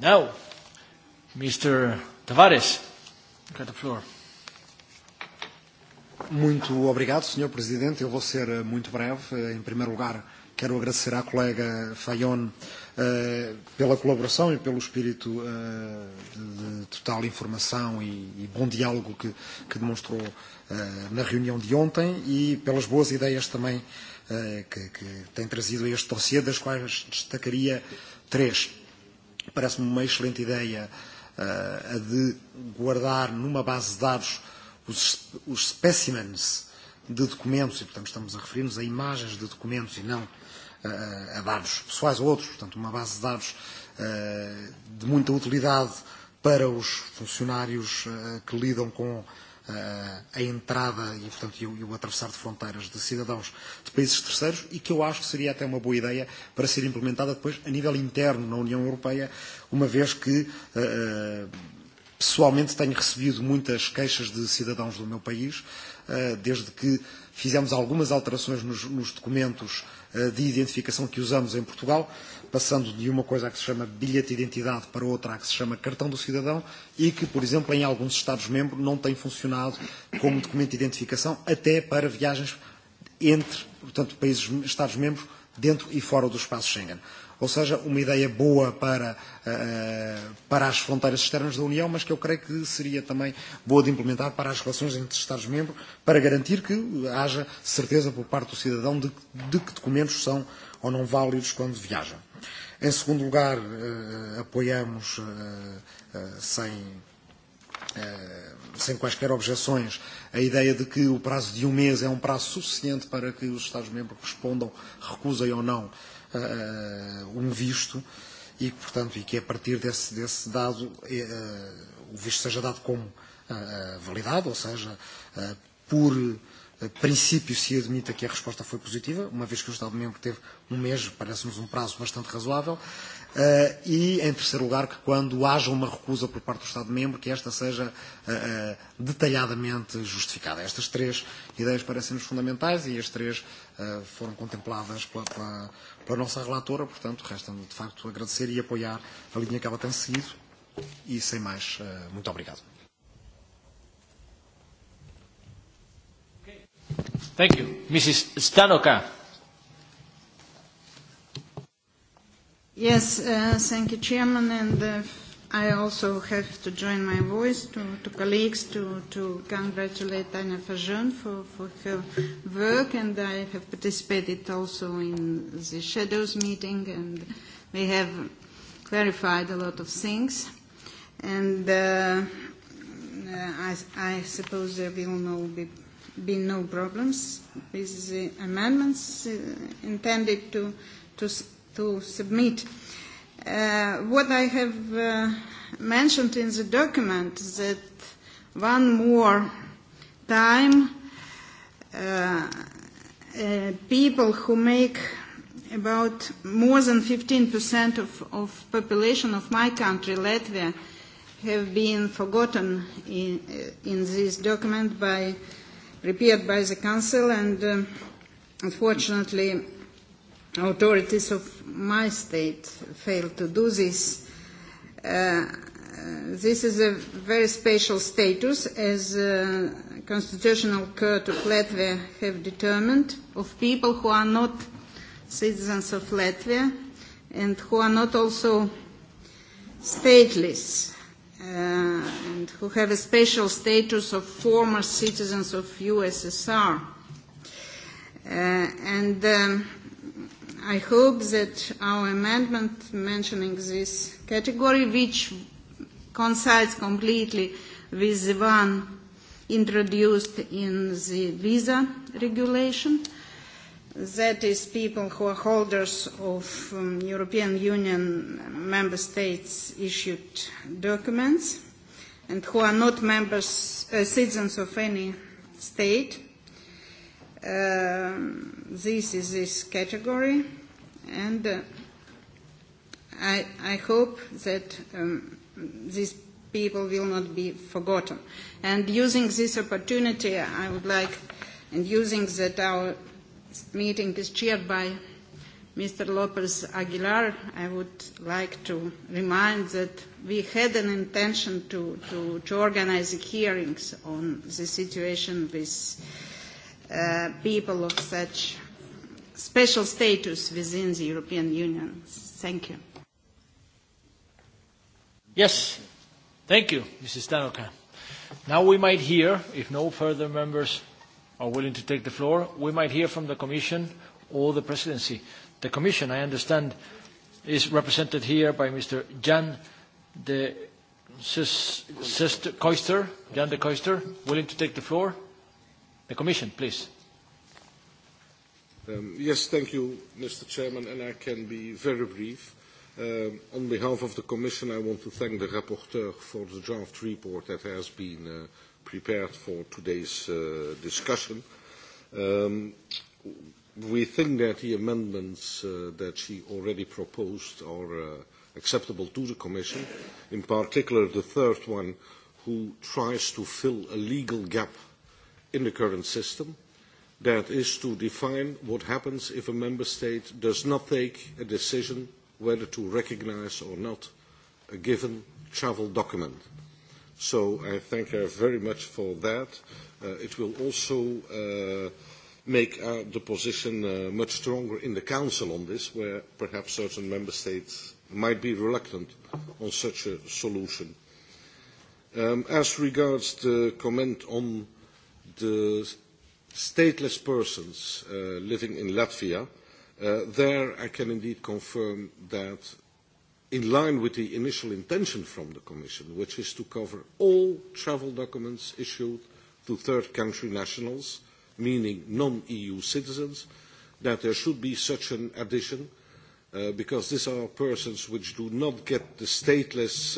Now, Mr. Tavares, you got the floor. Muito obrigado, Sr. Presidente. Eu vou ser muito breve. Em primeiro lugar, quero agradecer à colega Fayon uh, pela colaboração e pelo espírito de total informação e bom diálogo que demonstrou na reunião de ontem e pelas boas ideias também que, que tem trazido a este dossiê, das quais destacaria três. Parece-me uma excelente ideia a de guardar numa base de dados os, os specimens de documentos, e portanto estamos a referir-nos a imagens de documentos e não uh, a dados pessoais ou outros, portanto, uma base de dados de muita utilidade para os funcionários que lidam com a entrada e, portanto, e o atravessar de fronteiras de cidadãos de países terceiros e que eu acho que seria até uma boa ideia para ser implementada depois a nível interno na União Europeia, uma vez que pessoalmente tenho recebido muitas queixas de cidadãos do meu país, desde que fizemos algumas alterações nos, nos documentos de identificação que usamos em Portugal, passando de uma coisa que se chama bilhete de identidade para outra que se chama cartão do cidadão e que, por exemplo, em alguns Estados-membros não tem funcionado como documento de identificação até para viagens entre, portanto, países, Estados-membros dentro e fora do espaço Schengen ou seja, uma ideia boa para, para as fronteiras externas da União, mas que eu creio que seria também boa de implementar para as relações entre Estados-membros, para garantir que haja certeza por parte do cidadão de, de que documentos são ou não válidos quando viajam. Em segundo lugar, apoiamos, sem, sem quaisquer objeções, a ideia de que o prazo de um mês é um prazo suficiente para que os Estados-membros respondam, recusem ou não, uh, um visto e que, portanto, e que a partir desse, desse dado o visto seja dado como validado, ou seja, por princípio se admita que a resposta foi positiva, uma vez que o Estado-membro teve um mês, parece-nos um prazo bastante razoável, e, em terceiro lugar, que quando haja uma recusa por parte do Estado-membro, que esta seja detalhadamente justificada. Estas três ideias parecem-nos fundamentais e as três foram contempladas pela, pela, pela nossa relatora, portanto, resta-me, de facto, agradecer e apoiar a linha que ela tem seguido e, sem mais, muito obrigado. Thank you. Mrs. Stanoka. Yes, uh, thank you, Chairman, and uh, I also have to join my voice to, to colleagues to, to congratulate Tanya Fajon for, for her work, and I have participated also in the shadows meeting, and we have clarified a lot of things, and uh, I, I suppose there will no be, be no problems with the amendments uh, intended to to to submit. Uh, what I have uh, mentioned in the document that one more time uh, uh, people who make about more than 15% of, of population of my country, Latvia, have been forgotten in, in this document by, repeated by the Council, and uh, unfortunately authorities of my state failed to do this. Uh, this is a very special status as the Constitutional Court of Latvia have determined of people who are not citizens of Latvia and who are not also stateless uh, and who have a special status of former citizens of USSR. Uh, and um, I hope that our amendment mentioning this category, which coincides completely with the one introduced in the visa regulation, that is people who are holders of um, European Union member states issued documents and who are not members, uh, citizens of any state. Um, this is this category, and uh, I, I hope that um, these people will not be forgotten. And using this opportunity, I would like, and using that our meeting is chaired by Mr. Lopez Aguilar, I would like to remind that we had an intention to, to, to organize hearings on the situation with uh, people of such special status within the European Union. Thank you. Yes, thank you, Mrs. Tanoka. Now we might hear, if no further members are willing to take the floor, we might hear from the Commission or the Presidency. The Commission, I understand, is represented here by Mr. Jan de Koister. Jan de Koister, willing to take the floor? The Commission, please. Um, yes, thank you, Mr. Chairman, and I can be very brief. Um, on behalf of the Commission, I want to thank the rapporteur for the draft report that has been uh, prepared for today's uh, discussion. Um, we think that the amendments uh, that she already proposed are uh, acceptable to the Commission, in particular the third one, who tries to fill a legal gap in the current system. That is to define what happens if a member state does not take a decision whether to recognise or not a given travel document. So I thank her very much for that. it will also make the position much stronger in the Council on this, where perhaps certain member states might be reluctant on such a solution. as regards the comment on the stateless persons uh, living in Latvia, uh, there I can indeed confirm that in line with the initial intention from the Commission, which is to cover all travel documents issued to third country nationals, meaning non-EU citizens, that there should be such an addition because these are persons which do not get the stateless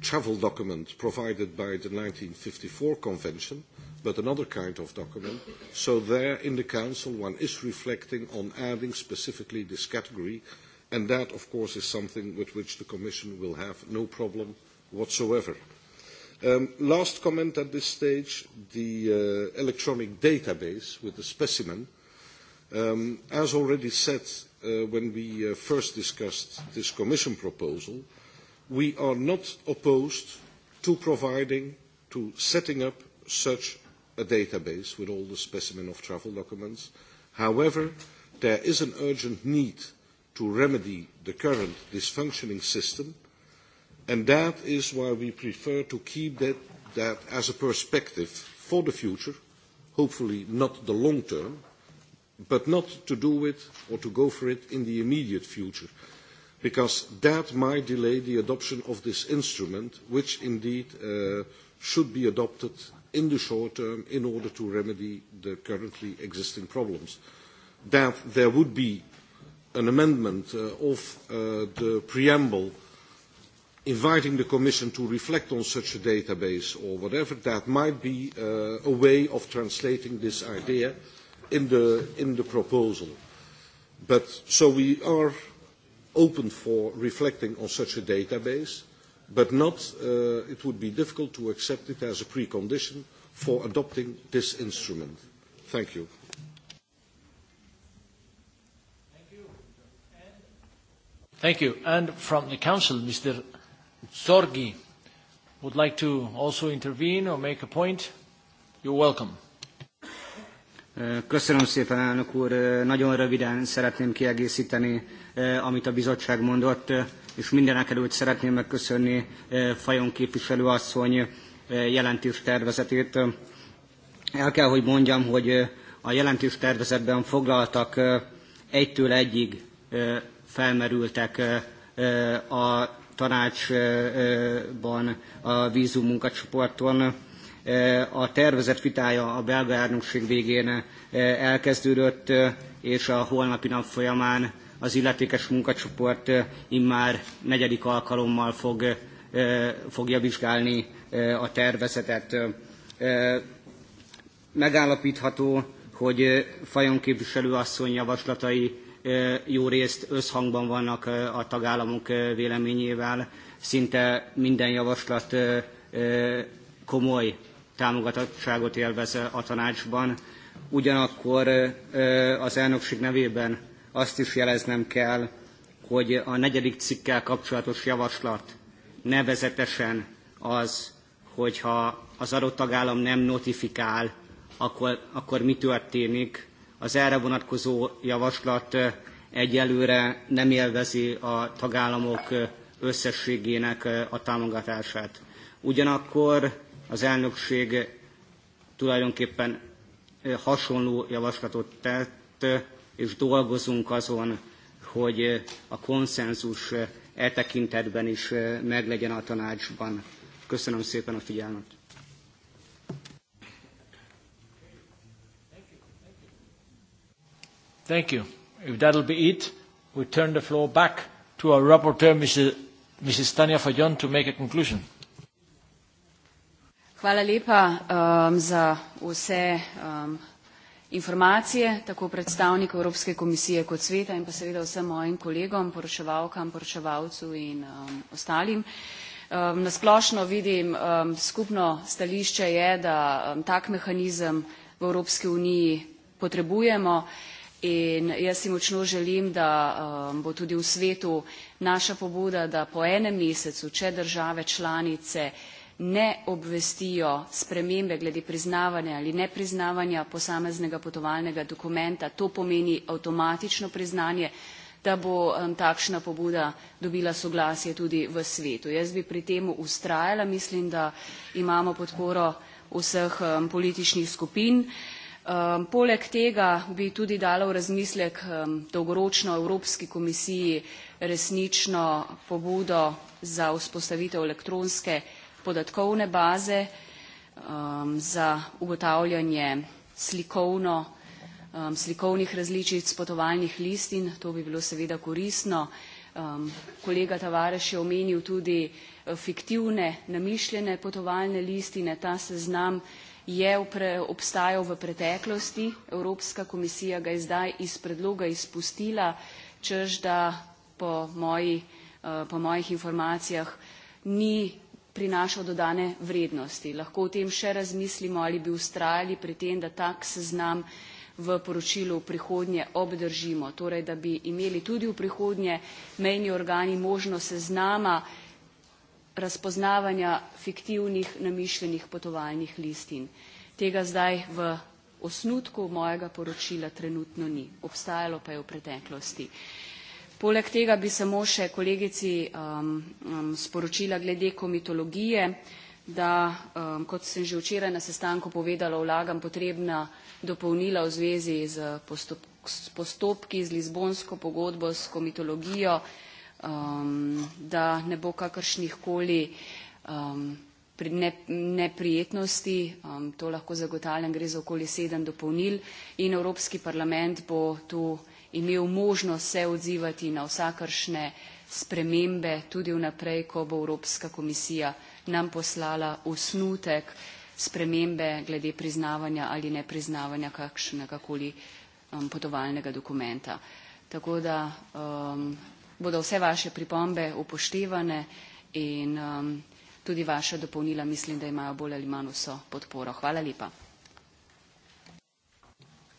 travel document provided by the 1954 convention, but another kind of document. So there in the council one is reflecting on adding specifically this category, and that of course is something with which the commission will have no problem whatsoever. last comment at this stage, the electronic database with the specimen. as already said when we first discussed this commission proposal, uh, we are not opposed to providing, to setting up such a database with all the specimen of travel documents. However, there is an urgent need to remedy the current dysfunctioning system, and that is why we prefer to keep that, as a perspective for the future, hopefully not the long term, but not to do it or to go for it in the immediate future because that might delay the adoption of this instrument, which indeed should be adopted in the short term in order to remedy the currently existing problems. That there would be an amendment of the preamble inviting the Commission to reflect on such a database or whatever, that might be a way of translating this idea in the, proposal. But so we are open for reflecting on such a database, but not, it would be difficult to accept it as a precondition for adopting this instrument. Thank you. Thank you. And from the Council, Mr. Zorgi would like to also intervene or make a point. You're welcome. Köszönöm szépen, elnök úr. Nagyon röviden szeretném kiegészíteni, amit a bizottság mondott, és mindenek előtt szeretném megköszönni Fajon képviselő asszony jelentés tervezetét. El kell, hogy mondjam, hogy a jelentős tervezetben foglaltak egytől egyig felmerültek a tanácsban a vízum munkacsoporton a tervezett vitája a belga elnökség végén elkezdődött, és a holnapi nap folyamán az illetékes munkacsoport immár negyedik alkalommal fog, fogja vizsgálni a tervezetet. Megállapítható, hogy Fajon képviselő asszony javaslatai jó részt összhangban vannak a tagállamok véleményével. Szinte minden javaslat komoly támogatottságot élvez a tanácsban. Ugyanakkor az elnökség nevében azt is jeleznem kell, hogy a negyedik cikkel kapcsolatos javaslat nevezetesen az, hogyha az adott tagállam nem notifikál, akkor, akkor mi történik. Az erre vonatkozó javaslat egyelőre nem élvezi a tagállamok összességének a támogatását. Ugyanakkor az elnökség tulajdonképpen hasonló javaslatot tett, és dolgozunk azon, hogy a konszenzus e tekintetben is meglegyen a tanácsban. Köszönöm szépen a figyelmet. Thank you. If that'll be it, we turn the floor back to our rapporteur, Mrs. Mrs. Tania Fajon, to make a conclusion. Hvala lepa um, za vse um, informacije, tako predstavnik Evropske komisije kot sveta in pa seveda vsem mojim kolegom, poročevalkam, poročevalcu in um, ostalim. Um, nasplošno vidim, um, skupno stališče je, da um, tak mehanizem v Evropski uniji potrebujemo in jaz si močno želim, da um, bo tudi v svetu naša pobuda, da po enem mesecu, če države članice ne obvestijo spremembe glede priznavanja ali nepriznavanja posameznega potovalnega dokumenta, to pomeni avtomatično priznanje, da bo takšna pobuda dobila soglasje tudi v svetu. Jaz bi pri tem ustrajala, mislim, da imamo podporo vseh političnih skupin. Poleg tega bi tudi dala v razmislek dolgoročno Evropski komisiji resnično pobudo za vzpostavitev elektronske podatkovne baze um, za ugotavljanje slikovno, um, slikovnih različic potovalnih listin. To bi bilo seveda koristno. Um, kolega Tavares je omenil tudi fiktivne, namišljene potovalne listine. Ta seznam je obstajal v preteklosti. Evropska komisija ga je zdaj iz predloga izpustila, čež da po, moji, po mojih informacijah ni prinašal dodane vrednosti. Lahko o tem še razmislimo, ali bi ustrajali pri tem, da tak seznam v poročilu v prihodnje obdržimo, torej da bi imeli tudi v prihodnje mejni organi možnost seznama razpoznavanja fiktivnih namišljenih potovalnih listin. Tega zdaj v osnutku mojega poročila trenutno ni, obstajalo pa je v preteklosti. Poleg tega bi samo še kolegici um, um, sporočila glede komitologije, da, um, kot sem že včeraj na sestanku povedala, vlagam potrebna dopolnila v zvezi z postop, s postopki, z Lizbonsko pogodbo, s komitologijo, um, da ne bo kakršnih koli um, pri ne, neprijetnosti, um, to lahko zagotavljam, gre za okoli sedem dopolnil in Evropski parlament bo tu imel možnost se odzivati na vsakršne spremembe tudi vnaprej, ko bo Evropska komisija nam poslala osnutek spremembe glede priznavanja ali nepriznavanja kakšnega koli um, potovalnega dokumenta. Tako da um, bodo vse vaše pripombe upoštevane in um, tudi vaša dopolnila mislim, da imajo bolj ali manj vso podporo. Hvala lepa.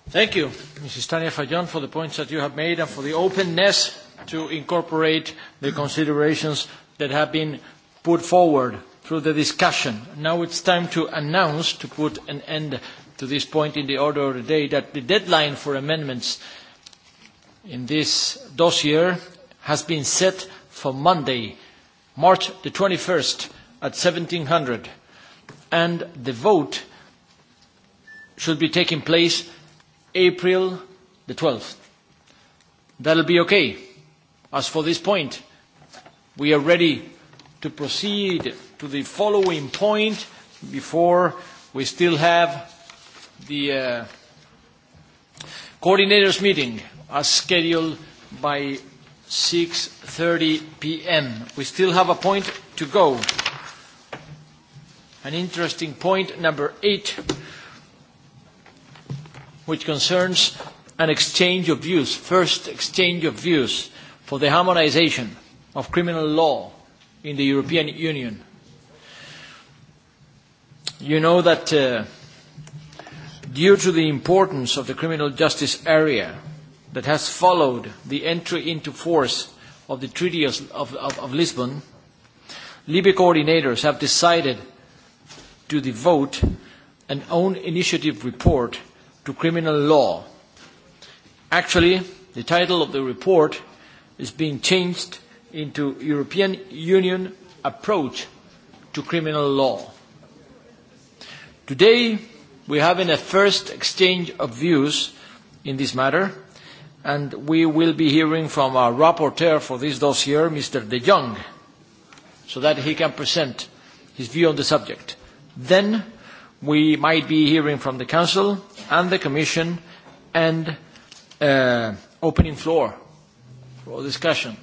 Thank you, Mrs. Tania Fajon, for the points that you have made and for the openness to incorporate the considerations that have been put forward through the discussion. Now it's time to announce, to put an end to this point in the order of the day, that the deadline for amendments in this dossier has been set for Monday, March the 21st at 1700, and the vote should be taking place April the 12th. That'll be okay. As for this point, we are ready to proceed to the following point before we still have the uh, coordinators meeting as scheduled by 6.30 p.m. We still have a point to go. An interesting point, number eight which concerns an exchange of views, first exchange of views for the harmonization of criminal law in the European Union. You know that uh, due to the importance of the criminal justice area that has followed the entry into force of the Treaty of, of, of Lisbon, Libe coordinators have decided to devote an own initiative report to criminal law. Actually, the title of the report is being changed into European Union Approach to Criminal Law. Today, we have a first exchange of views in this matter, and we will be hearing from our rapporteur for this dossier, Mr. De Jong, so that he can present his view on the subject. Then we might be hearing from the Council and the Commission and uh, opening floor for discussions.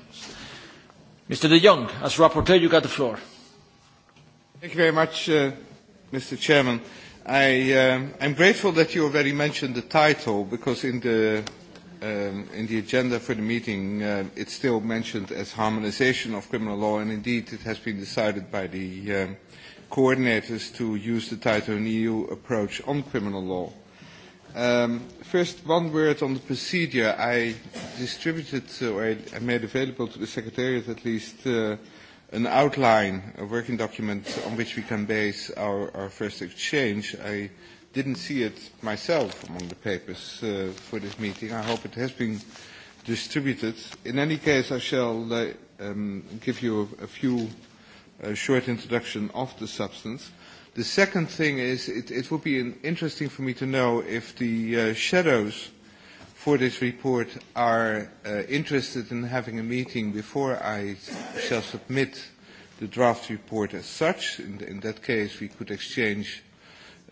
Mr. De Jong, as rapporteur, you got the floor. Thank you very much, uh, Mr. Chairman. I, um, grateful that you already mentioned the title because in the, um, in the agenda for the meeting uh, it's still mentioned as harmonization of criminal law and indeed it has been decided by the um, coordinators to use the title an EU approach on criminal law. Um, first, one word on the procedure. I distributed, uh, or I, I made available to the Secretariat at least, uh, an outline, a working document on which we can base our, our first exchange. I didn't see it myself among the papers uh, for this meeting. I hope it has been distributed. In any case, I shall uh, um, give you a, a few a short introduction of the substance. The second thing is it, it would be an, interesting for me to know if the uh, shadows for this report are uh, interested in having a meeting before I shall submit the draft report as such. In, in that case, we could exchange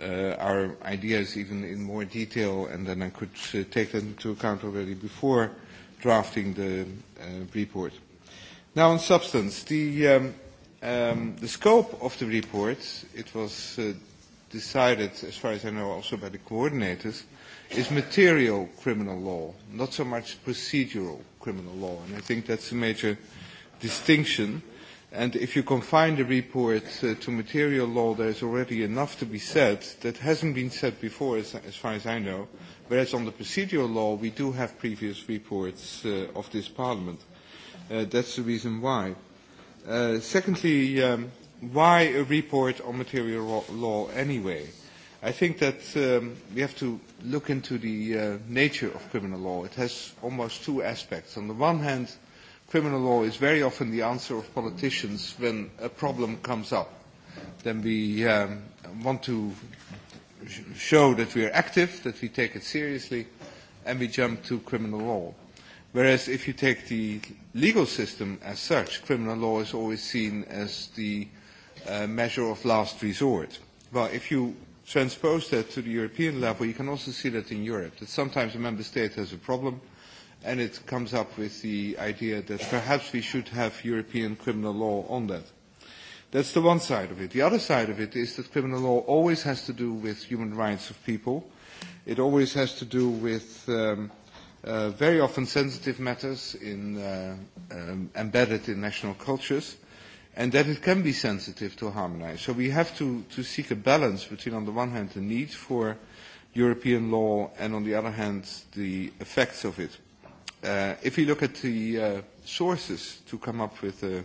uh, our ideas even in more detail, and then I could uh, take them into account already before drafting the uh, report. Now on substance, the um, Um, the scope of the report, it was uh, decided, as far as I know, also by the coordinators, is material criminal law, not so much procedural criminal law. And I think that's a major distinction. And if you confine the report uh, to material law, there's already enough to be said that hasn't been said before, as, as far as I know. Whereas on the procedural law, we do have previous reports uh, of this Parliament. Uh, that's the reason why secondly, um, why a report on material law anyway? I think that um, we have to look into the uh, nature of criminal law. It has almost two aspects. On the one hand, criminal law is very often the answer of politicians when a problem comes up. Then we um, want to show that we are active, that we take it seriously, and we jump to criminal law. Whereas if you take the legal system as such, criminal law is always seen as the uh, measure of last resort. Well, if you transpose that to the European level, you can also see that in Europe, that sometimes a member state has a problem and it comes up with the idea that perhaps we should have European criminal law on that. That's the one side of it. The other side of it is that criminal law always has to do with human rights of people. It always has to do with um, – uh, very often sensitive matters in, uh, um, embedded in national cultures, and that it can be sensitive to harmonize. So we have to, to seek a balance between, on the one hand, the need for European law and, on the other hand, the effects of it. Uh, if you look at the uh, sources to come up with a,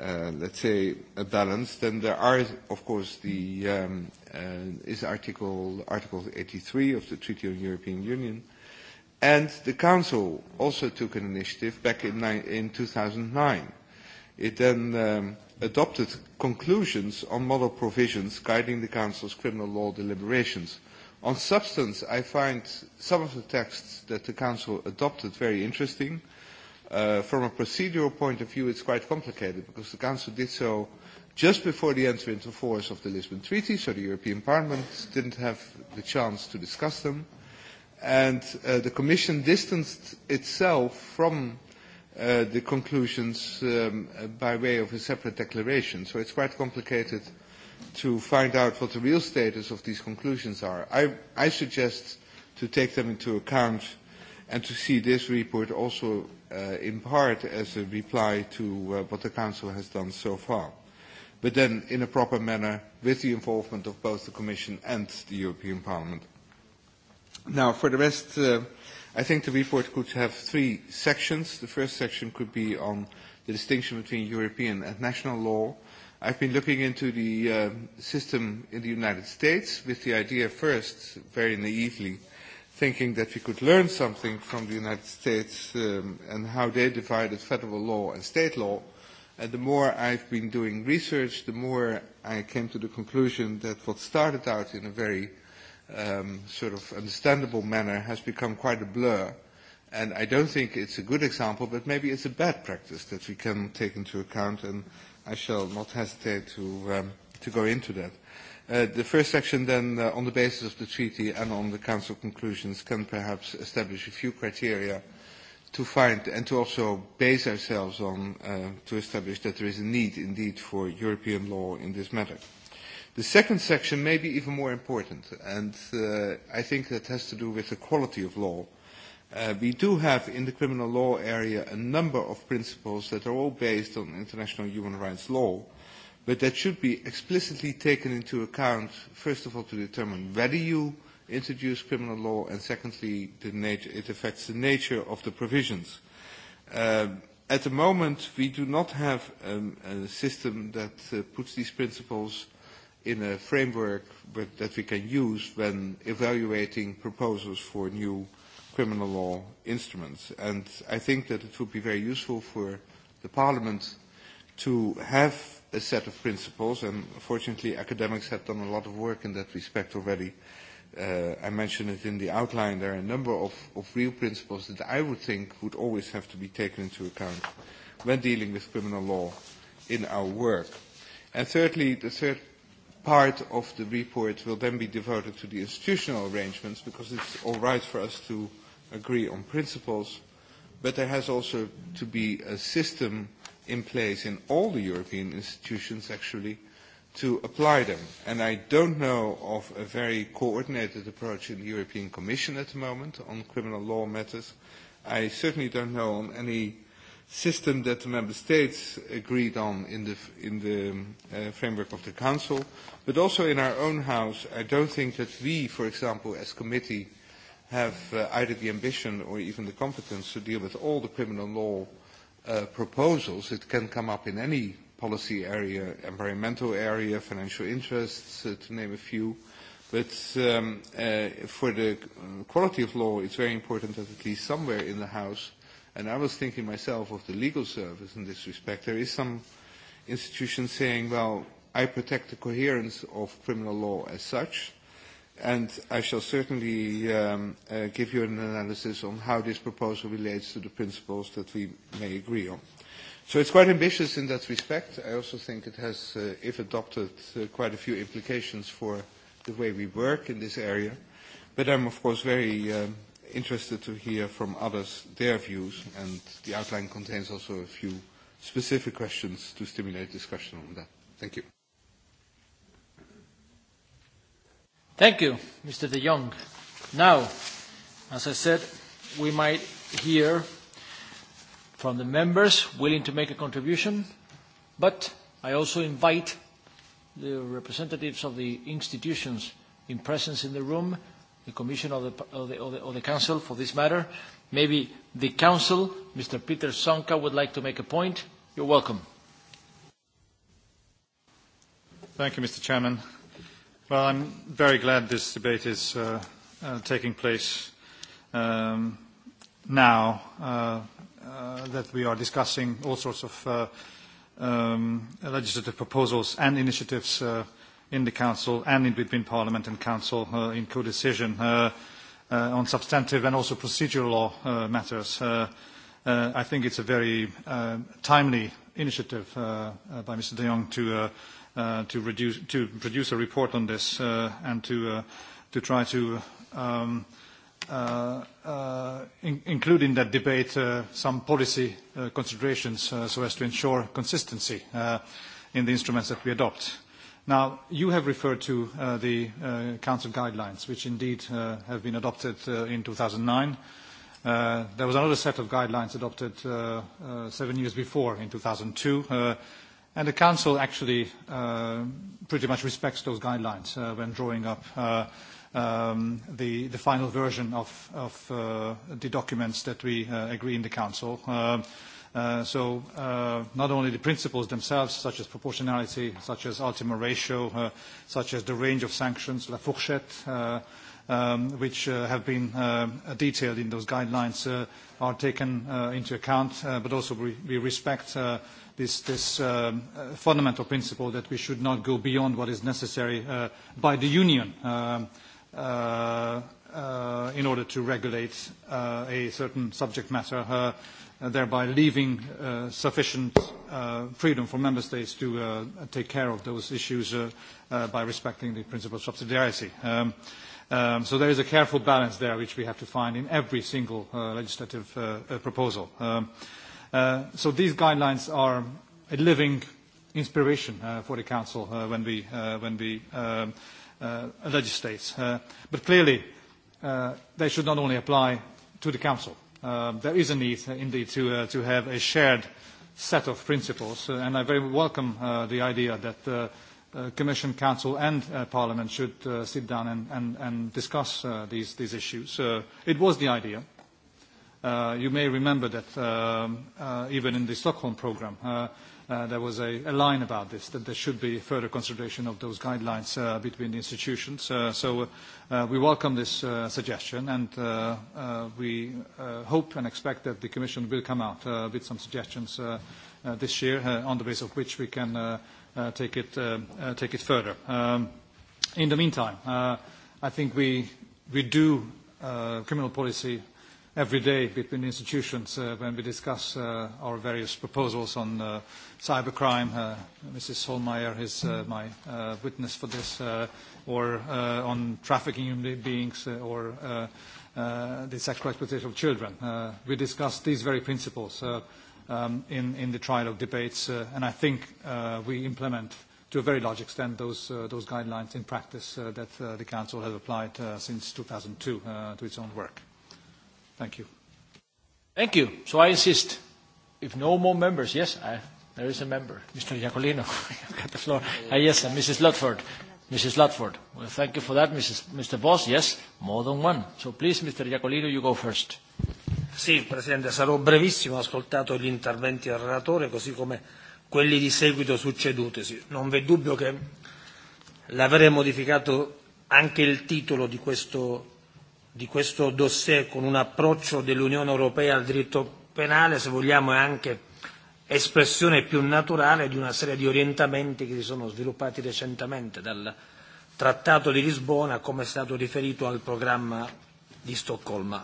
uh, let's say, a balance, then there are, of course, the um, uh, is Article Article 83 of the Treaty on European Union, uh, And the Council also took an initiative back in, in 2009. It then um, adopted conclusions on model provisions guiding the Council's criminal law deliberations. On substance, I find some of the texts that the Council adopted very interesting. Uh, from a procedural point of view, it's quite complicated because the Council did so just before the entry into force of the Lisbon Treaty, so the European Parliament didn't have the chance to discuss them. Uh, and uh, the Commission distanced itself from uh, the conclusions um, by way of a separate declaration. So it's quite complicated to find out what the real status of these conclusions are. I, I suggest to take them into account and to see this report also uh, in part as a reply to uh, what the Council has done so far, but then in a proper manner with the involvement of both the Commission and the European Parliament Now, for the rest, uh, I think the report could have three sections. The first section could be on the distinction between European and national law. I've been looking into the uh, system in the United States with the idea first, very naively, thinking that we could learn something from the United States um, and how they divided federal law and state law. And the more I've been doing research, the more I came to the conclusion that what started out in a very um, sort of understandable manner has become quite a blur. And I don't think it's a good example, but maybe it's a bad practice that we can take into account, and I shall not hesitate to, um, to go into that. Uh, the first section then, uh, on the basis of the treaty and on the Council conclusions, can perhaps establish a few criteria to find and to also base ourselves on uh, to establish that there is a need indeed for European law in this matter. Uh, The second section may be even more important, and uh, I think that has to do with the quality of law. Uh, we do have in the criminal law area a number of principles that are all based on international human rights law, but that should be explicitly taken into account, first of all, to determine whether you introduce criminal law, and secondly, the nature, it affects the nature of the provisions. Uh, at the moment, we do not have um, a system that uh, puts these principles uh, in a framework with, that we can use when evaluating proposals for new criminal law instruments. And I think that it would be very useful for the Parliament to have a set of principles, and fortunately academics have done a lot of work in that respect already. Uh, I mentioned it in the outline, there are a number of, of real principles that I would think would always have to be taken into account when dealing with criminal law in our work. And thirdly, the third part of the report will then be devoted to the institutional arrangements because it's all right for us to agree on principles, but there has also to be a system in place in all the European institutions actually to apply them. And I don't know of a very coordinated approach in the European Commission at the moment on criminal law matters. I certainly don't know on any system that the member states agreed on in the, in the uh, framework of the council, but also in our own house, I don't think that we, for example, as committee, have uh, either the ambition or even the competence to deal with all the criminal law uh, proposals. It can come up in any policy area, environmental area, financial interests, uh, to name a few. But um, uh, for the quality of law, it's very important that at least somewhere in the house And I was thinking myself of the legal service in this respect. There is some institution saying, well, I protect the coherence of criminal law as such, and I shall certainly um, uh, give you an analysis on how this proposal relates to the principles that we may agree on. So it's quite ambitious in that respect. I also think it has, uh, if adopted, uh, quite a few implications for the way we work in this area. But I'm, of course, very um, interested to hear from others their views, and the outline contains also a few specific questions to stimulate discussion on that. Thank you. Thank you, Mr. de Jong. Now, as I said, we might hear from the members willing to make a contribution, but I also invite the representatives of the institutions in presence in the room the Commission or the, or the, or the, or the Council for this matter. Maybe the Council, Mr. Peter Sonka, would like to make a point. You're welcome. Thank you, Mr. Chairman. Well, I'm very glad this debate is uh, uh, taking place um, now, uh, uh, that we are discussing all sorts of uh, um, legislative proposals and initiatives uh, in the Council and in between Parliament and Council uh, in co-decision uh, uh, on substantive and also procedural law uh, matters. Uh, uh, I think it's a very uh, timely initiative uh, uh, by Mr. de Jong to, uh, uh, to, reduce, to produce a report on this uh, and to, uh, to try to um, uh, uh, in, include in that debate uh, some policy uh, considerations uh, so as to ensure consistency uh, in the instruments that we adopt. Uh, Now, you have referred to the council guidelines, which indeed have been adopted in 2009. There was another set of guidelines adopted seven years before, in 2002, and the council actually pretty much respects those guidelines when drawing up the final version of the documents that we agree in the council so not only the principles themselves, such as proportionality, such as ultimate ratio, such as the range of sanctions, la fourchette, which have been detailed in those guidelines, are taken into account, but also we respect this fundamental principle that we should not go beyond what is necessary by the union in order to regulate a certain subject matter thereby leaving sufficient freedom for member states to take care of those issues by respecting the principle of subsidiarity. so there is a careful balance there which we have to find in every single legislative proposal. so these guidelines are a living inspiration for the Council when we, when we legislate. but clearly, they should not only apply to the Council there is a need indeed to, have a shared set of principles, and I very welcome the idea that the Commission, Council and Parliament should sit down and, discuss these, issues. it was the idea. you may remember that even in the Stockholm programme, there was a line about this, that there should be further consideration of those guidelines between the institutions. So we welcome this suggestion, and we hope and expect that the Commission will come out with some suggestions this year, on the basis of which we can take it further. In the meantime, I think we do criminal policy every day between institutions when we discuss our various proposals on cybercrime. Mrs. Hohlmeier is my witness for this, or on trafficking in beings, or the sexual exploitation of children. We discuss these very principles in the trilogue debates, and I think we implement to a very large extent those guidelines in practice that the council has applied since 2002 to its own work. Thank you. Thank you. So I insist, if no more members, yes, I, there is a member, Mr. Iacolino, you've got the floor. Uh, yes, and Mrs. Lutford. Mrs. Lutford. Well, thank you for that, Mrs. Mr. Boss. Yes, more than one. So please, Mr. Iacolino, you go first. Sì, Presidente, sarò brevissimo. Ho ascoltato gli interventi del relatore, così come quelli di seguito succedutesi. Non v'è dubbio che l'avrei modificato anche il titolo di questo di questo dossier con un approccio dell'Unione Europea al diritto penale, se vogliamo, è anche espressione più naturale di una serie di orientamenti che si sono sviluppati recentemente dal Trattato di Lisbona, come è stato riferito al programma di Stoccolma.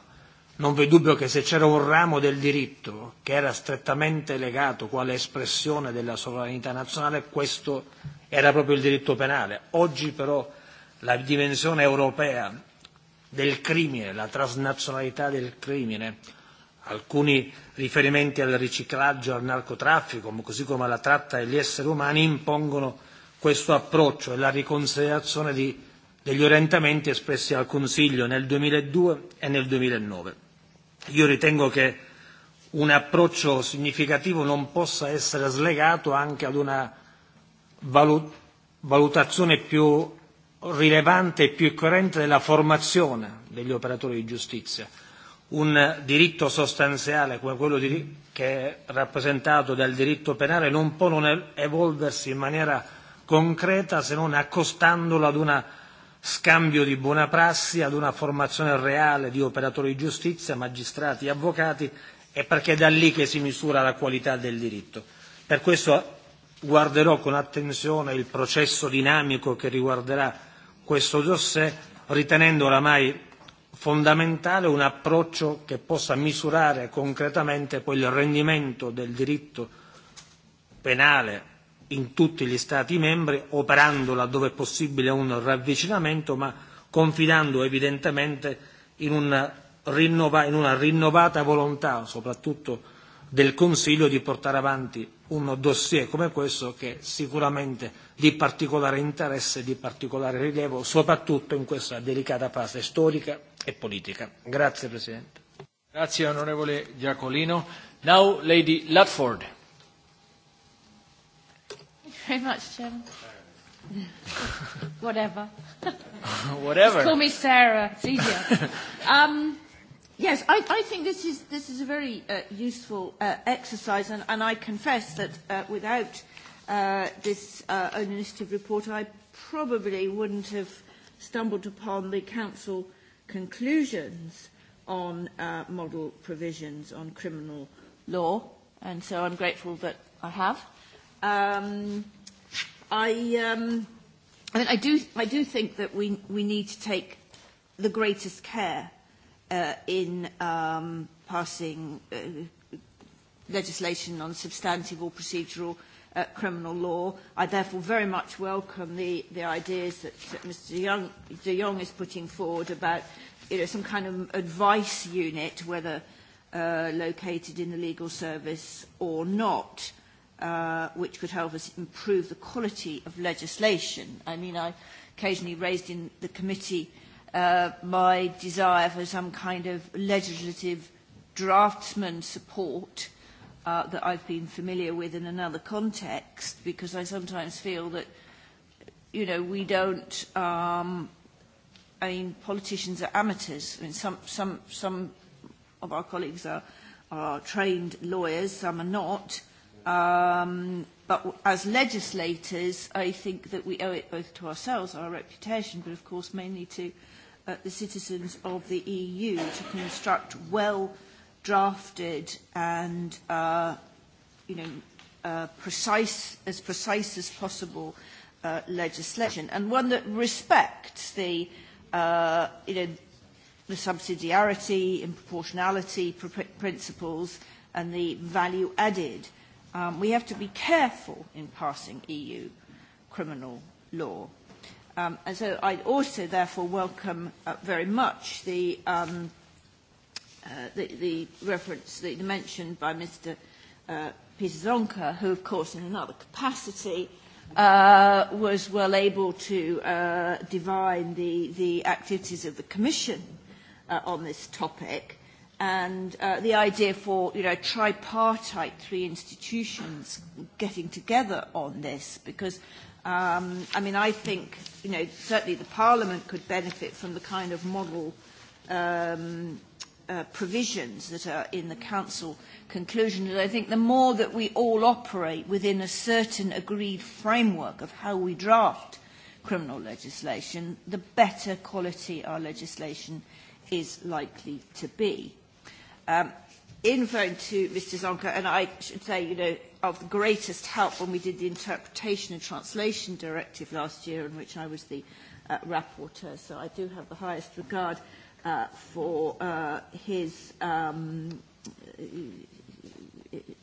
Non v'è dubbio che se c'era un ramo del diritto che era strettamente legato quale espressione della sovranità nazionale, questo era proprio il diritto penale. Oggi però la dimensione europea del crimine, la transnazionalità del crimine, alcuni riferimenti al riciclaggio, al narcotraffico, così come alla tratta degli esseri umani, impongono questo approccio e la riconsiderazione di, degli orientamenti espressi al Consiglio nel 2002 e nel 2009. Io ritengo che un approccio significativo non possa essere slegato anche ad una valutazione più rilevante e più coerente della formazione degli operatori di giustizia, un diritto sostanziale come quello di, che è rappresentato dal diritto penale non può non evolversi in maniera concreta se non accostandolo ad un scambio di buona prassi, ad una formazione reale di operatori di giustizia, magistrati e avvocati e perché è da lì che si misura la qualità del diritto. Per questo guarderò con attenzione il processo dinamico che riguarderà questo dossier, ritenendo oramai fondamentale un approccio che possa misurare concretamente poi il rendimento del diritto penale in tutti gli Stati membri, operando laddove è possibile un ravvicinamento, ma confidando evidentemente in una, rinnova, in una rinnovata volontà, soprattutto del Consiglio di portare avanti un dossier come questo che è sicuramente di particolare interesse e di particolare rilievo, soprattutto in questa delicata fase storica e politica. Grazie Presidente. Grazie onorevole Giacolino. Now Lady Ludford. Very much, Chairman. Whatever. Whatever. Just call me Sarah. It's easier. um, Yes, I, I think this is, this is a very uh, useful uh, exercise, and, and I confess that uh, without uh, this uh, own initiative report, I probably wouldn't have stumbled upon the Council conclusions on uh, model provisions on criminal law, and so I'm grateful that I have. Um, I, um, I, mean, I, do, I do think that we, we need to take the greatest care uh, in um, passing uh, legislation on substantive or procedural uh, criminal law. I therefore very much welcome the, the ideas that, that Mr de Jong, de Jong is putting forward about you know, some kind of advice unit, whether uh, located in the legal service or not, uh, which could help us improve the quality of legislation. I mean, I occasionally raised in the committee uh, uh, my desire for some kind of legislative draftsman support uh, that I've been familiar with in another context, because I sometimes feel that, you know, we don't. Um, I mean, politicians are amateurs. I mean, some some some of our colleagues are are trained lawyers, some are not. Um, but as legislators, I think that we owe it both to ourselves, our reputation, but of course mainly to uh, the citizens of the EU to construct well drafted and uh, you know, uh, precise, as precise as possible uh, legislation and one that respects the, uh, you know, the subsidiarity and proportionality pr- principles and the value added. Um, we have to be careful in passing EU criminal law Um, and so I also, therefore, welcome uh, very much the, um, uh, the, the reference, the mention by Mr. Uh, Peter Zonka, who, of course, in another capacity, uh, was well able to uh, divine the, the activities of the Commission uh, on this topic. And uh, the idea for you know tripartite three institutions getting together on this, because Um, I mean, I think, you know, certainly the Parliament could benefit from the kind of model um, uh, provisions that are in the Council conclusion. And I think the more that we all operate within a certain agreed framework of how we draft criminal legislation, the better quality our legislation is likely to be. Um, in phone to Mr. Zonka, and I should say, you know, of the greatest help when we did the Interpretation and Translation Directive last year, in which I was the uh, rapporteur. So I do have the highest regard uh, for uh, his, um,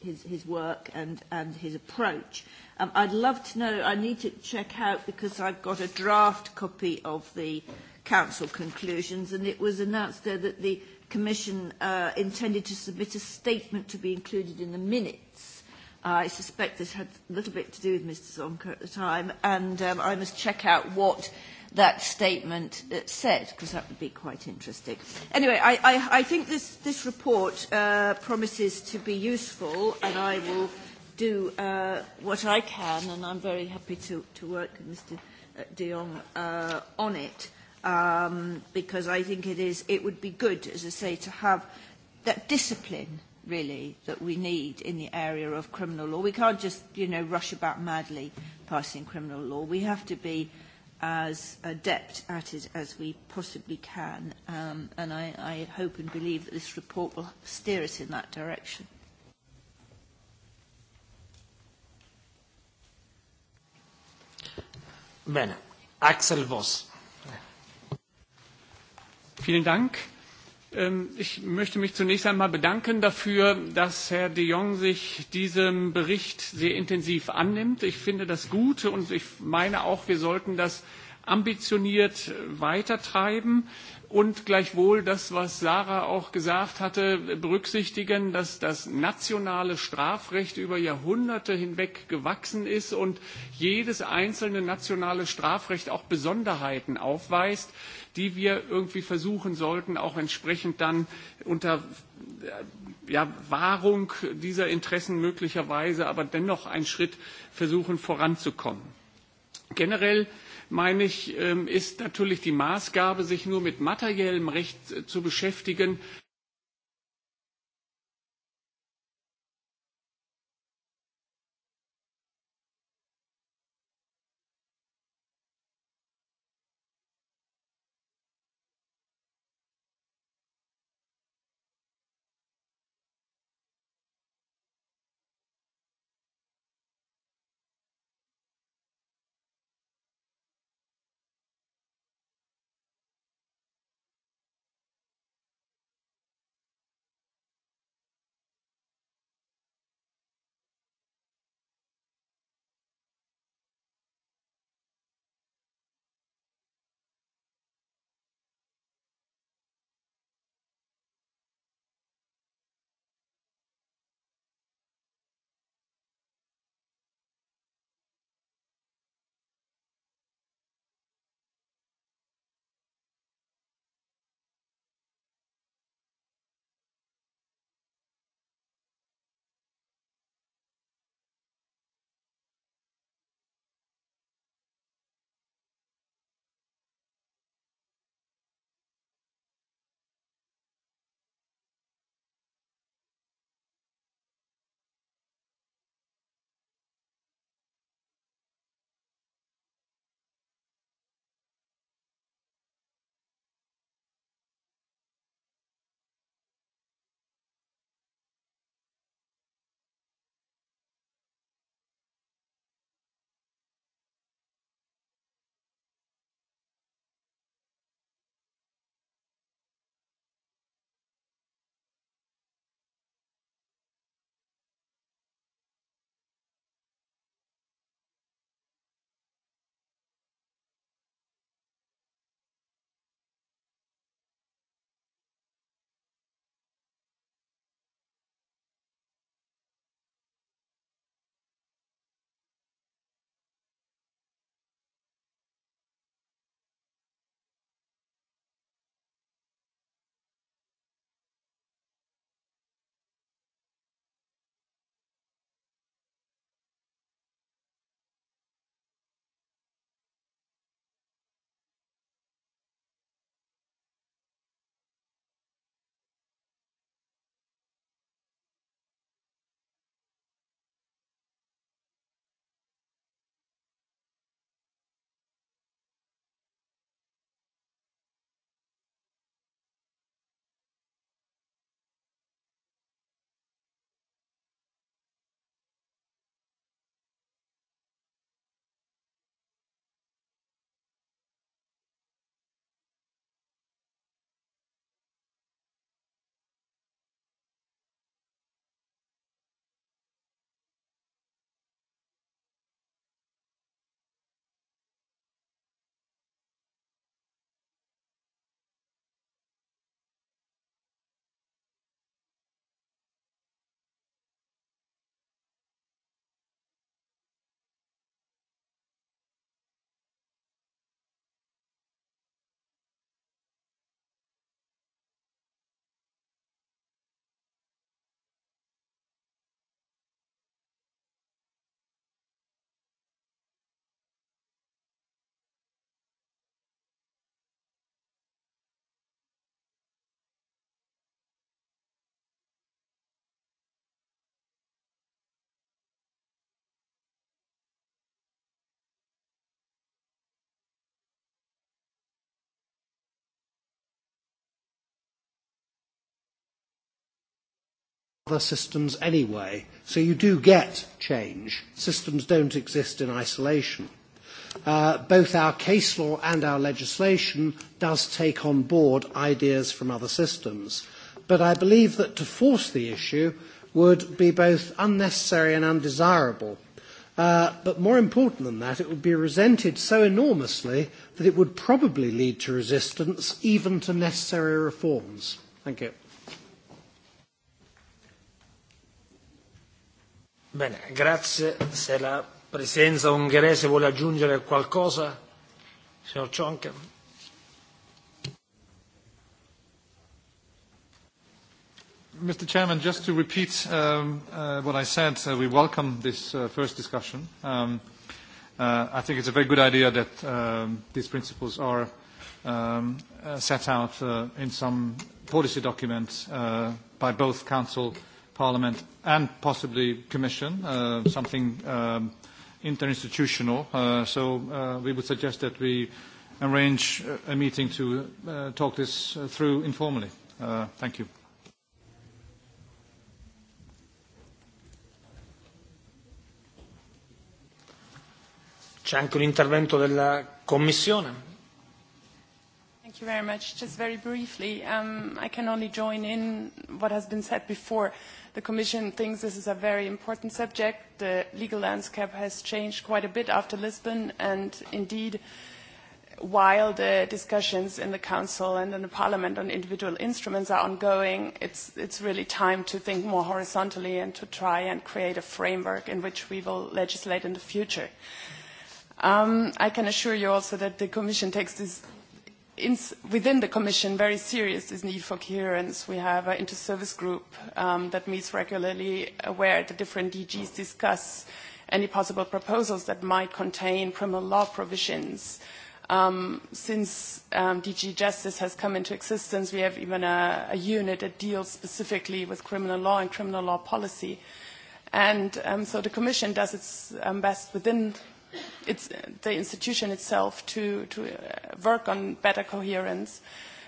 his, his work and, and his approach. Um, I'd love to know, I need to check out because I've got a draft copy of the Council conclusions, and it was announced there that the Commission uh, intended to submit a statement to be included in the minutes. Uh, I suspect this had a little bit to do with Mr. Zonker at the time, and um, I must check out what that statement said, because that would be quite interesting. Anyway, I, I, I think this, this report uh, promises to be useful, and I will do uh, what I can, and I'm very happy to, to work with Mr. De Jong uh, on it um, because I think it is, it would be good, as I say, to have that discipline really that we need in the area of criminal law. We can't just, you know, rush about madly passing criminal law. We have to be as adept at it as we possibly can, um, and I, I hope and believe that this report will steer us in that direction. Bene, Axel Voss. Vielen Dank. Ich möchte mich zunächst einmal bedanken dafür, dass Herr de Jong sich diesem Bericht sehr intensiv annimmt. Ich finde das gut und ich meine auch, wir sollten das ambitioniert weitertreiben und gleichwohl das, was Sarah auch gesagt hatte, berücksichtigen, dass das nationale Strafrecht über Jahrhunderte hinweg gewachsen ist und jedes einzelne nationale Strafrecht auch Besonderheiten aufweist die wir irgendwie versuchen sollten, auch entsprechend dann unter ja, Wahrung dieser Interessen möglicherweise, aber dennoch einen Schritt versuchen voranzukommen. Generell meine ich, ist natürlich die Maßgabe, sich nur mit materiellem Recht zu beschäftigen, other systems anyway. So you do get change. Systems don't exist in isolation. Uh, both our case law and our legislation does take on board ideas from other systems. But I believe that to force the issue would be both unnecessary and undesirable. Uh, but more important than that, it would be resented so enormously that it would probably lead to resistance even to necessary reforms. Thank you. Bene, grazie. Se la ungherese vuole aggiungere qualcosa, signor Cionca. Mr. Chairman, just to repeat um, uh, what I said, uh, we welcome this uh, first discussion. Um, uh, I think it's a very good idea that um, these principles are um, uh, set out uh, in some policy documents uh, by both Council and Parliament and possibly Commission, uh, something um, interinstitutional. Uh, so uh, we would suggest that we arrange a meeting to uh, talk this through informally. Uh, thank you. C'è anche un intervento della Commissione. Thank you very much. Just very briefly, um, I can only join in what has been said before. The Commission thinks this is a very important subject. The legal landscape has changed quite a bit after Lisbon, and indeed, while the discussions in the Council and in the Parliament on individual instruments are ongoing, it's, it's really time to think more horizontally and to try and create a framework in which we will legislate in the future. Um, I can assure you also that the Commission takes this In within the Commission, very serious is need for coherence. We have an inter-service group that meets regularly where the different DGs discuss any possible proposals that might contain criminal law provisions. since DG Justice has come into existence, we have even a, a unit that deals specifically with criminal law and criminal law policy. And so the Commission does its best within it's the institution itself to, to work on better coherence.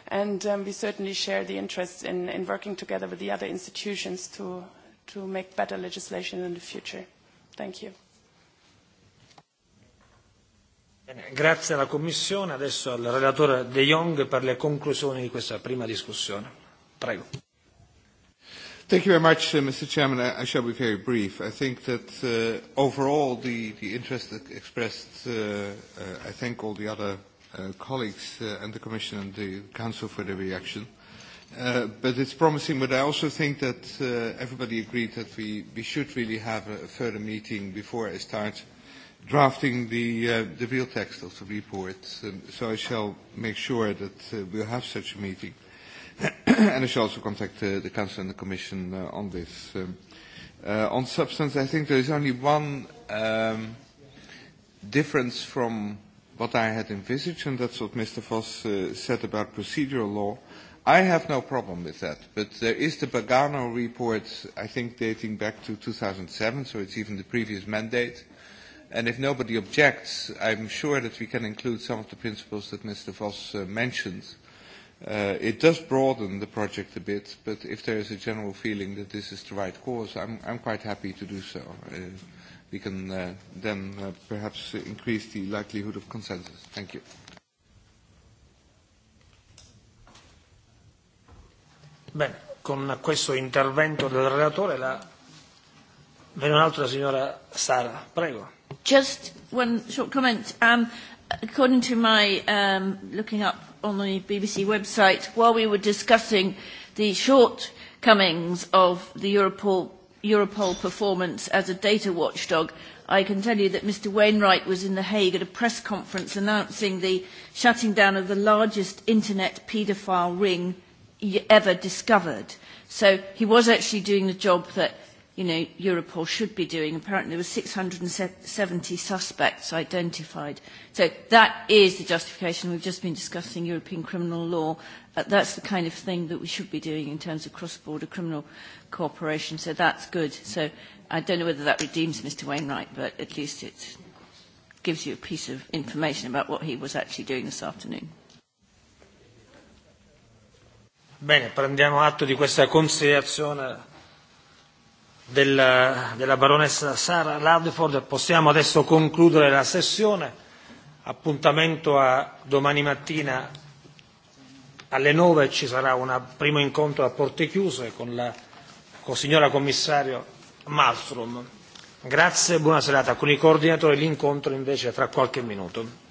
And um, we certainly share the interest in, in working together with the other institutions to, to make better legislation in the future. Thank you. Grazie alla Commissione, adesso al relatore De Jong per le conclusioni di questa prima discussione. Prego. Thank you very much, uh, Mr. Chairman. I, I shall be very brief. I think that uh, overall the, the interest expressed, uh, uh, I thank all the other uh, colleagues uh, and the Commission and the Council for their reaction. Uh, but it's promising, but I also think that uh, everybody agreed that we, we should really have a further meeting before I start drafting the, uh, the real text of the report. Um, so I shall make sure that uh, we'll have such a meeting and I shall also contact uh, the Council and the Commission uh, on this. Um, uh, on substance, I think there is only one um, difference from what I had envisaged, and that's what Mr. Voss uh, said about procedural law. I have no problem with that, but there is the Bagano report, I think, dating back to 2007, so it's even the previous mandate. And if nobody objects, I'm sure that we can include some of the principles that Mr. Voss uh, mentioned Uh, it does broaden the project a bit, but if there is a general feeling that this is the right course, I'm, I'm quite happy to do so. Uh, we can uh, then uh, perhaps increase the likelihood of consensus. Thank you. Bene, con questo intervento del relatore la... Vede un'altra signora Sara, prego. Just one short comment. Um, according to my um, looking up on the BBC website, while we were discussing the shortcomings of the Europol, Europol performance as a data watchdog, I can tell you that Mr. Wainwright was in The Hague at a press conference announcing the shutting down of the largest internet paedophile ring ever discovered. So he was actually doing the job that you know, Europol should be doing. Apparently there were 670 suspects identified. So that is the justification. We've just been discussing European criminal law. Uh, that's the kind of thing that we should be doing in terms of cross-border criminal cooperation. So that's good. So I don't know whether that redeems Mr Wainwright, but at least it gives you a piece of information about what he was actually doing this afternoon. Bene, prendiamo atto di questa considerazione della, della baronessa Sara Ladford possiamo adesso concludere la sessione. Appuntamento a domani mattina alle 9 ci sarà un primo incontro a porte chiuse con la con signora commissario Malmström. Grazie e buona serata. Con i coordinatori l'incontro invece tra qualche minuto.